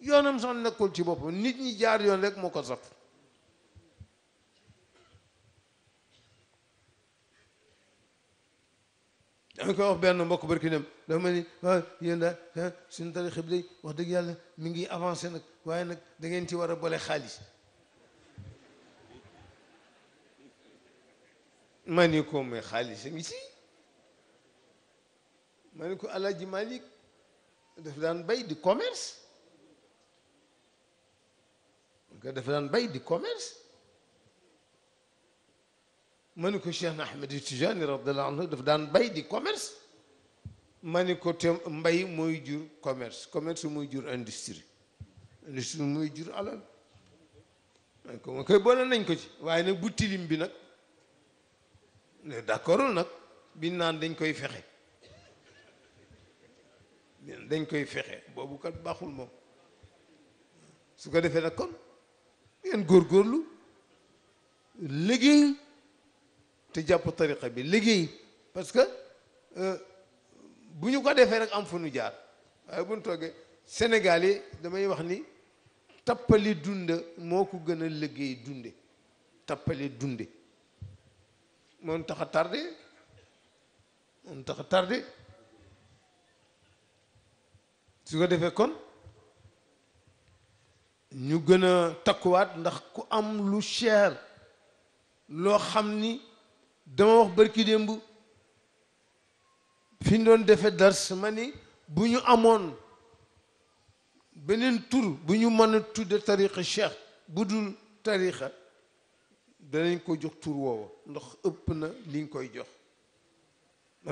yoonam sax nekkul ci boppam nit ñi jaar yoon rek moo ko saf dama koy wax benn mbokk barki dafa ma ni waaw ah, yéen daal suñu tari xib wax dëgg yàlla mu ngi avancé nag waaye nag dangeen ngeen ci war a boole xaalis ma ni ko mais xaalis a ngi si ma ni ko Alaaji Malik daf daan bay di commerce nga dafa daan bay di commerce ma ni ko Cheikh na Ahmed Tijaani radiyallahu anhu daf daan bay di commerce ma ni ko te mbay mooy jur commerce commerce mooy jur industrie industrie mooy jur alal ma ni ko koy boole nañ ko ci waaye nag bu bi nag d'accordul nag biñ naan dañ koy fexe dañ koy fexe boobukat baaxul moom su ko defee nag kon ngeen góorgóorlu liggéey te jàpp tariqa bi liggéey parce que euh, bu ñu ko defee rek am fu jaar waaye bu ñu toogee Sénégal yi damay wax ni tappali dunde moo ko gën a liggéey dunde tappali dunde moom tax a tardé moom tax a tardé su ko defee kon ñu gën a takkuwaat ndax ku am lu cher loo xam ni dama wax bërki démb fi ñu doon defee dars ma ni bu ñu amoon beneen tur bu ñu mën a tudde tariqa cheikh bu dul tariqa danañ ko jox tur woowa ndox ëpp na liñ koy jox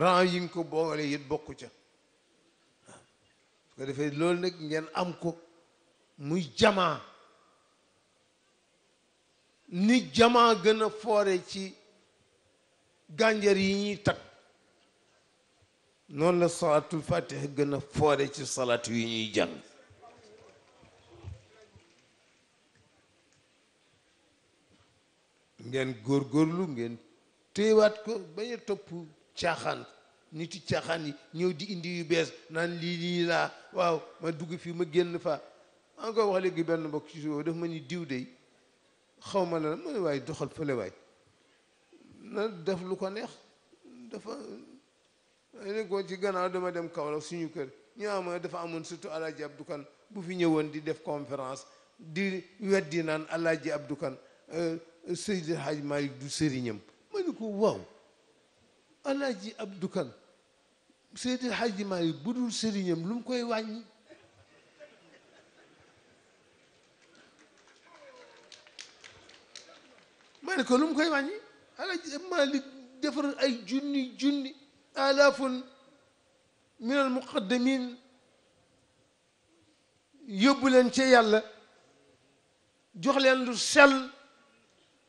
ran yi nga ko boole it bokku ca waaw su ko defee loolu nag ngeen am ko muy jamaa ni jamaa gën a foore ci gànjar yi ñuy tag noonu la salaatul fàtte gën a foore ci salaatu yi ñuy jàng ngeen góorlu ngeen téewaat ko bañ a topp caaxaan nit yi caaxaan yi ñëw di indi yu bees naan lii lii laa waaw ma dugg fii ma génn fa maa ngi wax léegi benn mbokk ci suuf ma ni diw de xaw ma la waaye doxal fële def lu ko neex dafa nekkoon ci gannaaw dama dem Kaolack suñu kër ñu amoon dafa amoon surtout Alaaji Abdu Kan bu fi ñëwoon di def conférence di weddi naan Alaaji Abdu Kan euh, Seydi Hadj Malick du sëriñam ma ne ko waaw Alaaji Abdou Kan Seydi Hadj Malick bu dul sëriñam lu mu koy wàññi ma ne ko lu mu koy wàññi Alaaji Malick defar ay junni junni alaafun min al muqaddamin yóbbu leen ca yàlla jox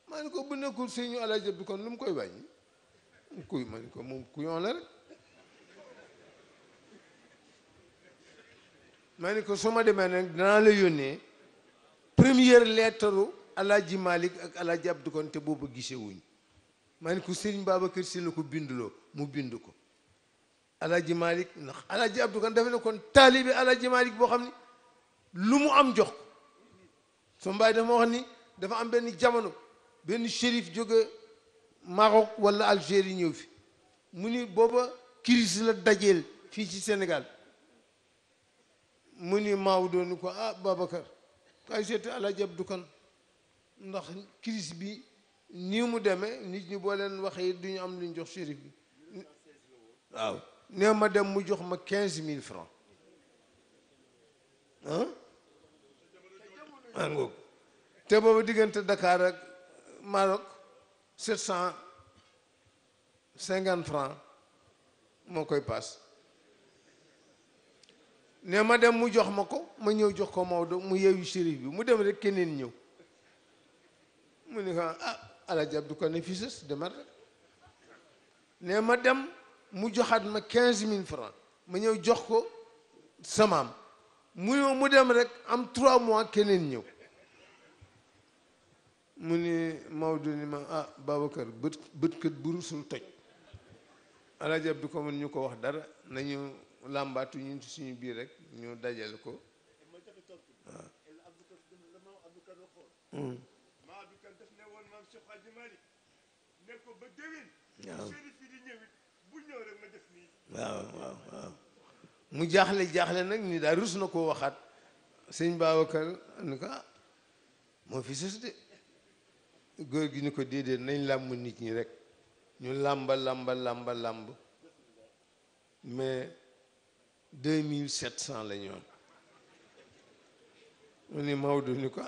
ma ne ko bu nekkul sëñ ñu alaaj bi kon lu mu koy wàññi kuy ma ko moom kuyoon la rek ma ne ko su ma demee nag danaa la yónnee première lettre alaaji Malick ak alaaji Abdou Kon te boobu gisee wuñ ma ne ko sëriñ Babacar Si la ko bindloo mu bind ko alaaji Malick ndax alaaji Abdou Kon dafa ne kon taalibi alaaji Malick boo xam ne lu mu am jox ko sama baay dafa ma wax ni dafa am benn jamono benn shérif jóge Maroc wala Algérie ñëw fi mu ni booba crise la dajeel fii ci Sénégal mu ni Maodo ni ko ah Babacar kaay seeti Alaaji Abdu Kan ndax crise bi nii mu deme nit ñi boo leen waxee du ñu am luñ jox shérif bi waaw nee ma dem mu jox ma quinze mille francs ah. ah te booba diggante Dakar ak. Maroc sept cent cinquante francs moo koy paas ne ma dem mu jox ma ko ma ñëw jox ko Maodo mu yeewu shérif bi mu dem rek keneen ñëw mu ne ko ah Alaaji Abdu ko ne fiisas demal rek ne ma dem mu joxaat ma quinze mille francs ma ñëw jox ko samaam mu ñëw mu dem rek am trois mois keneen ñëw mu ni Maodo ni ma ah Babacar bët bëtkat bu rusul toj alajab bi ko mën ñu ko wax dara nañu làmbaatu ñun suñu biir rek ñu dajale ko waaw waaw waaw mu jaaxle jaaxle nag nii daal rus na koo waxaat sëñ Babacar ni ko ah moo fi sus de góor gi ni ko déedéet nañ làmb nit ñi rek ñu làmba làmba làmba làmb mais deux mille sept cent la ñoon mu ni Maodo ni ko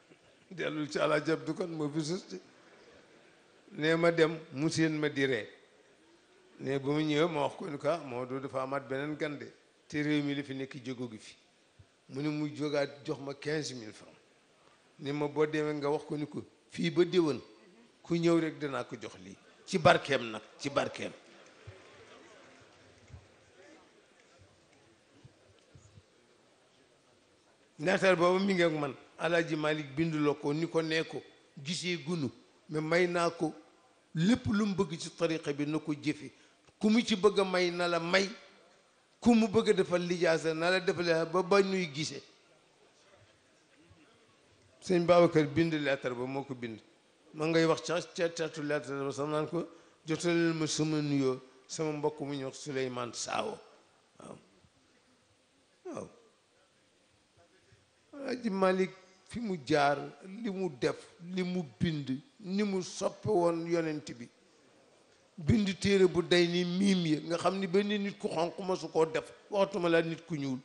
dellul ci àla jab du kon moo fi sus nee ma dem mu seen ma di ree ne ba mu ñëwee ma wax ko ni ko ah, Maodo dafa amaat beneen gande te réew mi li fi nekk jógo gi fi mu ne mu jógaat jox ma quinze mille francs ni ma boo demee nga wax ko ni ko fii ba déwén ku ñëw rek danaa ko jox lii ci barkeem nag ci barkeem neetal booba mi ngi ak man alaaji malik bindu la ko ni ko nee ko gisee gunu mais may naa ko lépp lu mu bëgg ci tariqa bi na ko jëfe ku mu ci bëgg a may na la may ku mu bëgg a defal lijaasa na la defal ba ba nuy gisee sëñ Babacar bind lettre ba moo ko bind ma ngay wax ca ca teetu lettre ba sax naan ko jotaleel ma sama nuyoo sama mbokk mu ñuy wax Souleymane Saawo waaw waaw Alaaji fi mu jaar li mu def li mu bind ni mu soppe woon yonent bi bind téere bu day ni miim yi nga xam ni benn nit ku xonq ma su koo def waxtuma la nit ku ñuul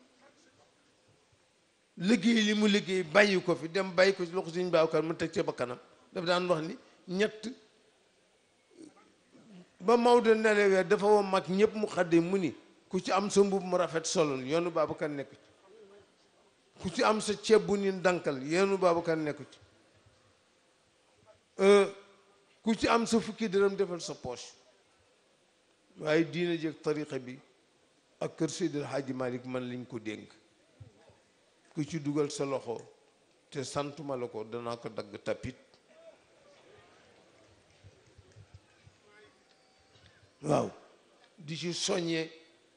liggéey li mu liggéey bàyyi ko fi dem bàyyi ko ci loxo Sëriñ Babacar mu teg ci bakkanam daf daan wax ni ñett ba Maodo nelawee dafa woo mag ñëpp mu xadde mu ni ku ci am sa mbubb mu rafet solol yoonu Babacar nekku ci ku ci am sa ceeb bu nin dankal yoonu Babacar nekku ci euh, ku ci am sa fukki dërëm defal sa poche waaye diina jëg tariqa bi ak kër Seydil Hadji Malick man lañ ko dénk ku ci dugal sa loxo te santuma la ko danaa ko dagg tapit waaw di ci soññee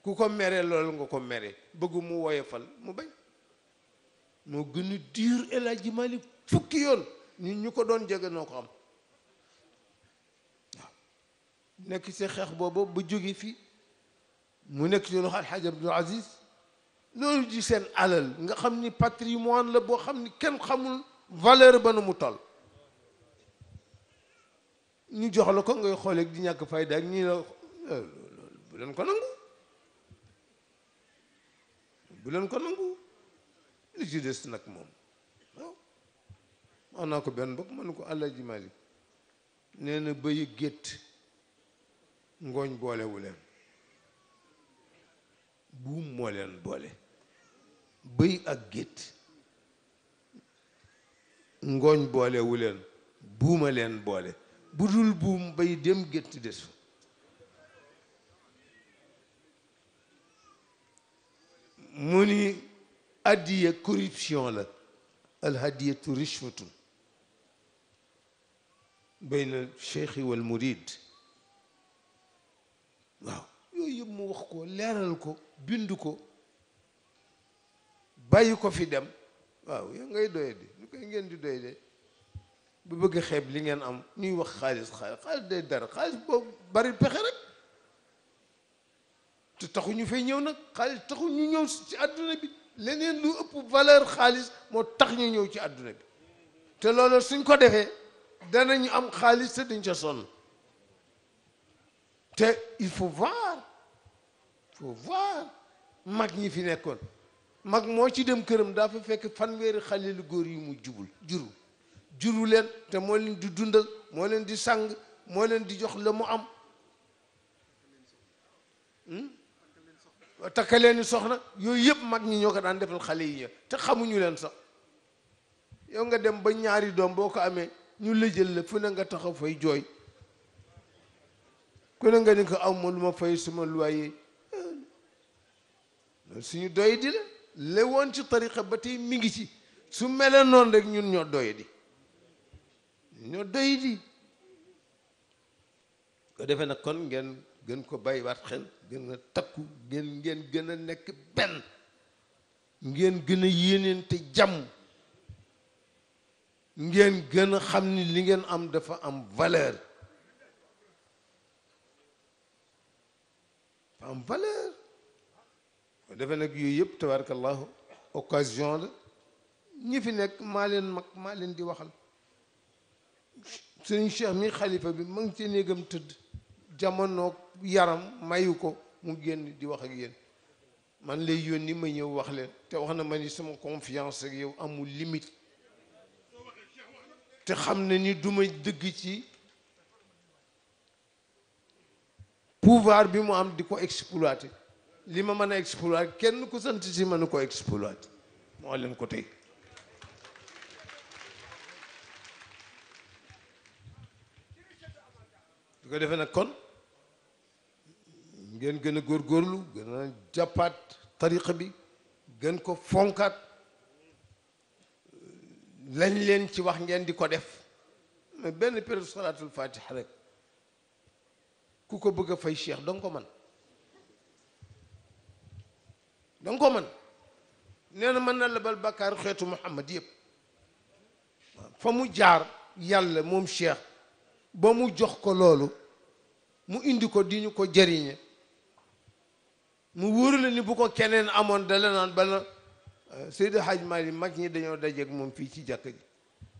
ku ko mere loolu nga ko mere bëgg mu woyefal mu bañ moo gën a diir El Hadji fukki yoon ñun ñu ko doon jege noo ko am nekk ci xeex boobu ba jóge fii mu nekk ci loxo Alxaaji Abdul Aziz loolu di seen alal nga xam ni patrimoine la boo xam ni kenn xamul valeur ba nu mu toll ñu jox la ko ngay xooleeg di ñàkk fayda ak ñi la eh, bu leen ko nangu bu leen ko nangu li ci des nag moom waaw wax naa ko benn bokk mën ko Alaaji Malik nee na bëy gétt ngooñ boolewu leen buum moo leen boole bëy ak gétt ngooñ boolewu leen buuma leen boole bu dul buum bay dem gétt desu mu ni addiya corruption la alhadiyatu rishwatun bayna cheikhi wal murid waaw yooyu yëpp mu wax ko leeral ko bind ko bàyyi ko fi dem waaw yow ngay doy di lu koy ngeen di doye de bu bëgg xeeb li ngeen am ñuy wax xaalis xaalis xaalis dara xaalis boobu bari pexe rek te taxu ñu fay ñëw nag xaalis taxu ñu ñëw ci àdduna bi leneen lu ëpp valeur xaalis moo tax ñu ñëw ci àdduna bi te loolu suñ ko defee danañu am xaalis te duñ ca sonn te il faut voir il faut voir mag ñi fi nekkoon mag moo ci dem këram daa fa fekk fanweeri xale lu góor yi mu jubul juru juru leen te moo leen di dundal moo leen di sàng moo leen di jox la mu am hmm? takka leen soxna yooyu yëpp mag ñi ñoo ko daan defal xale yi te xamuñu leen sax yow nga dem ba ñaari doom boo ko amee ñu lëjël la fu ne nga taxaw fay jooy ku ne nga ni ko aw ma lu ma fay suma loyer eh, suñu doy di la lewoon ci tariqa ba tey mi ngi ci su melee noonu rek ñun ñoo doy di ñoo doy di ko defee nag kon ngeen gën ko bàyyiwaat xel gën a takku ngeen ngeen gën a nekk benn ngeen gën a yéeneente jàmm ngeen gën a xam ni li ngeen am dafa am valeur dafa am valeur ko defee yooyu yëpp tabarakallahu occasion la ñi fi nekk maa leen mag maa leen di waxal sëriñ Cheikh mi xalifa bi ma ngi ci néegam tëdd jamono yaram mayu ko mu génn di wax ak yéen man lay yónni ma ñëw wax leen te wax na ma ni sama confiance ak yow amul limite te xam na ni duma dëgg ci pouvoir bi mu am di ko exploiter li ma mën a exploit kenn ku sant si mënu ko exploit moo leen ko tey du ko defe nag kon ngeen gën a góor góorlu gën a jàppaat tariqa bi gën ko fonkaat lañ leen ci wax ngeen di ko def ma benn période salaatul fatiha rek ku ko bëgg a fay cheikh danga ko man da nga ko mën nee na mën na lebal bàkkaar xeetu Muhammad yëpp fa mu jaar yàlla moom cheikh ba mu jox ko loolu mu indi ko di ñu ko jëriñe mu wóor la ni bu ko keneen amoon dala naan bana euh, Seydi Haj Mali mag ñi dañoo dajeeg moom fii ci jàkk ji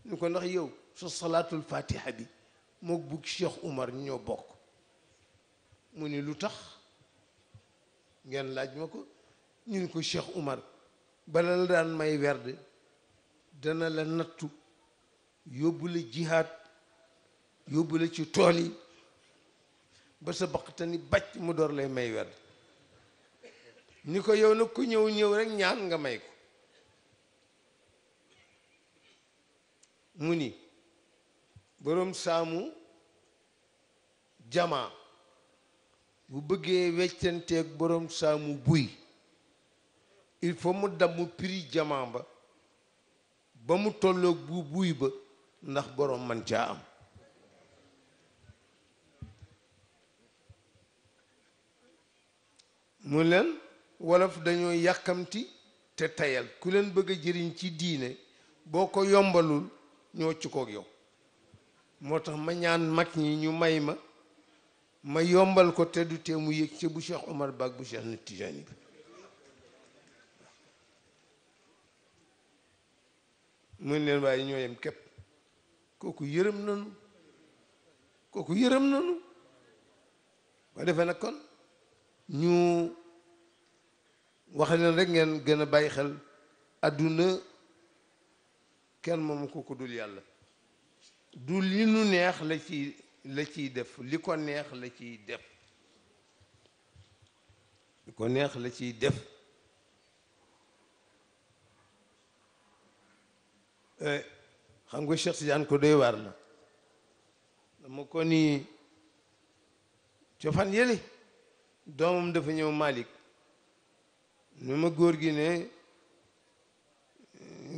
ñu ko ndax yow su salaatul fatiha bi mook bu Cheikh Umar ñoo bokk mu ni lu tax ngeen laaj ma ko ñu ne ko Cheikh Umar bala la daan may werd dana la nattu yóbbu la jihaad yóbbu la ci tool yi ba sa baqtani bàcc mu door lay may werd ni ko yow nag ku ñëw ñëw rek ñaan nga may ko mu ni boroom saamu jamaa bu bëggee weccanteeg borom saamu buy il faut mu damm prix jaman ba ba mu tolloog bu buy ba ndax boroom man caa am mu leen wolof dañoo yàkkamti te tayal ku leen bëgg a jëriñ ci diine boo ko yombalul ñoo ci koog yow moo tax ma ñaan mag ñi ñu may ma ma yombal ko te du tee mu yëg ca bu Cheikh Omar Ba bu Cheikh na Tijaani bi mu leen waaye ñoo yem képp kooku yërëm nanu kooku yërëm na ba defee nag kon ñu wax leen rek ngeen gën a bàyyi xel adduna kenn moomu ko ko dul yàlla du li nu neex la ci la ciy def li ko neex la ciy def li ko neex la ciy def Eh, xam nga Cheikh Tidiane ko doy waar la dama ko ni cofaan yële doomam dafa ñëw malik ni ma góor gi ne eh,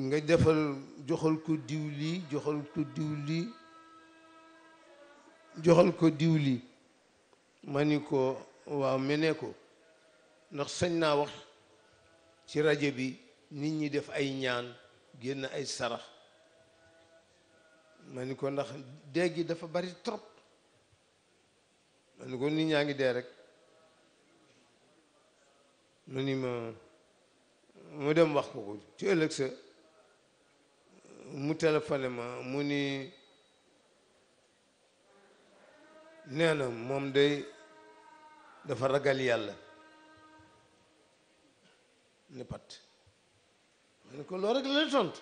nga defal joxal ko diw lii joxal ko diw lii ko diw lii ma ni ko waaw me ne ko ndax sañ naa wax ci rajo bi nit ñi def ay ñaan génn ay sarax ma ni ko ndax dee dafa bari trop ma ni ko nii ñaa ngi dee rek mu ni ma mu dem wax ko ci ëllëg sa mu téléphoné ma mu ni nee moom day dafa ragal yàlla ni pat ko loo rek la tontu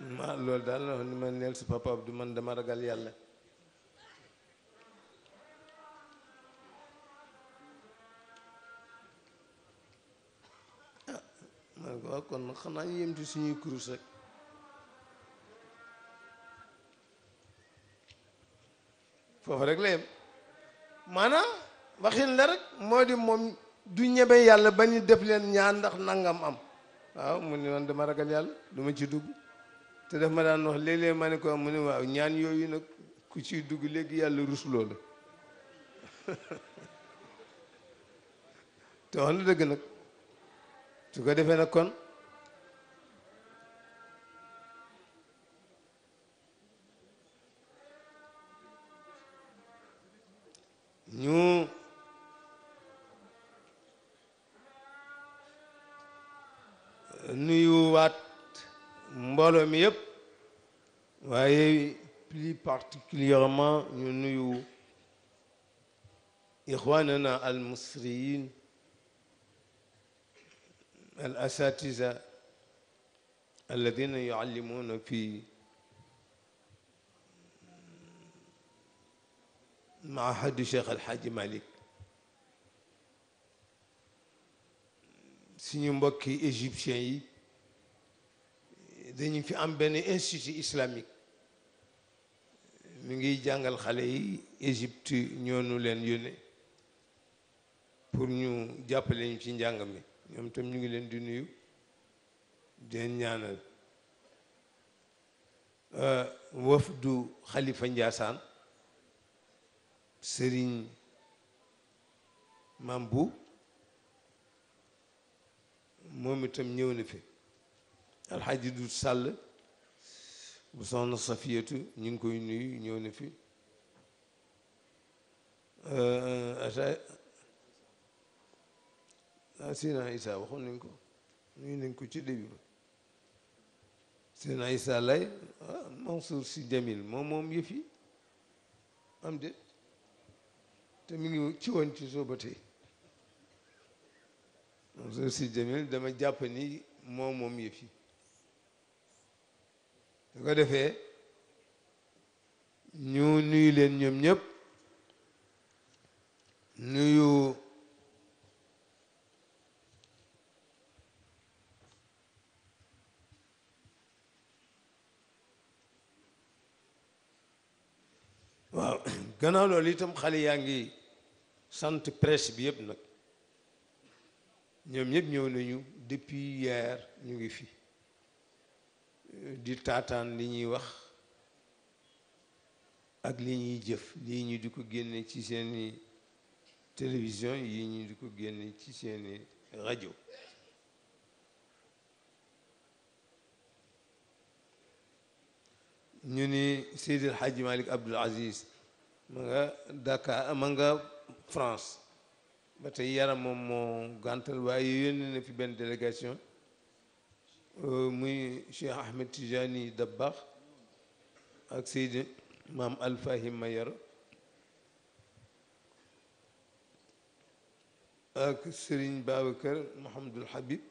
ma loolu daal la ni ma neel si papa Abdou man dama ragal yàlla ah ma ko kon xanaa ñu yem ci suñuy kurus rek foofu rek la yem maanaam waxin la rek moo di moom du ñebe yàlla ba ñu def leen ñaan ndax nangam am waaw mu ne man dama ragal yàlla du ci dugg te daf ma daan wax léeg-léeg ko mu ne waaw ñaan yooyu nag ku ciy dugg léegi yàlla rusuloolu la te na dëgg nag su ko defee nag kon ñu nuyuwaat mbooloo mi yëpp waaye plus particulièrement ñu nuyu ixwanana al musriyin al asatiza alladina yuallimuna fi mahadu cheikh alhaaji malik suñu mbokki égyptien yi dañu fi am benn institut islamique mu ngi jàngal xale yi Égypte ñoonu leen yónne pour ñu jàppale ñu ci njàng mi ñoom tam ñu ngi leen di nuyu den ñaanal euh, wafdu xalifa Njaasaan sëriñ Mambu moom itam ñëw na fi alxaaji du sàll bu soxna safiyatu ñu ngi koy nuyu ñëw na fi euh, ah, sina isa waxoon nañ ko nuyu nañ ko ci début ba sina isa lay ah, Mansour si jamil moom moom yëf am de te mi ngi ci woon ci soo ba tey Mansour si jamil dama jàpp ni moom moom yëf su ko defee ñu nuyu leen ñoom ñëpp nuyu waaw gannaaw loolu itam xale yaa ngi sant presse bi yëpp nag ñoom ñëpp ñëw nañu depuis hier ñu ngi fi di taataan li ñuy wax ak li ñuy jëf lii ñu di ko génne ci seeni télévision yi ñu di ko génne ci seeni rajo ñu ni Seydi El Hadji Malick Abdoul Aziz ma nga Dakar France ba tey yaram moom moo gàntal waaye yónnee na fi benn délégation Euh, muy Cheikh Ahmed Tijani Dabbaax ak Seydi maam Alfahim Mayar ak Serigne Babacar Mouhamadul Habib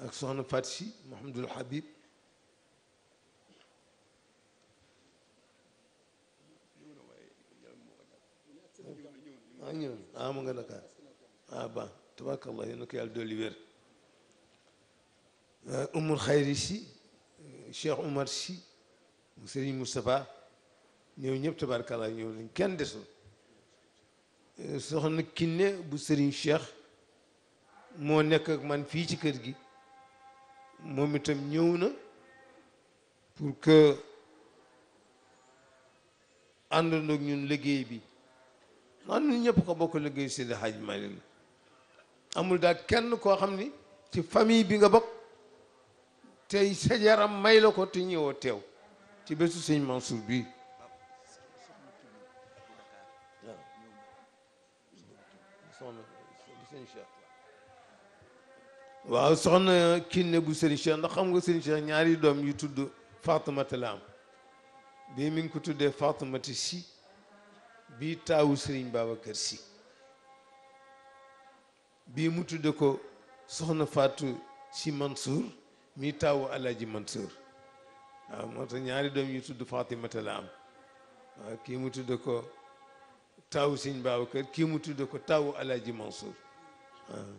ak Soxna Fatsi ah, ah, mu nga Dakar ah tabarakallah yéen ko yàlla dolli wér umul euh, xayri si cheikh oumar si sëriñ moustapha ñëw ñëpp tabarakallah ñëw lañ kenn desul euh, soxna kinne bu sëriñ cheikh moo nekk man fii ci kër gi moom itam ñëw na pour que àndandoog ñun liggéey bi man ñun ñëpp ko bokk liggéey Seydi Hadji Malick amul daal kenn koo xam ni ci famille bi nga bokk tey sa yaram may la ko te ñëwoo teew ci bésu sëñ Mansour bii waaw soxna kinne bu Serigne Cheikh ndax xam nga Serigne Cheikh ñaari doom yu tudd Fatimata la am bii mi ngi ko tuddee Fatimata si bii taawu Serigne Babacar si bii mu tudde ko soxna Fatou si Mansour mii taawu Alaaji Mansour waaw moo tax ñaari doom yu tudd Fatimata la am waaw kii mu tudde ko taawu Sëñ Babacar kii mu tudd ko taawu Alaaji Mansour waaw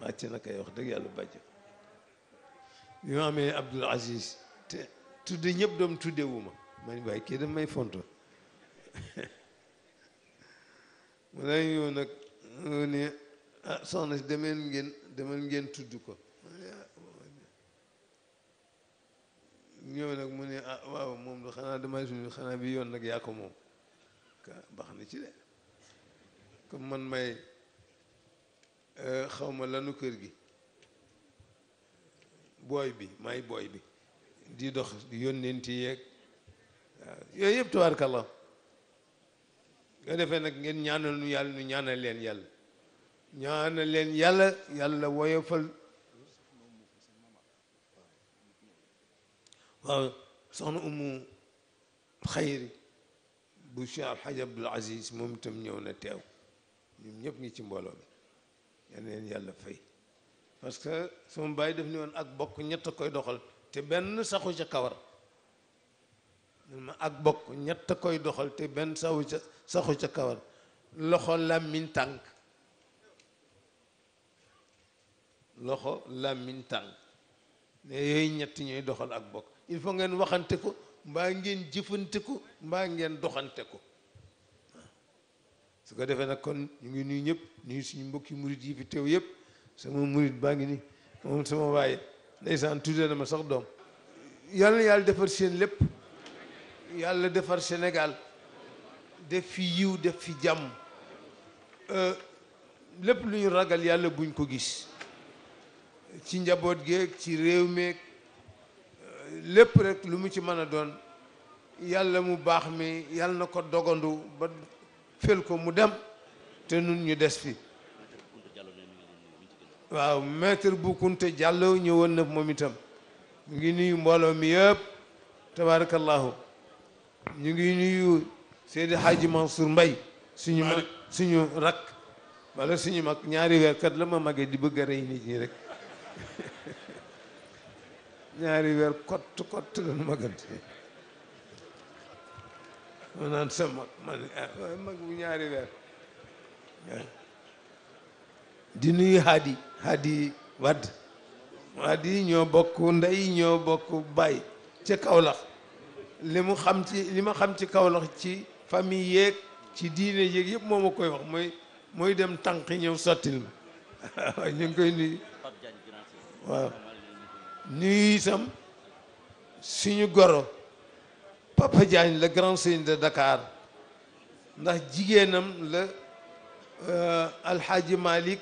wàcc na kay wax dëgg yàlla bàjj bi amee Abdoul Aziz te tudde ñëpp doom tudde wu ma man waaye kii daf may fonto mu ne nag mu ne ah soxna si demeen ngeen demeen ngeen tudd ko ñëw nag mu ne ah moom du xanaa damay suñu xanaa bi yoon nag yaa ko moom ka baax na ci de comme man may eh, xawma lanu kër gi booy bi may booy bi di dox yónneenti yeeg waaw yooyu yëpp tubaarkalla nga defee nag ngeen ñaanal nu yàlla nu ñaanal leen yàlla ñaanal leen yàlla yàlla woyofal waaw soxna umu xayri bu Cheikh Alxaj Abdul Aziz moom itam ñëw na teew ñun ñëpp ngi ci mbooloo bi yal leen yàlla fay parce que sama bàyyi daf ni woon ak bokk ñett koy doxal te benn saxu ca kawar ma ak bokk ñett a koy doxal te benn saxu ca saxu ca kawar loxo làmmiñ tànk loxo làmmiñ tànk ne yooyu ñett ñooy doxal ak bokk il faut ngeen waxante ko mbaa ngeen jëfante ko mbaa ngeen doxante ko su ko defee nag kon ñu ngi nuyu ñëpp nuyu suñu mbokki murit yi fi teew yëpp sama murit baa ngi ni moom sama waaye ndeysaan tuddee na ma sax doom yàlla yàlla defar seen lépp yàlla defar Sénégal def fi yiw def fi jàmm euh, lépp lu ñu ragal yàlla buñ ko gis ci njaboot geeg ci réew meeg euh, lépp rek lu mu ci mën a doon yàlla mu baax mi yàlla na ko dogandu ba fel ko mu dem te nun ñu des fi waaw maître bu kunte jàllo ñëwoon na moom itam mu ngi nuyu mbooloo mi yëpp tabarakallahu ñu ngi nuyu Seydi Hadji Mansour Mbaye suñu rakk wala suñu mag ñaari weer kat la ma magee di bëgg a rey nit ñi rek ñaari weer kott kott lañu magante ma naan sa mag ah, ñaari weer di nuyu Hadi Hadi Wadd Hadi ñoo bokk ndey ñoo bokk bay ca Kaolack li mu xam ci li ma xam ci Kaolack ci famille yéeg ci diine yéeg yëpp moo ma koy wax mooy mooy dem tànk ñëw sottil ma waaw ñu ngi koy nuyu waaw nuyu suñu goro Papa Diagne la grand seigneur de Dakar ndax jigéenam la euh, alxaaji Malick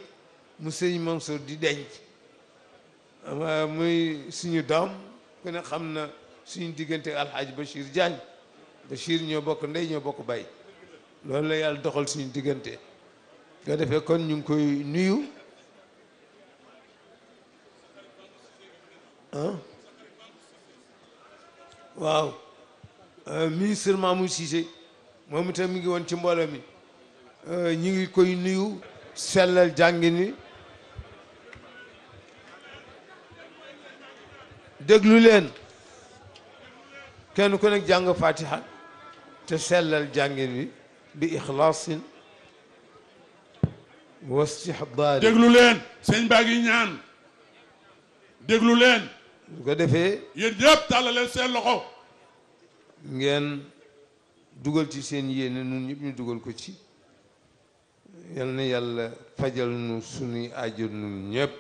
mu sëñ Mansour di denc muy suñu doom ku ne xam na suñu diggante ak alxaaji Bachir Diagne Bachir ñoo bokk ndey ñoo bokk bay loolu la yàlla doxal suñu diggante nga defee kon ñu ngi koy nuyu waaw euh, ministre Mamou Cissé moom itam mi ngi woon ci mbooloo mi euh, ñu ngi koy nuyu sellal jàngi ni déglu leen kenn ku nekk jàng fatiha te sellal jàngin bi bi ixlaasin wa istihdaar déglu leen sëñ baa ñaan déglu leen su ko defee yéen yëpp seen loxo ngeen dugal ci seen yéene nun ñëpp ñu dugal ko ci yal na yàlla fajal nu sunuy aajo nun ñëpp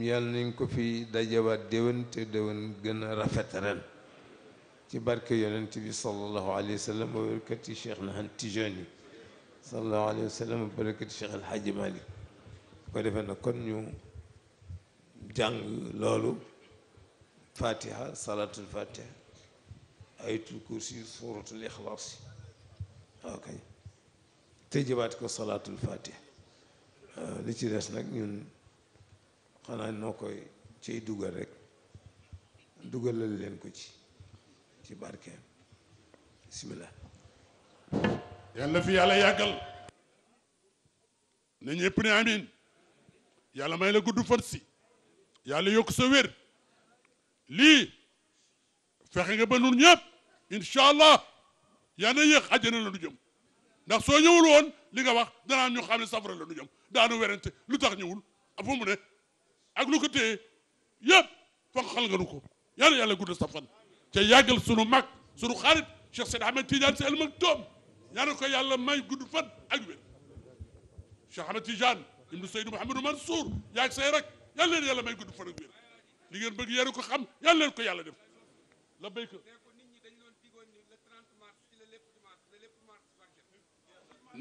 yàlla nañ ko fi dajawaat déwén te déwén gën a rafet ren ci barke yonent bi sallallahu alayhi wa sallam wa barakati na han Tijani sallallahu alayhi wa sallam wa barakati cheikh El Hadj Malick ko defee kon ñu jàng loolu fatiha salatul fatiha ayatul kursi suratul ixlaas te jëbaat ko salatul fatiha li ci des nag ñun xanaa noo koy ciy dugal rek dugalal leen ko ci ci barkeem bismillah yàlla fi yàlla yàggal na ñëpp ne amin yàlla may la gudd fan si yàlla yokk sa wér lii fexe nga ba nun ñëpp incha allah yaa na yéex àjjana la nu jëm ndax soo ñëwul woon li nga wax danaa ñu xam ne safara la nu jëm daanu werante lu tax ñëwul afa mu ne ak lu ko téye yëpp fonxal nga nu ko yàlla yàlla guddal sa fan te yàggal sunu mag sunu xarit Cheikh Seydi Ahmed Tidiane Sy Al Maktoum ñaanal ko yàlla may gudd fan ak wér Cheikh Ahmed Tidiane ibnu Seydou Mouhamadou Mansour yaag say rek yàlla leen yàlla may gudd fan ak wér li ngeen bëgg yéen ko xam yàlla leen ko yàlla def la béyka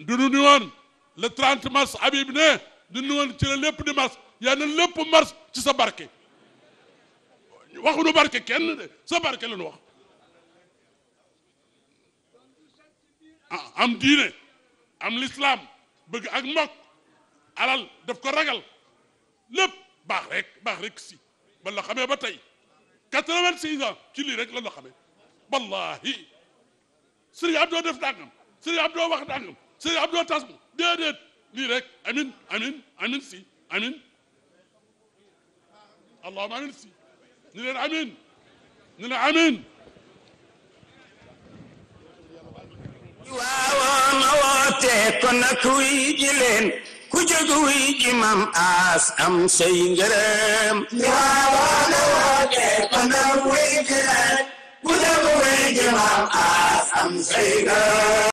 du nu ni woon le 30 mars Habib ne du nu woon ci la lépp di mars yal na lépp mars ci sa barke waxuñu barke kenn de sa barke la ñu wax ah, am diine am lislaam bëgg ak mbokk alal daf ko ragal lépp baax rek baax rek si ba la xamee ba tey quatre-vingt-six ans ci lii rek la la xamee wallahi sëriñ def dàngam sëriñ Abdou wax dàngam sëriñ Abdou tas déedéet lii rek amin amin amin si amin allahuma amin si ñu leen amin ku jóg wuy ji aas am say ngërëm waawoon a woote kon nag ku jóg wuy ji aas am say